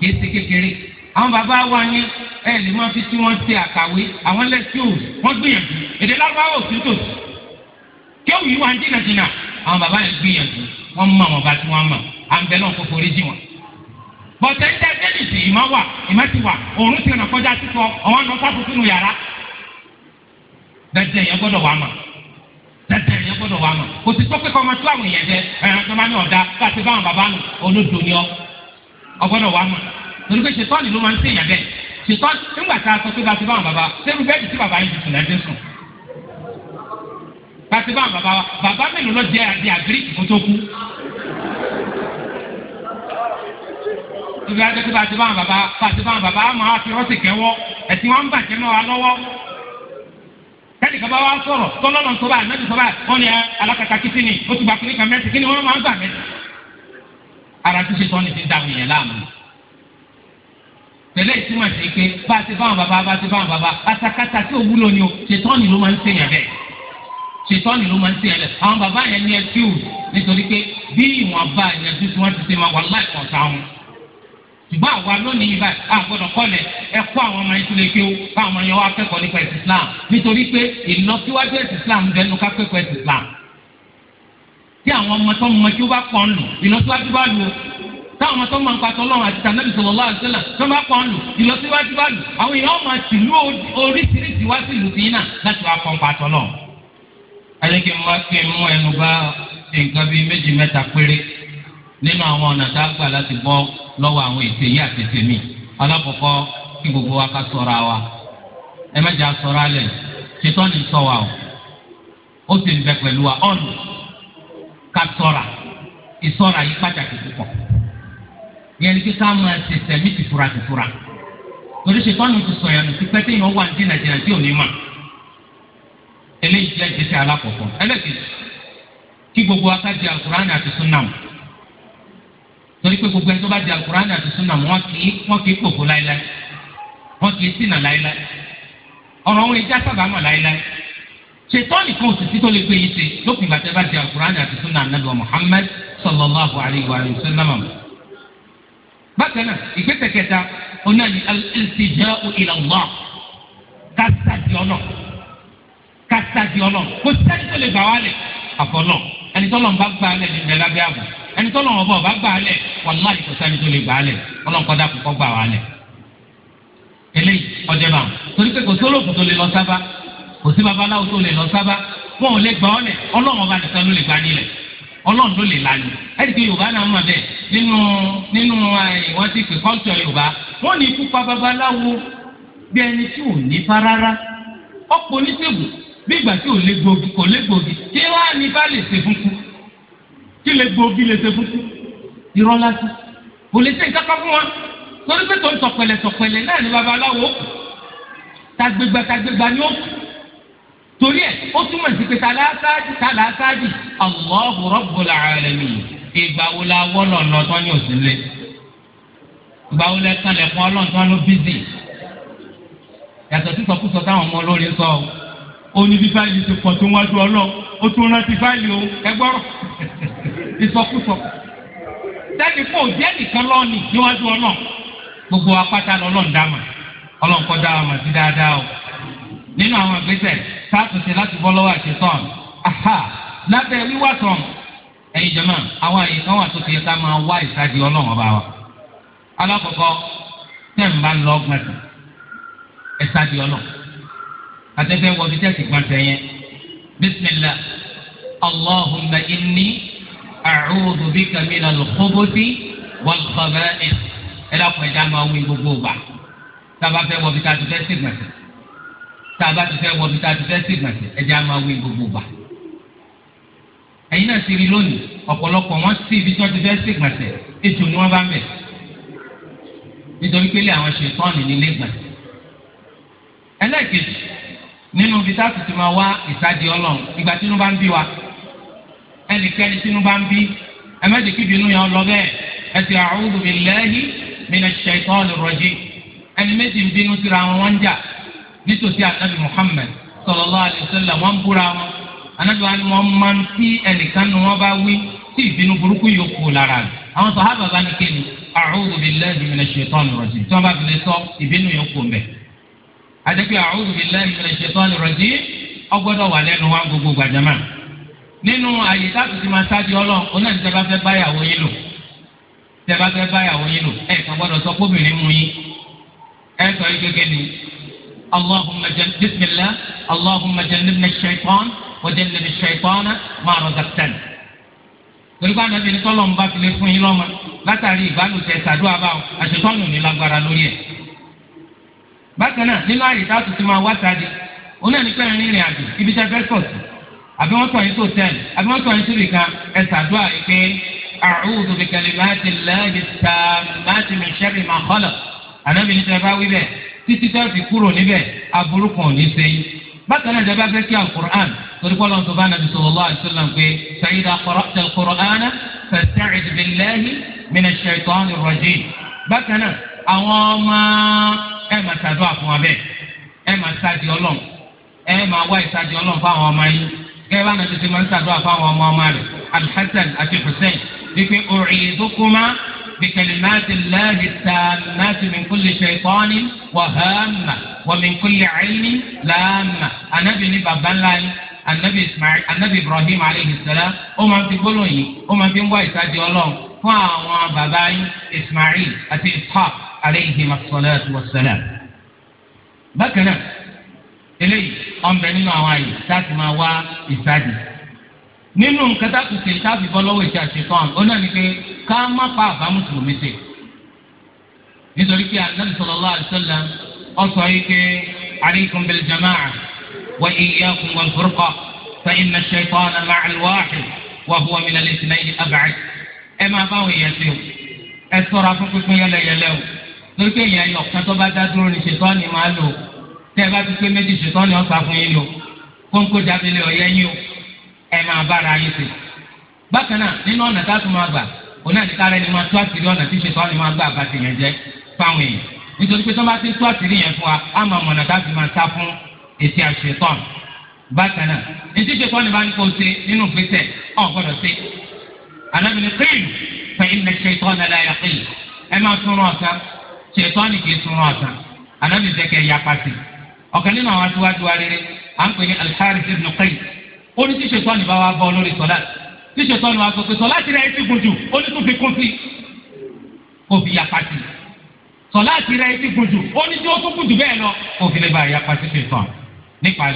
A: kìí ṣe kékeré àwọn bàbá wa ní ẹ lè máa fi tí wọ́n ṣe àkàwé àwọn lẹ́sí òòrùn wọ́n gbìyànjú èdè lágbáwò sí bọ̀tẹ́ ń dá gẹ́lìsì ìmọ̀ wà ìmọ̀ ti wà òórùn ti rìn kọjá títọ ọ̀wọ́n náà sáfù sínú yàrá. yẹn gbọ́dọ̀ wà mà yẹn gbọ́dọ̀ wà mà kò pé kọ́ ọmọ tó àwọn èèyàn jẹ tó máa ní ọ̀dà bàbá ni ọ ọgbọ́dọ̀ wà mà torí pé lọ àgírí kò tó ibi adékè bá ti bá àwọn bàbá bá ti bá àwọn bàbá àmọ́ àti wọn sì kẹwọ ẹsìn wọn ń bàjẹ́ náà wà lọ́wọ́ kẹ́nìkan bá wá sọ̀rọ̀ tọ́lọ́nà sọ́ba ànábì sọ́ba wọn ni ah, alákàtà kìtì ni ó ti gba kiri kan mẹ́sì kí ni máa gbà mẹ́sì. ara ti ṣe tọ́ ni ti da àwọn yẹn láàmú. tẹ̀lé ìtumọ̀ sí pé bá ti bá bàbá bá ti bá bàbá àtàkàtà tí ò wúlò ni o ṣètọ́ni ló máa ń ṣèyàn bẹ́ẹ̀ ṣètọ́ni ló máa ń ṣèyàn bẹ́ẹ̀ àwọn bàbá yẹn ní ẹ nítorí pé bí ìwọ̀nba ìyẹn tuntun wọn ti ṣe máa wà láì kọ̀ọ̀ta wọn ṣùgbọ́n àwa lónìí ibà àgbọ̀dọ̀ kọ́lẹ̀ ẹ kó àwọn ọmọ ìtúlẹ̀ kí ó bá àwọn ọmọ wa kẹ́kọ̀ọ́ nípa ẹ̀sìn Islam nítorí pé ìlọsíwájú ẹ̀sìn Islam ń bẹnu ká kẹ́kọ̀ọ́ ẹ̀sìn Islam. tí àwọn ọmọ tó mọ tí ó bá pọ̀ ń lò ìlọsíwájú bá lò táwọn ọmọ tó mọ nípa tọ́lọ́run àti tànàbì sallallahu alaihi wasallam tó bá pọ̀ ń lò ìlọsíwájú bá lò àwọn lọ́wọ́ àwọn ètè yìí àti ètè mi alákọ̀ọ́kọ́ kí gbogbo wa ká ṣọ́ra wa ẹ má jẹ́ aṣọ́ra lẹ̀ ṣetán ní sọ o ó sì ń bẹ pẹ̀lú wa ọ̀nù ká ṣọ́ra ìṣọ́ra yìí pàtàkì púpọ̀ yẹn ni kíkà máa ṣe tẹ̀mí tìfura tìfura torí ṣetán ní ti sọ yẹn ti pẹ́ téèyàn wà ní jìnnàjìnnà tí ò ní mà eléyìí jẹ́ ìgbésẹ̀ alákọ̀ọ́kọ́ ẹlẹ́kẹ̀ẹ́ kí gbogbo wa ká jẹ àkùránì àti súnà torí pé gbogbo ẹni tó bá di alukur'an àti sunna wọn kì í wọn kì í kpòkò láéláé wọn kì í ṣìnà láéláé ọ̀rọ̀ wọn ìjà sábà mọ̀ láéláé ṣètọ́nì kan òsìsì tó lè gbé yìí ṣe lópin ìgbà tẹ́ bá di alukur'an àti sunna anabi muhammed sallallahu alayhi wa sallam. bákan náà ìgbésẹ̀ kẹta oní àyè al-iltija'u ila Allah kò sẹ́ni tó lè gbà wálẹ̀ àfọ̀nà ẹni tó lọ́n gbà ẹni tó lọ́wọ́ bọ̀ ọba gbà á lẹ̀ wàláhì kò sẹ́ni tó lè gbà á lẹ̀ ọlọ́nkọ́dá kò kọ́ gbà wá lẹ̀. eléyìí ọjọ́ bá wọn torí pé kò sí olóògùn tó lè lọ sábà kò sí babaláwo tó lè lọ sábà wọn ò lè gbà ọ́ lẹ̀ ọlọ́wọ́ bá nìkan ló lè gbà nílẹ̀ ọlọ́run ló lè lanu ẹ̀rí pé yorùbá náà mọ̀ bẹ́ẹ̀ nínú nínú eh, wọ́n ti pè kọ́ńtọ̀ yorùbá wọ́n ní ikú pa babaláwo bí ẹni tí ò ní fa rárá ọ̀pọ̀ oníṣègùn bí ìgbà tí ò lè gbòógì kò lè gbòógì tí wọ́n á ní bá lè ṣe fún kí lè gbòógì lè ṣe fún sí irọ́ lásán kò lè ṣe ìkápá fún wa torí pé tó ń tọ̀pẹ̀lẹ̀ tọ̀pẹ̀lẹ̀ náà ni babaláwo tagbègbà tagbègbà ni ó torí ẹ̀ ó túmọ̀ sí pé ta làásáájì ta làásáájì Allahu Rabbul Alamin ìgbà wo la wọ́ lọ́nà tó ní òsínlẹ̀ ìgbà wo lẹ kan lẹ̀kọ́ ọlọ́ọ̀tán ló bízì yàtọ̀ sí sọkúsọ táwọn ọmọ olórin sọ ó ní bí fáìlì ti pọ̀ tó wájú ọlọ́ ó tún rántí fáìlì o ẹgbọ́rọ̀. ìsọkúsọ sẹ́ni fún òjì ẹnìkan lọ́ọ̀nì níwájú ọlọ́ọ̀ gbogbo apáta kọ́ ọmọ sí o nínú àwọn láti bọ́ lọ́wọ́ aha lábẹ́ ẹ̀yin jọ̀mọ́ àwọn àyè kan wà tó fi ká máa wá ọlọ́ọ̀n ọba wa alákọ̀ọ́kọ́ tẹ̀ ń bá lọ a'udhu bika minal khubuthi wal khaba'ith ẹ dákun ẹ̀dá máa wí gbogbo gbà tába fẹ́ wọ bí ká ti fẹ́ sí gbọ̀nsẹ̀ tába ti fẹ́ wọ bí ká ti fẹ́ sí gbọ̀nsẹ̀ ẹ̀dá máa wí gbogbo gbà. ẹ̀yin náà ti rí lónìí ọ̀pọ̀lọpọ̀ wọn sí ibi tí wọ́n ti fẹ́ sí gbọ̀nsẹ̀ ètò ni wọ́n bá mẹ̀ nítorí pélé àwọn ṣètọ́ọ̀nù nílé gbọ̀nsẹ̀ ẹlẹ́ẹ̀kejì nínú ibi tá a ti ti máa wá ìsádi ọlọ́run ìgbà tí inú bá ń bí wa ẹnikẹ́ni tínú bá ń bí ẹ má jẹ́ kí ìbínú yẹn lọ bẹ́ẹ̀ ẹ ti a'udhu billahi minash shaitanir rajim ẹni méjì ń bínú síra wọn wọ́n ń jà nítòsí àtàbí Muhammad sallallahu alaihi wasallam wọ́n ń búra wọn anábìá ni wọ́n máa ń tí ẹnìkan ni wọ́n bá wí tí ìbínú burúkú yóò kú lára rẹ̀ àwọn sàhábà bá ní kéde a'udhu billahi minash shaitanir rajim tí wọ́n bá fi sọ ìbínú yóò kú mbẹ́ àdẹ́kẹ́ a'udhu billahi minash shaitanir rajim ọgbọ́dọ̀ wà lẹ́nu wa gbogbo gbàdámà nínú àyè táàtù ti máa ṣáájú ọlọ́run ó náà ní tẹ́ bá fẹ́ báyàwó yín lò tẹ́ bá fẹ́ báyàwó yín lò ẹ̀ kàn gbọ́dọ̀ sọ kóbìnrin mú yín ẹ̀ sọ yín gẹ́gẹ́ ni allahumma jẹ bisimilah allahumma jẹ nínú ṣẹ̀tọ́n wọ́n jẹ nínú ṣẹ̀tọ́n máa rọ̀ gàtẹ́n. torí pé àná bìnrin tọ́lọ̀ ń bá fi lè fún yín lọ́mọ látàrí ìbálòpọ̀ ṣàdúrà báwọn àṣetọ́nù ní lágbára lórí ẹ̀. bákan náà nínú àyè táàtù ti máa wá sáde ó náà ní pẹ́ẹ́rín ìrìn àjò ibi tẹ́ fẹ́ sọ̀tún àbí wọ́n tọ̀ yín tó ten àbí wọ́n tọ̀ yín síbi kan ẹ ṣàdúrà yìí pé a'udhu bi kalimati llahi tammati min sharri ma khalaq ànábì ní tẹ́ bá wí bẹ́ẹ̀ títí tó fi kúrò níbẹ̀ aburú kan ò ní ṣe yín bákan náà dábàá fẹ́ kí alukur'an torí kọ́ lọ́n tó bá nàbì sallallahu alaihi wasallam pé sa'idha qara'ta al-Qur'ana fasta'id billahi minash shaitani rrajim bákan náà àwọn ọmọ ẹ máa ṣàdúrà fún wa bẹ́ẹ̀ ẹ máa ṣáàdì ọlọ́run ẹ máa wá ìṣáàdì ọlọ́run fún àwọn ọmọ yín gẹ́gẹ́ bá nàìjíríà ti máa ń ṣàdúrà fáwọn ọmọ ọmọ rẹ̀ alhassan àti hussein wípé u'idukuma بكلمات الله التامات من كل شيطان وهامة ومن كل عين لامة أنا بني بابان anabi ismail anabi ibrahim aleyhi ó máa fi gbólóhùn yìí ó máa fi ń wá ìsájì ọlọ́run fún àwọn bàbá yín ismail àti ishaq aleyhi bákan náà eléyìí ọ̀nbẹ nínú àwọn àyè láti máa wá ìsádi nínú nǹkan tá a tún ṣe tá a fi bọ́ lọ́wọ́ ìṣe àṣetán ó náà ni pé ká má pa àbá mùsùlùmí ṣe nítorí pé Ànábì sallallahu alaihi wasallam ó sọ yìí pé alaykum bil jama'a wa iyyakum wal furqa fa inna ash-shaytana ma'al wahid wa huwa min al-ithnayni ab'ad ẹ máa bá àwọn èèyàn ṣe o ẹ ṣọ́ra fún pínpín yẹlẹyẹlẹ o torí pé èèyàn yọ tẹ́ ẹ bá ti pé méjì ṣùgbọ́n ni wọ́n sá fún yín lò kóńkó dábìlẹ̀ ọ̀yẹ́ yín o ẹ máa bára yín sí. bákan náà nínú ọ̀nà táàtù máa gbà òun náà ní kára ẹni máa tó àṣírí ọ̀nà tí ṣètọ́ ni máa gbà bá ti yàn jẹ́ fáwọn èèyàn nítorí pé tó bá ti tó àṣírí yẹn fún wa á máa mọ̀nà táàtù máa sá fún ètí àṣetọ́ bákan náà ní tí ṣètọ́ ni bá ní kó o ṣe nínú gbèsè ọ̀ gbọ́dọ̀ ṣe. alábìnrin kéèlù fẹ̀yìn ní ṣètọ́ ni láyà kéèlù ẹ máa túnrún ọ̀sán ṣètọ́ ọ̀kan nínú àwọn aṣíwájú wa rere à ń pè ní Al-Harith ibn Qays ó ní tíṣe tọ́ni bá wa bọ́ lórí sọ́lá tíṣe tọ́ni wa sọ pé sọ́lá ti rẹ̀ ẹ́ ti gùn jù ó ní tó fi kún sí kó fi yà pàtì sọ́lá ti rẹ̀ ẹ́ ti gùn jù ó ní tí ó tó gùn jù bẹ́ẹ̀ lọ kó fi lè bá yà pàtì fi tàn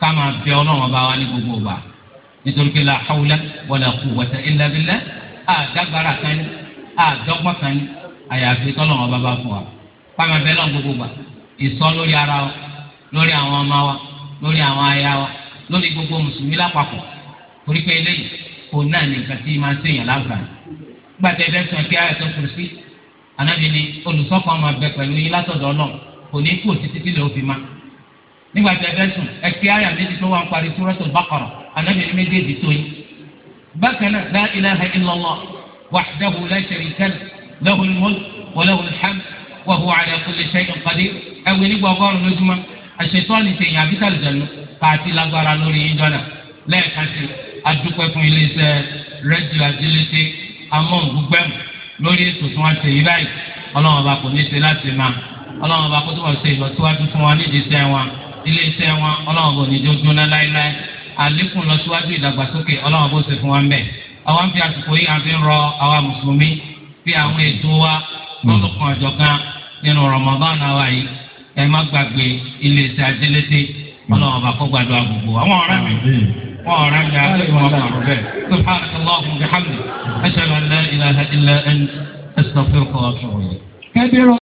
A: ká máa bẹ ọlọ́run bá wa ní gbogbo wa nítorí pé la hawla wala quwwata illa billah kan ní àdọ́gbọ́n kan ní àyàfi tọ́lọ́run bá fún wa ká máa bẹ ọlọ́run gbogbo wa ìsọ lórí ara wa lórí àwọn ọmọ wa lórí àwọn aya wa lórí gbogbo mùsùlùmí lápapọ̀ torí pé eléyìí kò náà ní nǹkan tí máa ń ṣèyàn láǹfààní gbàtẹ ẹgbẹ sọ kí ayọ tó kùrù sí anábì ni olùsọkọ ọmọ abẹ pẹ̀lú yín látọ̀dọ̀ Ọlọ́run kò ní kú òtítí tí lòó fi má nígbà tí ẹgbẹ sùn ẹkí ayọ méjì tó wà ń parí Suratul Baqara anábì ni méjèèjì tó yín bákan náà la ilaha illallah wahdahu la sharika lahu lahul mulk wa lahul hamd wa huwa ala kulli shay'in qadir ẹ̀wù nígbà ọgọ́rùn lójúmọ́ àṣetọ́ni tèèyàn àbíkàlì dànù pààtì lágbára lórí yíjọ́nà lẹ́ẹ̀kan sí adúpẹ́ fún iléeṣẹ́ rẹ́díò àdílẹ́sẹ̀ amóhùngbẹ́mù lórí ètò tí wọ́n ṣe yí báyìí ọlọ́run ọba kò ní ṣe láti máa ọlọ́run ọba kó tó wọ́n ṣe ìlọsíwájú fún wọn nídìí iṣẹ́ wọn iléeṣẹ́ wọn ọlọ́run ọba òní jójúná láéláé àlékún lọ́síwájú ìdàgbàsókè ọlọ́run ọba ó ṣe fún wọn bẹ́ẹ̀ àwọn ń fi àsìkò yìí àfi ń rọ àwa mùsùlùmí bí àwọn ètò wa lọ́lọ́kan àjọ̀kan nínú Ramadan àwa yìí ẹ má gbàgbé ilé iṣẹ́ àjẹlẹ́tẹ̀ ọlọ́wọ́n bá kọ́ gbàdúrà gbogbo àwọn ọ̀rẹ́ mi wọ́n ọ̀rẹ́ mi àti wọn kọ̀ọ̀rọ̀ bẹ́ẹ̀ subhanallahu wa bihamdihi ashhadu an la ilaha illa anta astaghfiruka wa atubu ilayk.